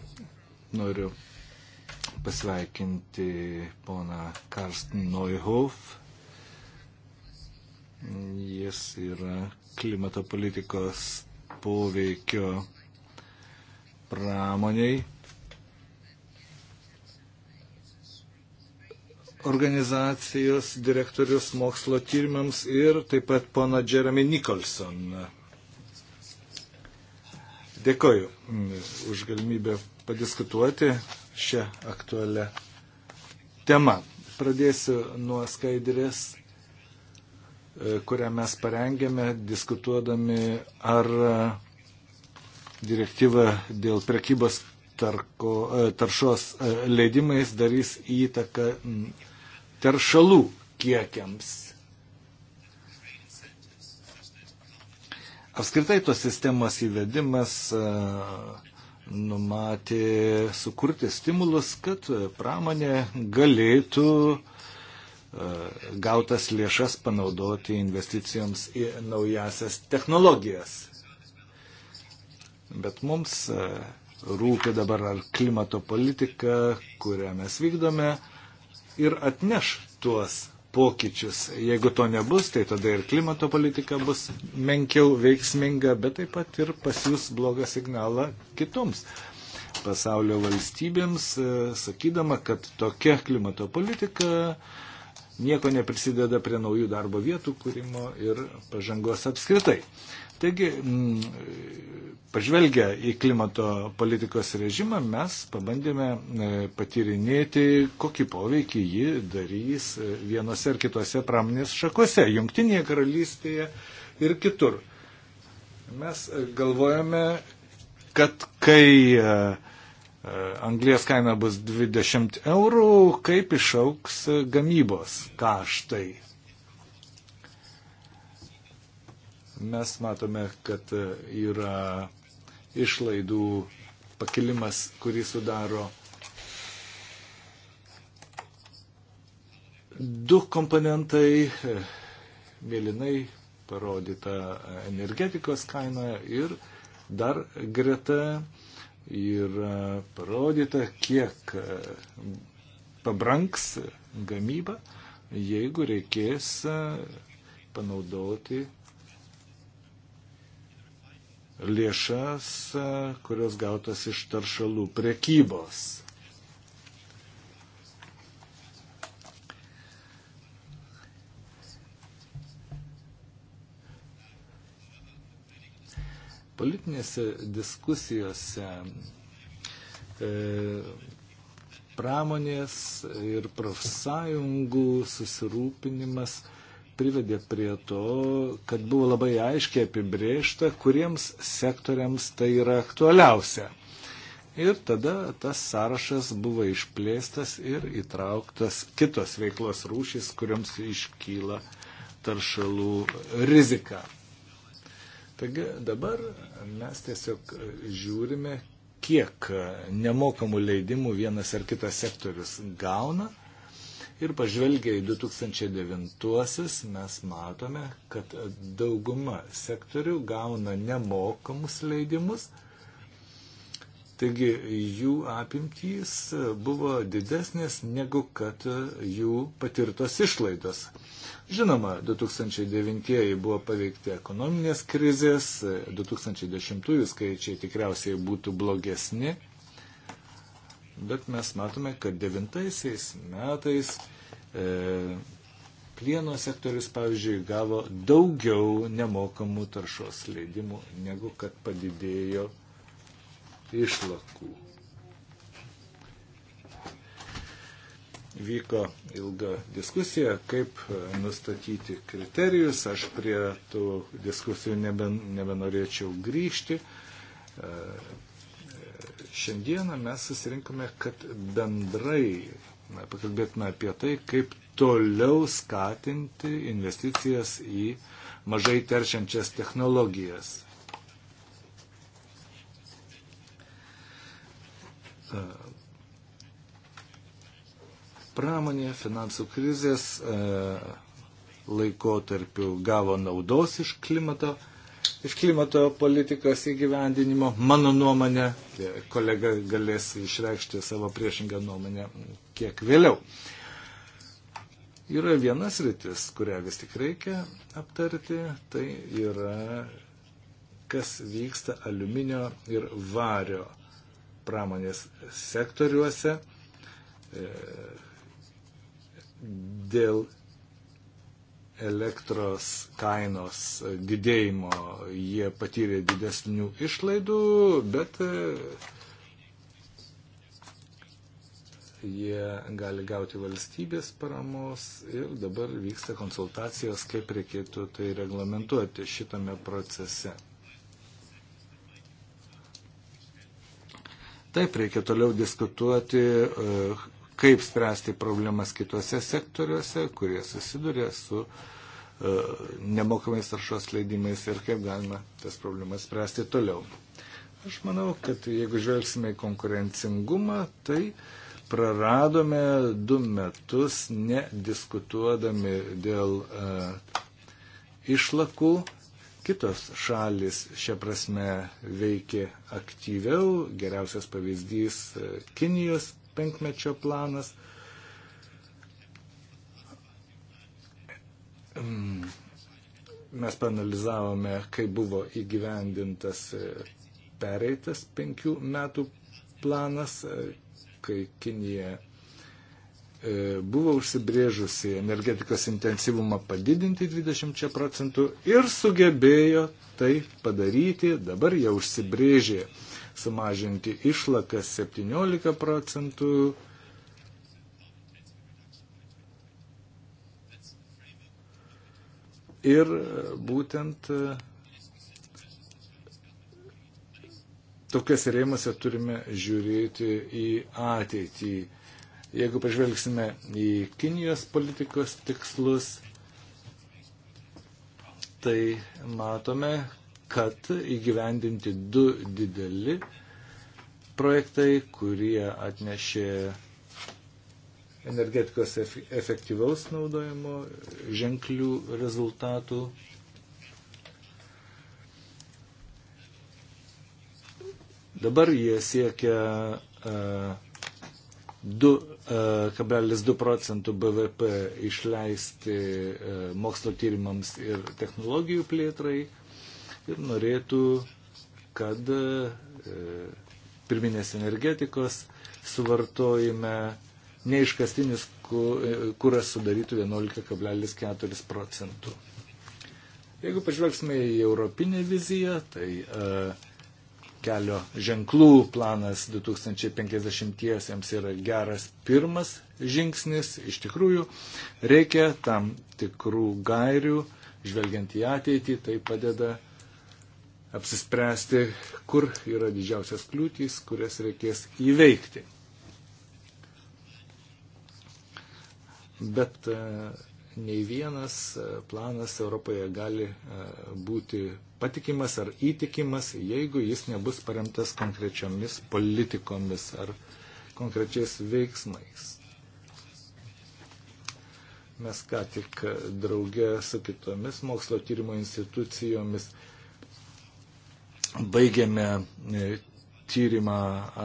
noriu pasveikinti poną Karsten Neuhof. Jis yra klimato politikos poveikio pramoniai organizacijos direktorius mokslo tyrimams ir taip pat pona Jeremy Nicholson Dėkoju mm, už galimybę padiskutuoti šią aktualią temą. Pradėsiu nuo skaidrės, e, kurią mes parengėme diskutuodami, ar direktyva dėl prekybos tarko, e, taršos e, leidimais darys įtaką mm, teršalų kiekiams. Apskritai tos sistemos įvedimas e, numatė sukurti stimulus, kad pramonė galėtų e, gautas lėšas panaudoti investicijoms į naujasias technologijas. Bet mums e, rūpi dabar ar klimato politika, kurią mes vykdome ir atneš tuos pokyčius. Jeigu to nebus, tai tada ir klimato politika bus menkiau veiksminga, bet taip pat ir pasiūs blogą signalą kitoms pasaulio valstybėms, e, sakydama, kad tokia klimato politika nieko neprisideda prie naujų darbo vietų kūrimo ir pažangos apskritai. Taigi, mm, pažvelgę į klimato politikos režimą, mes pabandėme e, patyrinėti, kokį poveikį ji darys e, vienose ar kitose pramonės šakose, jungtinėje karalystėje ir kitur. Mes e, galvojame, kad kai anglės kaina bus 20 eurų, kaip išauks gamybos kaštai Mes matome, kad e, yra išlaidų pakilimas, kurį sudaro du komponentai, e, mėlynai parodyta energetikos kaina ir dar greta yra parodyta, kiek e, pabranks gamyba, jeigu reikės panaudoti lėšas, e, kurios gautas iš taršalų prekybos. Politinėse diskusijose e, pramonės ir profsąjungų susirūpinimas e, privedė prie to, kad buvo labai aiškiai apibriešta, kuriems sektoriams tai yra aktualiausia. Ir tada tas sąrašas buvo išplėstas ir įtrauktas kitos veiklos rūšys, kuriams iškyla taršalų rizika. Taigi dabar mes tiesiog žiūrime, kiek nemokamų leidimų vienas ar kitas sektorius gauna Ir pažvelgę į 2009-uosius mes matome, kad dauguma sektorių gauna nemokamus leidimus. Taigi jų apimtys buvo didesnės negu kad jų patirtos išlaidos. Žinoma, 2009 buvo paveikti ekonominės krizės, 2010 skaičiai tikriausiai būtų blogesni bet mes matome, kad devintaisiais metais e, plieno sektorius, pavyzdžiui, gavo daugiau nemokamų taršos leidimų, negu kad padidėjo išlakų. Vyko ilga diskusija, kaip nustatyti kriterijus. Aš prie tų diskusijų neben, nebenorėčiau grįžti. E, Šiandieną mes susirinkome, kad bendrai na, pakalbėtume apie tai, kaip toliau skatinti investicijas į mažai teršiančias technologijas. Pramonė finansų krizės laikotarpiu gavo naudos iš klimato iš klimato politikos įgyvendinimo. Mano nuomonė, kolega galės išreikšti savo priešingą nuomonę kiek vėliau. Yra vienas rytis, kurią vis tik reikia aptarti, tai yra kas vyksta aliuminio ir vario pramonės sektoriuose e, dėl elektros kainos didėjimo jie patyrė didesnių išlaidų, bet e, jie gali gauti valstybės paramos ir dabar vyksta konsultacijos, kaip reikėtų tai reglamentuoti šitame procese. Taip, reikia toliau diskutuoti, e, kaip spręsti problemas kitose sektoriuose, kurie susiduria su e, nemokamais taršos leidimais ir kaip galima tas problemas spręsti toliau. Aš manau, kad jeigu žvelgsime į konkurencingumą, tai praradome du metus nediskutuodami dėl uh, išlakų. Kitos šalis šią prasme veikė aktyviau. Geriausias pavyzdys uh, Kinijos penkmečio planas. Mm. Mes panalizavome, kaip buvo įgyvendintas e, pereitas penkių metų planas, e, kai Kinija e, buvo užsibrėžusi energetikos intensyvumą padidinti 20 procentų ir sugebėjo tai padaryti, dabar jau užsibrėžė sumažinti išlakas 17 procentų. Ir būtent e, tokiuose rėmose turime žiūrėti į ateitį. Jeigu pažvelgsime į Kinijos politikos tikslus, tai matome, kad įgyvendinti du dideli projektai, kurie atnešė energetikos efektyvaus naudojimo ženklių rezultatų. Dabar jie siekia 2,2 e, e, procentų BVP išleisti e, mokslo tyrimams ir technologijų plėtrai ir norėtų, kad e, pirminės energetikos suvartojime neiškastinis e, kuras sudarytų 11,4 procentų. Jeigu pažvelgsime į europinę viziją, tai e, kelio ženklų planas 2050-iesiems yra geras pirmas žingsnis. Iš tikrųjų, reikia tam tikrų gairių, žvelgiant į ateitį, tai padeda apsispręsti, kur yra didžiausias kliūtys, kurias reikės įveikti. Bet e, nei vienas e, planas Europoje gali e, būti patikimas ar įtikimas, jeigu jis nebus paremtas konkrečiomis politikomis ar konkrečiais veiksmais. Mes ką tik draugė su kitomis mokslo tyrimo institucijomis uh, baigėme e, tyrimą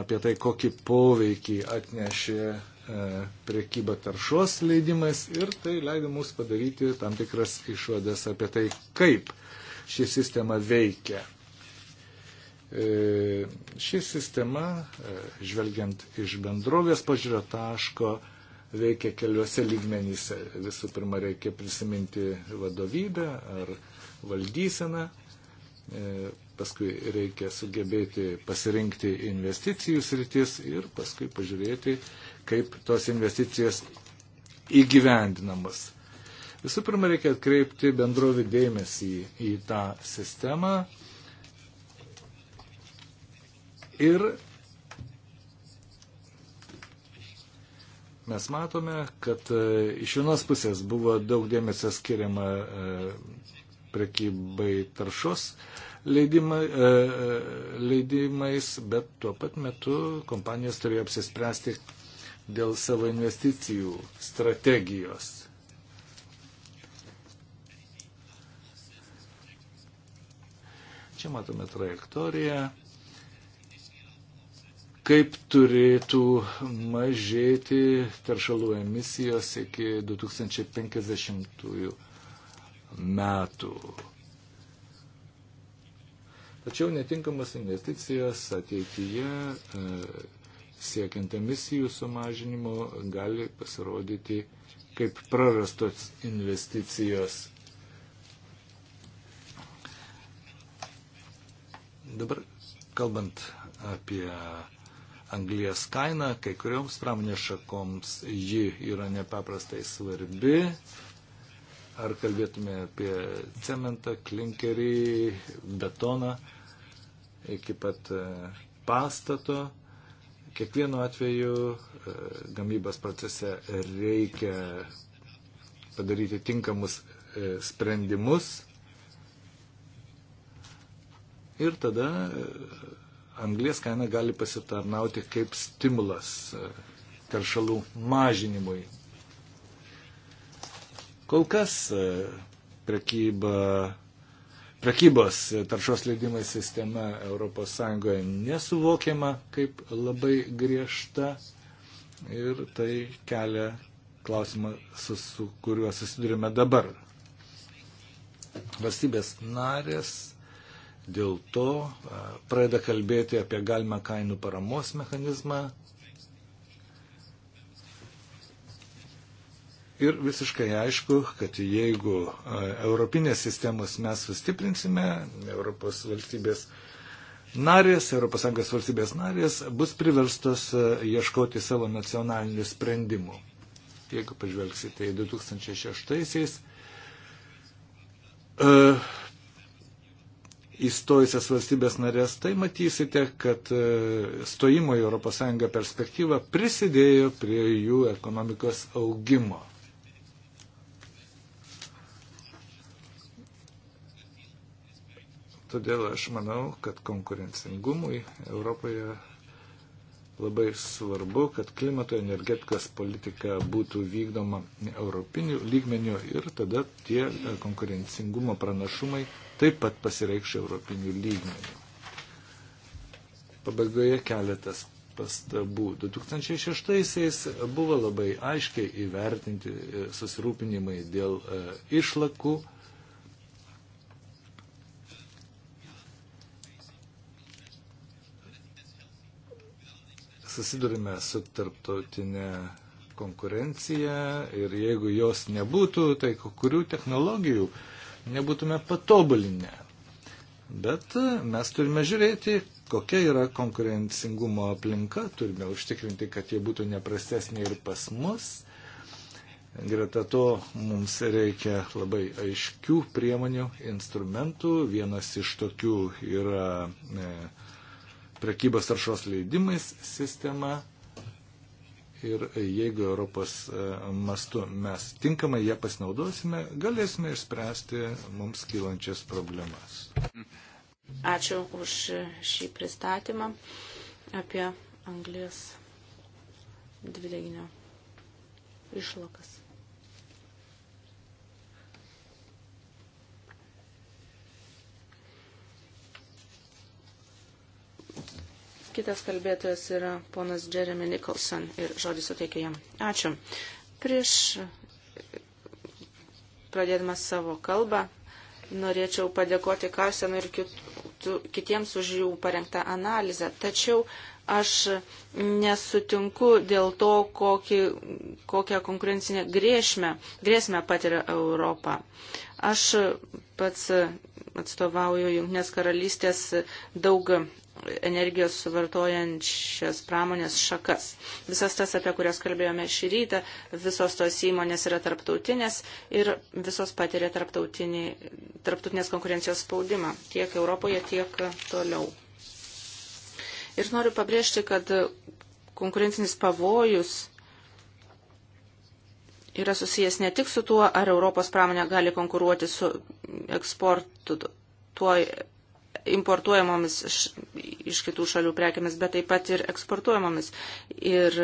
apie tai, kokį poveikį atnešė e, priekyba taršos leidimais ir tai leido mums padaryti tam tikras išvadas apie tai, kaip ši sistema veikia. E, ši sistema, žvelgiant iš bendrovės pažiūrio taško, veikia keliuose lygmenyse. Visų pirma, reikia prisiminti vadovybę ar valdyseną, paskui reikia sugebėti pasirinkti investicijų sritis ir paskui pažiūrėti, kaip tos investicijos įgyvendinamos. Visų pirma, reikia atkreipti bendrovį dėmesį į tą sistemą ir mes matome, kad e, iš vienos pusės buvo daug dėmesio skiriama e, prekybai taršos leidimai, e, e, leidimais, bet tuo pat metu kompanijos turėjo apsispręsti dėl savo investicijų strategijos. Čia matome trajektoriją kaip turėtų mažėti teršalų emisijos iki 2050 metų. Tačiau netinkamas investicijos ateityje e, siekiant emisijų sumažinimo gali pasirodyti kaip prarastos investicijos. Dabar kalbant apie anglijas kainą, kai kurioms pramonės šakoms ji yra nepaprastai svarbi. Ar kalbėtume apie cementą, klinkerį, betoną iki pat e, pastato. Kiekvienu atveju e, gamybos procese reikia padaryti tinkamus e, sprendimus ir tada anglės kaina gali pasitarnauti kaip stimulas teršalų mažinimui. Kol kas prekyba prekybos taršos leidimai sistema ES nesuvokiama kaip labai griežta ir tai kelia klausimą, su, su kuriuo susidurime dabar. Valstybės narės dėl to pradeda kalbėti apie galimą kainų paramos mechanizmą, ir visiškai aišku, kad jeigu Europinės sistemos mes sustiprinsime, Europos valstybės narės, ES valstybės narės bus priverstos ieškoti savo nacionalinių sprendimų. Jeigu pažvelgsite į 2006-aisiais, uh, įstojusias valstybės narės, tai matysite, kad stojimo į ES perspektyvą prisidėjo prie jų ekonomikos augimo. Todėl aš manau, kad konkurencingumui Europoje labai svarbu, kad klimato energetikos politika būtų vykdoma europinių lygmenių ir tada tie e, konkurencingumo pranašumai taip pat pasireikš europinių lygmenių. Pabaigoje keletas pastabų. 2006-aisiais buvo labai aiškiai įvertinti e, susirūpinimai dėl e, išlakų susidurime su tarptautinė konkurencija ir jeigu jos nebūtų, tai kurių technologijų nebūtume patobulinę. Bet e, mes turime žiūrėti, kokia yra konkurencingumo aplinka, turime užtikrinti, kad jie būtų neprastesnė ir pas mus. Greta to mums reikia labai aiškių priemonių, instrumentų. Vienas iš tokių yra. E, prekybos taršos leidimais sistema. Ir jeigu Europos e, mastu mes tinkamai ją pasinaudosime, galėsime išspręsti mums kylančias problemas. Ačiū už šį pristatymą apie anglės dvideginio išlokas. Kitas kalbėtojas yra ponas Jeremy Nicholson ir žodį suteikiu jam. Ačiū. Prieš pradėdamas savo kalbą, norėčiau padėkoti Karsenui ir kitų, kitiems už jų parengtą analizę. Tačiau aš nesutinku dėl to, kokį, kokią konkurencinę grėsmę, grėsmę patiria Europą. Aš pats atstovauju Junknės karalystės daug energijos suvartojančias pramonės šakas. Visas tas, apie kurias kalbėjome šį rytą, visos tos įmonės yra tarptautinės ir visos patiria tarptautinės konkurencijos spaudimą tiek Europoje, tiek toliau. Ir noriu pabrėžti, kad konkurencinis pavojus yra susijęs ne tik su tuo, ar Europos pramonė gali konkuruoti su eksportu tuo importuojamomis iš kitų šalių prekiamis, bet taip pat ir eksportuojamomis. Ir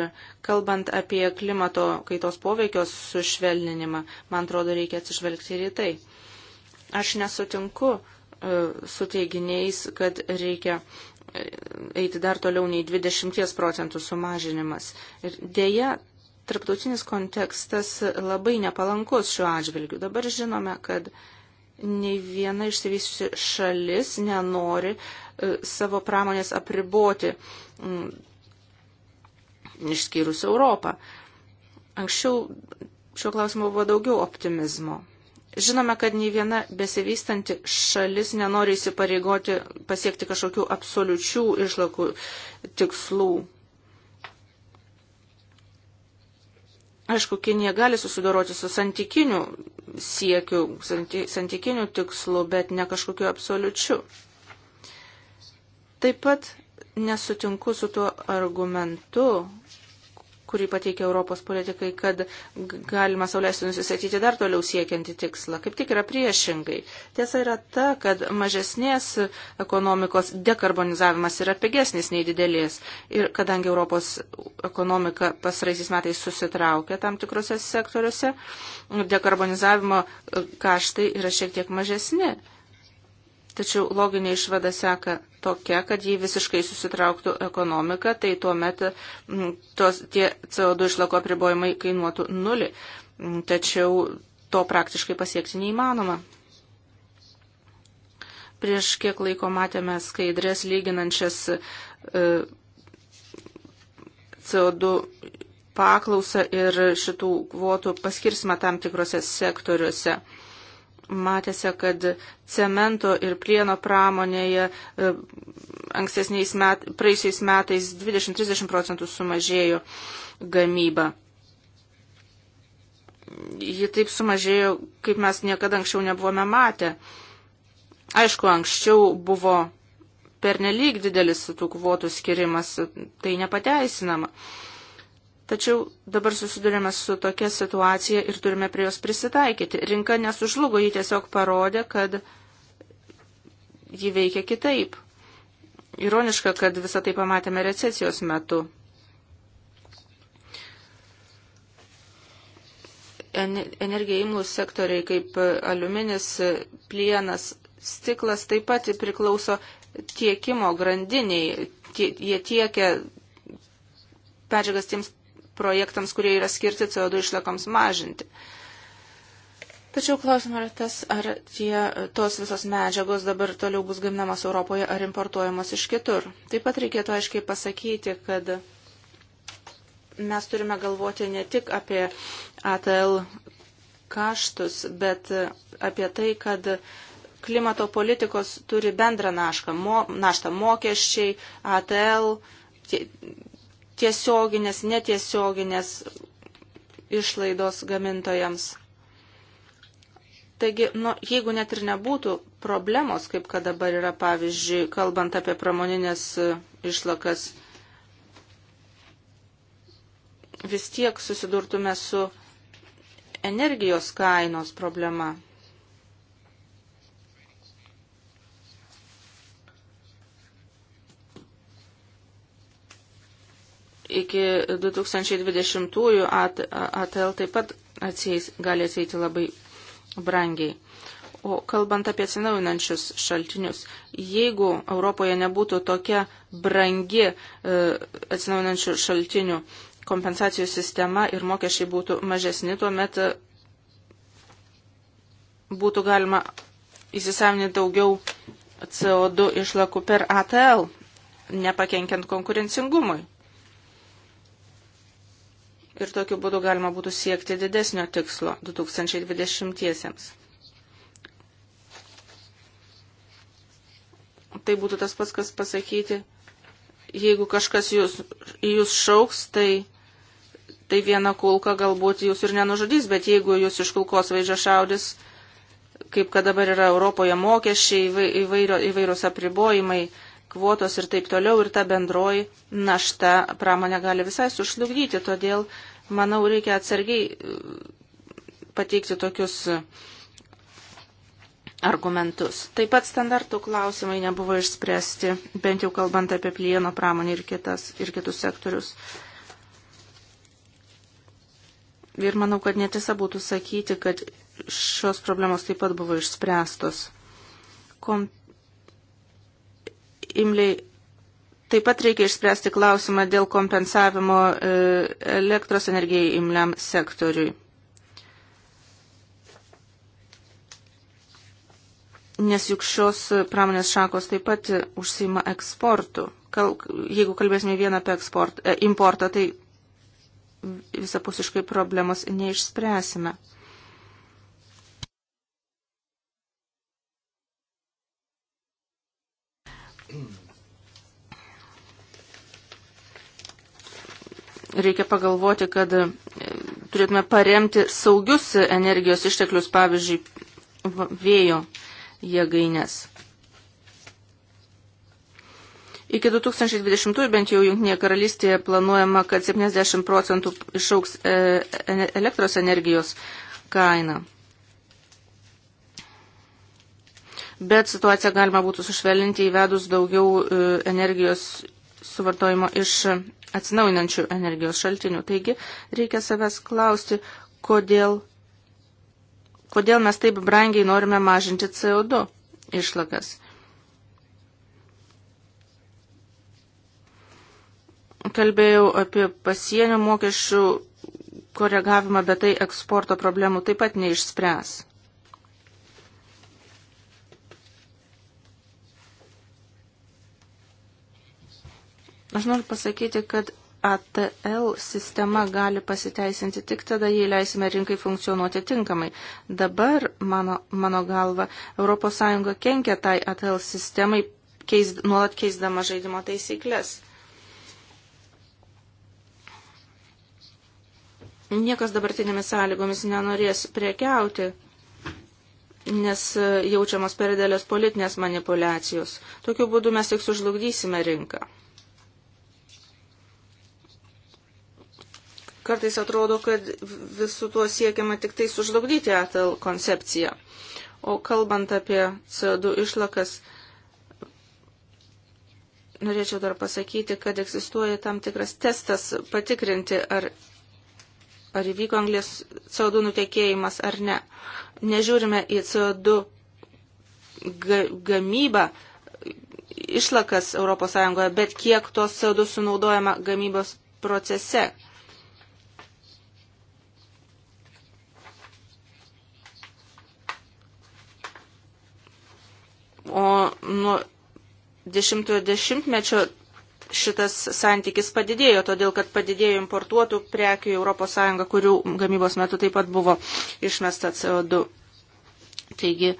kalbant apie klimato kaitos poveikios sušvelninimą, man atrodo, reikia atsižvelgti ir į tai. Aš nesutinku e, su teiginiais, kad reikia e, eiti dar toliau nei 20 procentų sumažinimas. Ir dėja, tarptautinis kontekstas labai nepalankus šiuo atžvilgiu. Dabar žinome, kad nei viena išsivysiusi šalis nenori e, savo pramonės apriboti, mm, išskyrus Europą. Anksčiau šiuo klausimu buvo daugiau optimizmo. Žinome, kad nei viena besivystanti šalis nenori įsipareigoti pasiekti kažkokių absoliučių išlakų tikslų. Aišku, Kinija gali susidoroti su santykiniu siekiu, santykiniu tikslu, bet ne kažkokiu absoliučiu. Taip pat nesutinku su tuo argumentu, kurį pateikia Europos politikai, kad galima sauliaisti nusistatyti dar toliau siekianti tikslą. Kaip tik yra priešingai. Tiesa yra ta, kad mažesnės ekonomikos dekarbonizavimas yra pigesnis nei didelės. Ir kadangi Europos ekonomika pasraisiais metais susitraukia tam tikrose sektoriuose, dekarbonizavimo kaštai yra šiek tiek mažesni. Tačiau loginė išvada seka tokia, kad jei visiškai susitrauktų ekonomika, tai tuomet mm, tos, tie CO2 išlako apribojimai kainuotų nulį. Mm, tačiau to praktiškai pasiekti neįmanoma. Prieš kiek laiko matėme skaidrės lyginančias e, CO2 paklausą ir šitų kvotų paskirsmą tam tikrose sektoriuose matėsi, kad cemento ir plieno pramonėje e, ankstesniais met, praeisiais metais 20-30 procentų sumažėjo gamyba. Ji taip sumažėjo, kaip mes niekada anksčiau nebuvome matę. Aišku, anksčiau buvo pernelyg didelis tų kvotų skirimas, tai nepateisinama. Tačiau dabar susidurėme su tokia situacija ir turime prie jos prisitaikyti. Rinka nesužlugo, ji tiesiog parodė, kad ji veikia kitaip. Ironiška, kad visą tai pamatėme recesijos metu. Energija imlus sektoriai kaip aliuminis, plienas, stiklas taip pat priklauso tiekimo grandiniai. Tie, jie tiekia medžiagas tiems projektams, kurie yra skirti CO2 išlakoms mažinti. Tačiau klausimas yra tas, ar tie, tos visos medžiagos dabar toliau bus gaminamos Europoje ar importuojamos iš kitur. Taip pat reikėtų aiškiai pasakyti, kad mes turime galvoti ne tik apie ATL kaštus, bet apie tai, kad klimato politikos turi bendrą našką, mo, naštą mokesčiai, ATL, tie, tiesioginės, netiesioginės išlaidos gamintojams. Taigi, nu, jeigu net ir nebūtų problemos, kaip kad dabar yra, pavyzdžiui, kalbant apie pramoninės e, išlakas, vis tiek susidurtume su energijos kainos problema. iki 2020-ųjų ATL taip pat atsieis, gali atsieiti labai brangiai. O kalbant apie atsinaujinančius šaltinius, jeigu Europoje nebūtų tokia brangi e, atsinaujinančių šaltinių kompensacijų sistema ir mokesčiai būtų mažesni, tuomet e, būtų galima įsisavinti daugiau CO2 išlakų per ATL, nepakenkiant konkurencingumui ir tokiu būdu galima būtų siekti didesnio tikslo 2020-iesiems. Tai būtų tas pats, kas pasakyti, jeigu kažkas jūs, jūs šauks, tai, tai viena kulka galbūt jūs ir nenužudys, bet jeigu jūs iš kulkos vaizdžio šaudys, kaip kad dabar yra Europoje mokesčiai, įvairio, įvairūs apribojimai, kvotos ir taip toliau, ir ta bendroji našta pramonė gali visai sušlugdyti, todėl Manau, reikia atsargiai e, pateikti tokius e, argumentus. Taip pat standartų klausimai nebuvo išspręsti, bent jau kalbant apie plieno pramonį ir, kitas, ir kitus sektorius. Ir manau, kad netiesa būtų sakyti, kad šios problemos taip pat buvo išspręstos. Kom... Imliai Taip pat reikia išspręsti klausimą dėl kompensavimo e, elektros energijai imliam sektoriui. Nes juk šios pramonės šakos taip pat užsima eksportu. Kal, jeigu kalbėsime vieną apie eksport, e, importą, tai visapusiškai problemos neišspręsime. reikia pagalvoti, kad e, turėtume paremti saugius energijos išteklius, pavyzdžiui, vėjo jėgainės. Iki 2020 bent jau Junktinėje karalystėje planuojama, kad 70 procentų išauks e, elektros energijos kaina. Bet situaciją galima būtų sušvelninti įvedus daugiau e, energijos suvartojimo iš atsinaujinančių energijos šaltinių. Taigi reikia savęs klausti, kodėl, kodėl mes taip brangiai norime mažinti CO2 išlakas. Kalbėjau apie pasienio mokesčių koregavimą, bet tai eksporto problemų taip pat neišspręs. Aš noriu pasakyti, kad ATL sistema gali pasiteisinti tik tada, jei leisime rinkai funkcionuoti tinkamai. Dabar, mano, mano galva, ES kenkia tai ATL sistemai, keis, nuolat keisdama žaidimo taisyklės. Niekas dabartinėmis sąlygomis nenorės priekiauti nes jaučiamas per didelės politinės manipulacijos. Tokiu būdu mes tik sužlugdysime rinką. Kartais atrodo, kad visų tuo siekiama tik tai sužlugdyti ATL koncepciją. O kalbant apie CO2 išlakas, norėčiau dar pasakyti, kad egzistuoja tam tikras testas patikrinti, ar, ar įvyko anglės CO2 nutekėjimas ar ne. Nežiūrime į CO2 ga, gamybą, išlakas ES, bet kiek tos CO2 sunaudojama gamybos procese. O nuo 10-mečio šitas santykis padidėjo, todėl kad padidėjo importuotų prekių į ES, kurių gamybos metu taip pat buvo išmesta CO2. Taigi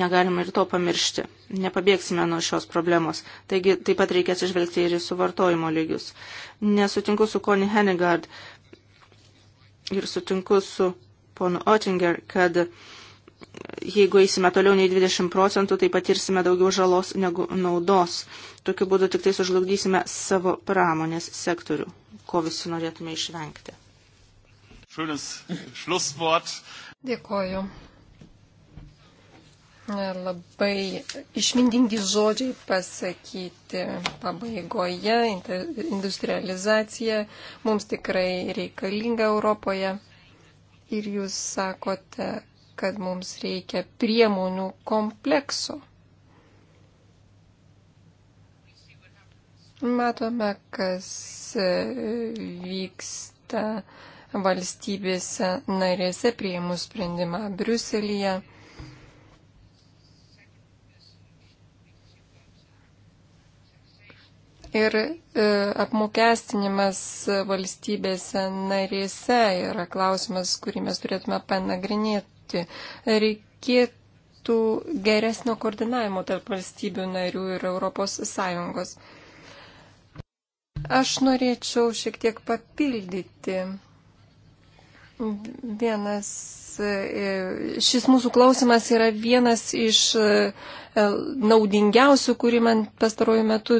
negalima ir to pamiršti. Nepabėgsime nuo šios problemos. Taigi taip pat reikia atsižvelgti ir į suvartojimo lygius. Nesutinku su Connie Hennigard ir sutinku su ponu Oettinger, kad jeigu eisime toliau nei 20 procentų, tai patirsime daugiau žalos negu naudos. Tokiu būdu tik tai sužlugdysime savo pramonės sektorių, ko visi norėtume išvengti. Dėkoju. Labai išmintingi žodžiai pasakyti pabaigoje. Industrializacija mums tikrai reikalinga Europoje. Ir jūs sakote, kad mums reikia priemonių komplekso. Matome, kas e, vyksta valstybėse narėse priemų sprendimą Briuselyje. Ir e, apmokestinimas valstybėse narėse yra klausimas, kurį mes turėtume panagrinėti būti. Reikėtų geresnio koordinavimo tarp valstybių narių ir ES. Aš norėčiau šiek tiek papildyti vienas E, šis mūsų klausimas yra vienas iš e, e, naudingiausių, kurį man pastaruoju metu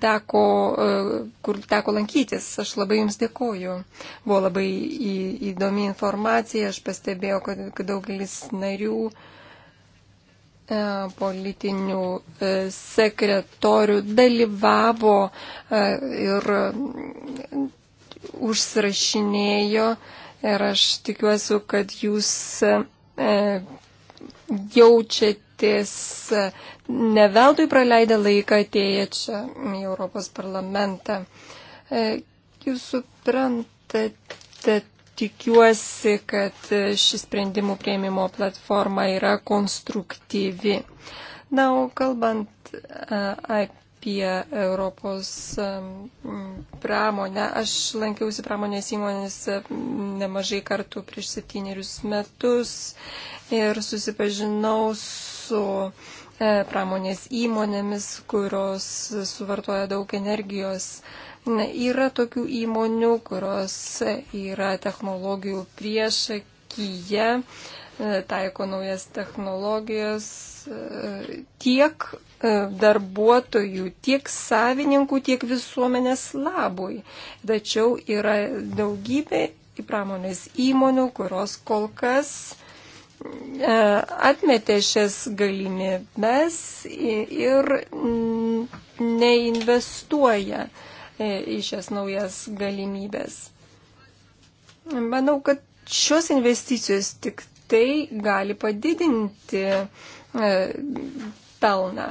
teko, kur teko lankytis. Aš labai Jums dėkoju. Buvo labai įdomi informacija. Aš pastebėjau, kad, kad daugelis narių politinių sekretorių dalyvavo ir užsrašinėjo uh, ir aš tikiuosi, kad jūs e, jaučiatės e, ne veltui praleidę laiką atėję čia į Europos parlamentą. E, jūs suprantate, tikiuosi, kad ši sprendimų prieimimo platforma yra konstruktyvi. Na, o kalbant apie apie Europos pramonę. Aš lankiausi pramonės įmonėse nemažai kartų prieš septynerius metus ir susipažinau su e, pramonės įmonėmis, kurios suvartoja daug energijos. Yra tokių įmonių, kurios yra technologijų priešakyje, e, taiko naujas technologijas e, tiek darbuotojų tiek savininkų, tiek visuomenės labui. Tačiau yra daugybė į pramonės įmonių, kurios kol kas e, atmetė šias galimybės ir neinvestuoja e, į šias naujas galimybės. Manau, kad šios investicijos tik tai gali padidinti e, pelną.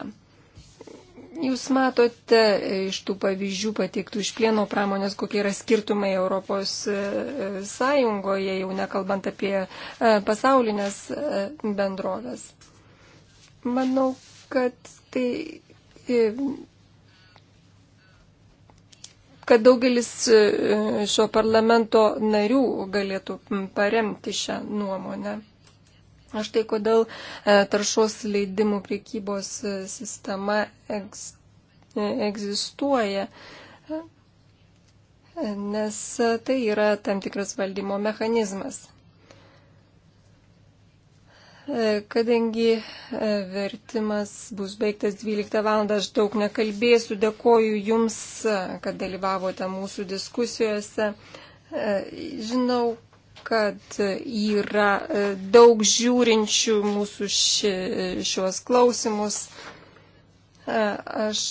Jūs matote iš tų pavyzdžių pateiktų iš plieno pramonės, kokie yra skirtumai Europos e, e, Sąjungoje, jau nekalbant apie e, pasaulinės bendrovės. Manau, kad tai. kad daugelis šio parlamento narių galėtų paremti šią nuomonę. Aš tai kodėl e, taršos leidimų priekybos e, sistema eks, e, egzistuoja, nes tai yra tam tikras valdymo mechanizmas. Kadangi vertimas bus baigtas 12 val. aš daug nekalbėsiu, dėkoju Jums, kad dalyvavote mūsų diskusijose. Žinau, kad yra e, daug žiūrinčių mūsų ši, e, šios klausimus. E, aš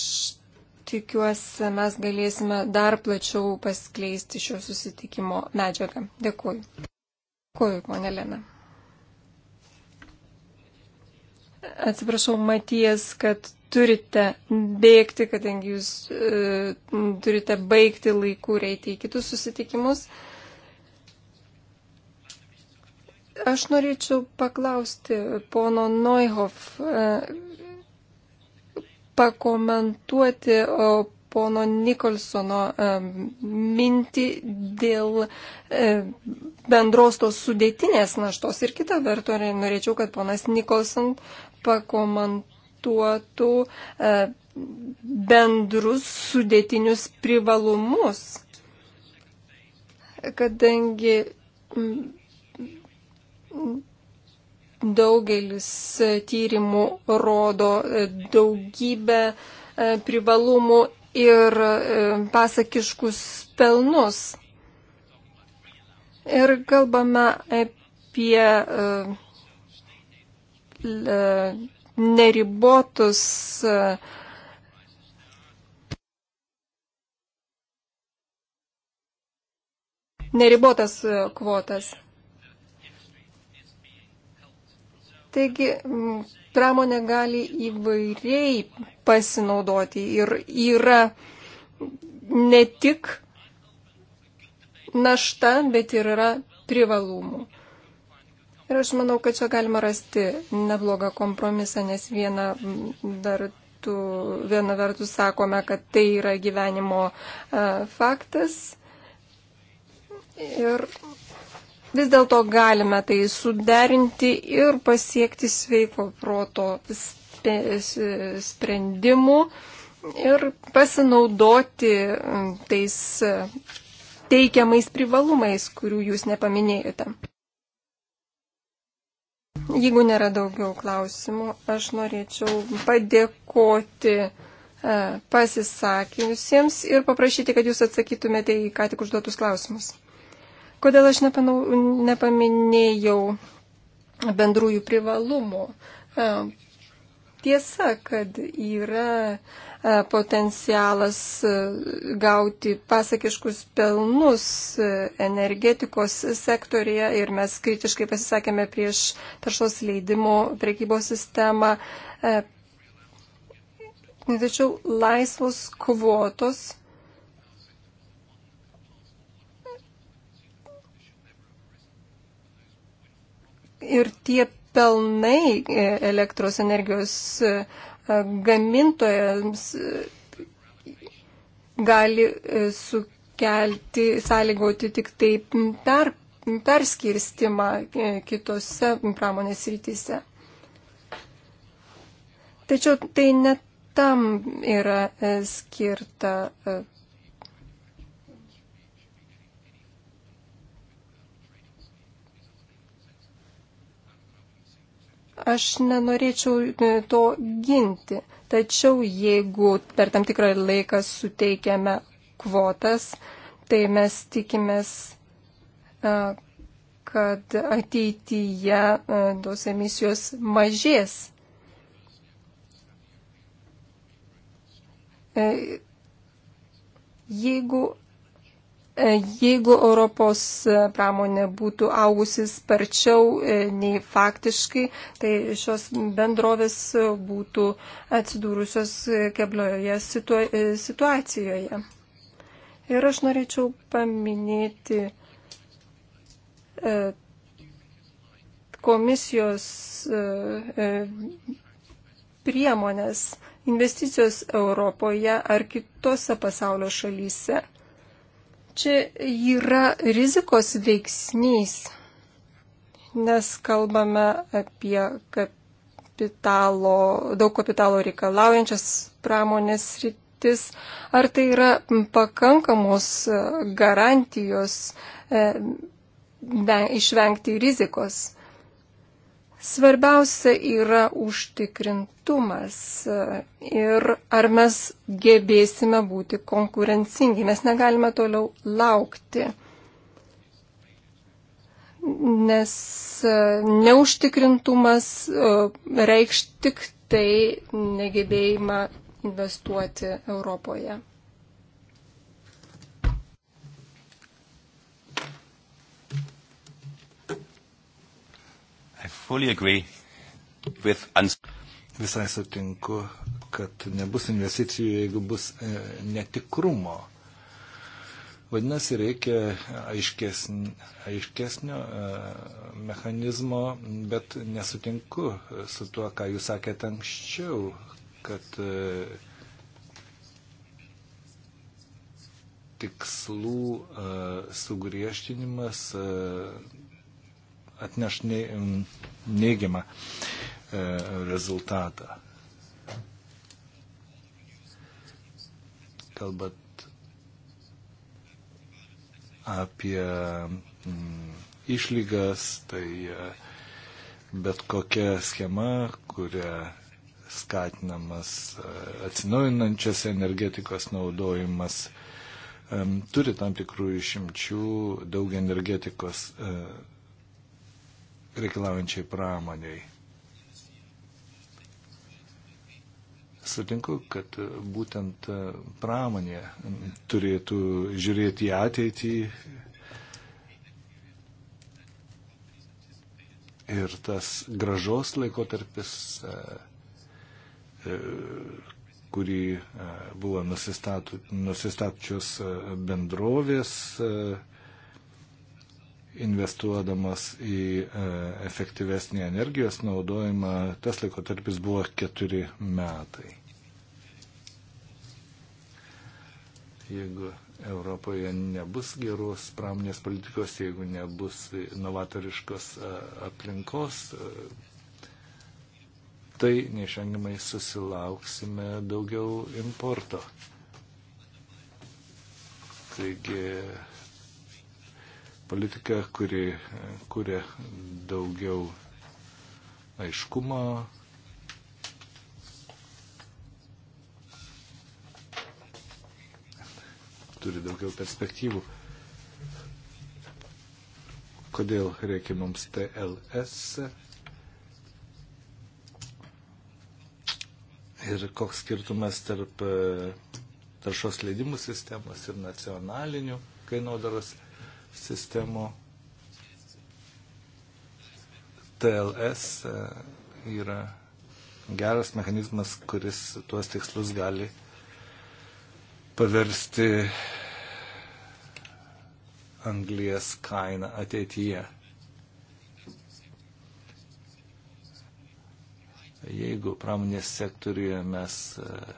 tikiuosi, mes galėsime dar plačiau paskleisti šio susitikimo medžiagą. Dėkuoju. Dėkuoju, ponė Lena. Atsiprašau, Matijas, kad turite bėgti, kadangi jūs e, turite baigti laikų, reikia į kitus susitikimus. E, Aš norėčiau paklausti pono Neuhoff, e, pakomentuoti pono Nikolsono e, mintį dėl e, bendros tos sudėtinės naštos. Ir kitą vertą norėčiau, kad ponas Nikolson pakomentuotų bendrus sudėtinius privalumus, kadangi Daugelis tyrimų rodo e, daugybę e, privalumų ir e, pasakiškus pelnus. Ir kalbame apie neribotus neribotas kvotas. Taigi pramonė gali įvairiai pasinaudoti ir yra ne tik našta, bet ir yra privalumų. Ir aš manau, kad čia galima rasti neblogą kompromisą, nes viena, dar tu, viena vertus sakome, kad tai yra gyvenimo uh, faktas. Ir Vis dėlto galime tai suderinti ir pasiekti sveiko proto sprendimų ir pasinaudoti tais teikiamais privalumais, kurių jūs nepaminėjote. Jeigu nėra daugiau klausimų, aš norėčiau padėkoti e, pasisakiusiems ir paprašyti, kad jūs atsakytumėte į ką tik užduotus klausimus. Kodėl aš nepanau, nepaminėjau bendrųjų privalumų? Tiesa, kad yra potencialas gauti pasakiškus pelnus energetikos sektorija ir mes kritiškai pasisakėme prieš taršos leidimų prekybos sistemą. Tačiau laisvos kvotos ir tie pelnai e, elektros energijos e, gamintojams e, gali sukelti, sąlygoti tik taip per, perskirstimą kitose pramonės rytise. Tačiau tai net tam yra skirta Aš nenorėčiau e, to ginti, tačiau jeigu per tam tikrą laiką suteikiame kvotas, tai mes tikimės, e, kad ateityje e, tos emisijos mažės. Jeigu E, jeigu Europos e, pramonė būtų augusi sparčiau e, nei faktiškai, tai šios bendrovės būtų atsidūrusios keblioje situa situacijoje. Ir aš norėčiau paminėti komisijos priemonės investicijos Europoje ar kitose pasaulio šalyse čia yra rizikos veiksnys, nes kalbame apie kapitalo, daug kapitalo reikalaujančias pramonės rytis. Ar tai yra pakankamos garantijos e, išvengti rizikos? Svarbiausia yra užtikrintumas ir ar mes gebėsime būti konkurencingi. Mes negalime toliau laukti, nes e, neužtikrintumas e, reikš tik tai negebėjimą investuoti Europoje. with... Visai sutinku, kad nebus investicijų, jeigu bus e, netikrumo. Vadinasi, reikia aiškesnio, aiškesnio mechanizmo, bet nesutinku su tuo, ką jūs sakėte anksčiau, kad e, tikslų e, sugriežtinimas atneš neigiamą e, rezultatą. Kalbant apie mm, išlygas, tai e, bet kokia schema, kuria skatinamas e, atsinaujinančios energetikos naudojimas, turi tam tikrų išimčių, daug energetikos reikalaujančiai pramoniai. Sutinku, kad būtent pramonė turėtų žiūrėti į ateitį ir tas gražos laikotarpis, kurį buvo nusistatčius bendrovės, investuodamas į e, efektyvesnį energijos naudojimą, tas laikotarpis buvo keturi metai. Jeigu Europoje nebus geros pramonės politikos, jeigu nebus novatoriškos e, aplinkos, e, tai neišvengiamai susilauksime daugiau importo. Taigi politiką, kuri kuria daugiau aiškumo. turi daugiau perspektyvų. Kodėl reikia mums TLS? Ir koks skirtumas tarp eh, taršos leidimų sistemos ir nacionalinių kainodaros sistemų. TLS e, yra geras mechanizmas, kuris tuos tikslus gali paversti anglijas kainą ateityje. Jeigu pramonės sektoriuje mes uh,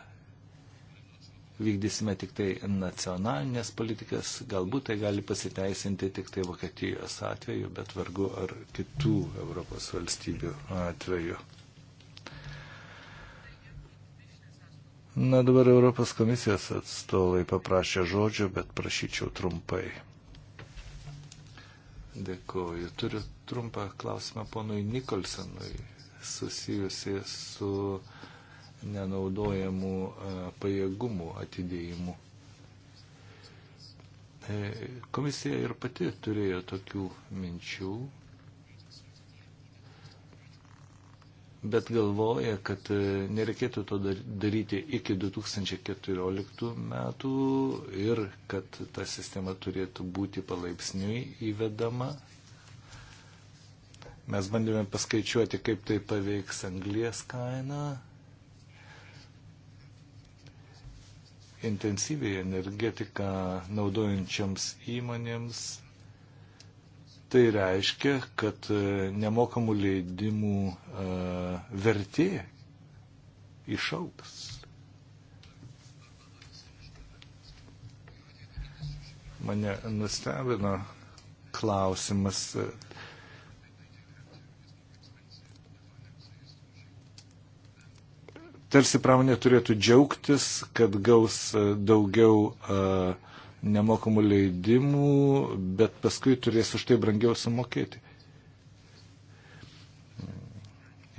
vykdysime tik tai nacionalinės politikas, galbūt tai gali pasiteisinti tik tai Vokietijos atveju, bet vargu ar kitų Europos valstybių atveju. Na dabar Europos komisijos atstovai paprašė žodžio, bet prašyčiau trumpai. Dėkuoju. Turiu trumpą klausimą ponui Nikolsenui susijusi su uh, nenaudojamų e, pajėgumų atidėjimų. E, komisija ir pati turėjo tokių minčių, bet galvoja, kad e, nereikėtų to daryti iki 2014 metų ir kad ta sistema turėtų būti palaipsniui įvedama. Mes bandėme paskaičiuoti, kaip tai paveiks anglies kainą intensyviai energetiką naudojančiams įmonėms. Tai reiškia, kad e, nemokamų leidimų e, vertė išauks. Mane nustebino klausimas e, tarsi pramonė turėtų džiaugtis, kad gaus e, daugiau e, nemokamų leidimų, bet paskui turės už tai brangiau sumokėti.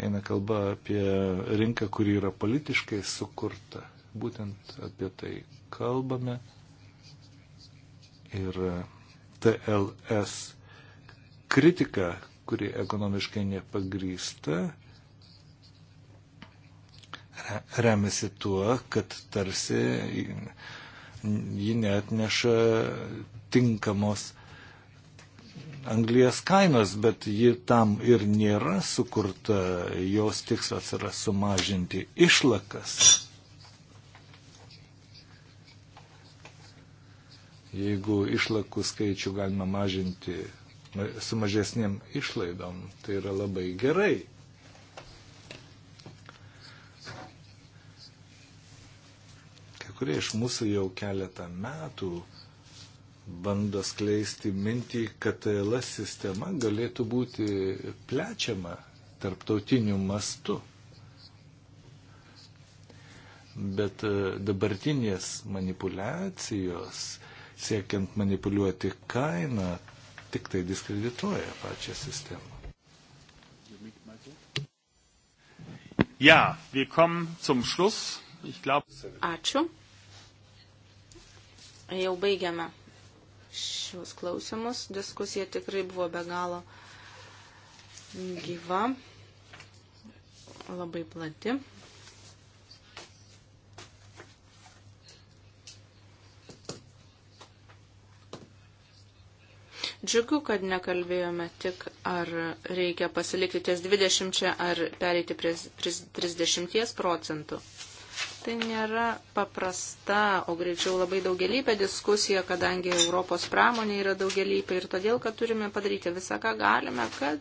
Eina kalba apie rinką, kuri yra politiškai sukurta. Būtent apie tai kalbame. Ir e, TLS kritika, kuri ekonomiškai nepagrysta, remiasi tuo, kad tarsi ji neatneša tinkamos anglijas kainos, bet ji tam ir nėra sukurta, jos tikslas yra sumažinti išlakas. Jeigu išlakų skaičių galima mažinti su mažesniem išlaidom, tai yra labai gerai. kurie iš mūsų jau keletą metų bando skleisti mintį, kad TLS sistema galėtų būti plečiama tarptautiniu mastu. Bet e, dabartinės manipulacijos, siekiant manipuliuoti kainą, tik tai diskredituoja pačią sistemą. Ja, wir kommen zum Schluss. Ich glaub... Ačiū. Jau baigiame šios klausimus. Diskusija tikrai buvo be galo gyva, labai plati. Džiugu, kad nekalbėjome tik, ar reikia pasilikti ties 20 ar pereiti prie 30 procentų. Tai nėra paprasta, o greičiau labai daugelybė diskusija, kadangi Europos pramonė yra daugelybė ir todėl, kad turime padaryti visą, ką galime, kad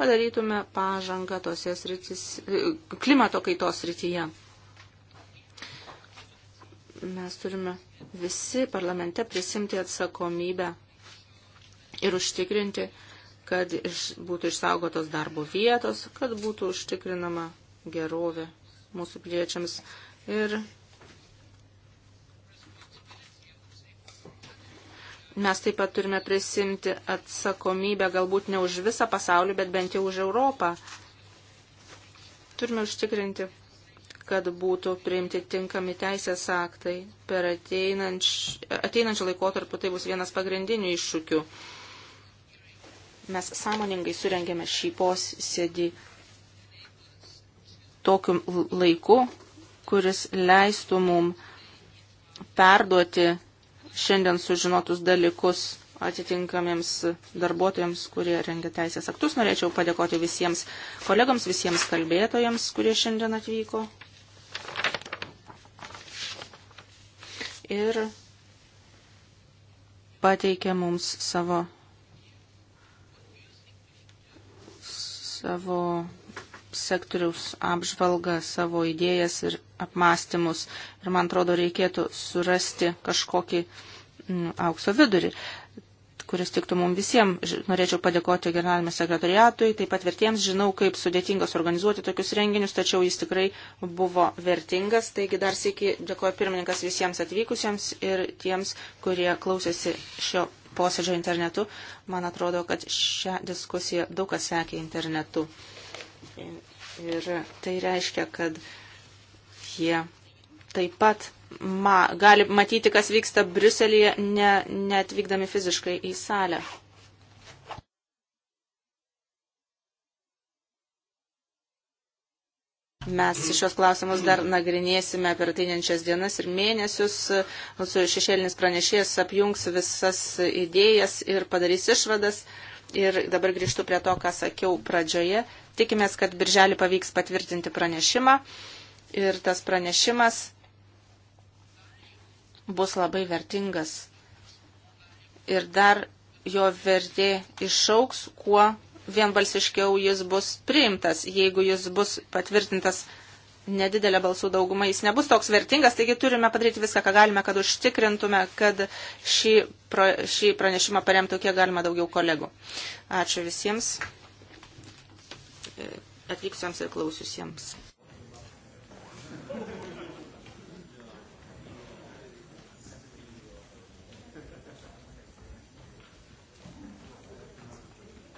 padarytume pažangą tose sritis, klimato kaitos srityje. Mes turime visi parlamente prisimti atsakomybę ir užtikrinti, kad iš, būtų išsaugotos darbo vietos, kad būtų užtikrinama gerovė mūsų piliečiams Ir mes taip pat turime prisimti atsakomybę galbūt ne už visą pasaulį, bet bent jau už Europą. Turime užtikrinti, kad būtų priimti tinkami teisės aktai. Per ateinanč... ateinančią laikotarpį tai bus vienas pagrindinių iššūkių. Mes sąmoningai surengėme šį posėdį tokiu laiku, kuris leistų mum perduoti šiandien sužinotus dalykus atitinkamiems darbuotojams, kurie rengia teisės aktus. Norėčiau padėkoti visiems kolegams, visiems kalbėtojams, kurie šiandien atvyko. Ir pateikė mums savo, savo sektoriaus apžvalgą, savo idėjas ir apmąstymus. Ir man atrodo, reikėtų surasti kažkokį mm, aukso vidurį, kuris tiktų mums visiems. Norėčiau padėkoti generalinėme sekretariatui, taip pat vertiems. Žinau, kaip sudėtingas organizuoti tokius renginius, tačiau jis tikrai buvo vertingas. Taigi dar sėki dėkoju pirmininkas visiems atvykusiems ir tiems, kurie klausėsi šio posėdžio internetu. Man atrodo, kad šią diskusiją daug kas sekė internetu. Ir tai reiškia, kad jie taip pat ma, gali matyti, kas vyksta Briuselėje, ne, neatvykdami fiziškai į salę. Mes šios klausimus dar nagrinėsime per ateinančias dienas ir mėnesius. Mūsų šešėlinis pranešėjas apjungs visas idėjas ir padarys išvadas. Ir dabar grįžtu prie to, ką sakiau pradžioje. Tikimės, kad birželį pavyks patvirtinti pranešimą. Ir tas pranešimas bus labai vertingas. Ir dar jo vertė išauks, kuo vienbalsiškiau jis bus priimtas, jeigu jis bus patvirtintas nedidelė balsų dauguma, jis nebus toks vertingas, taigi turime padaryti viską, ką galime, kad užtikrintume, kad šį, pro, šį pranešimą paremtų kiek galima daugiau kolegų. Ačiū visiems e, atvykusiems ir klausiusiems.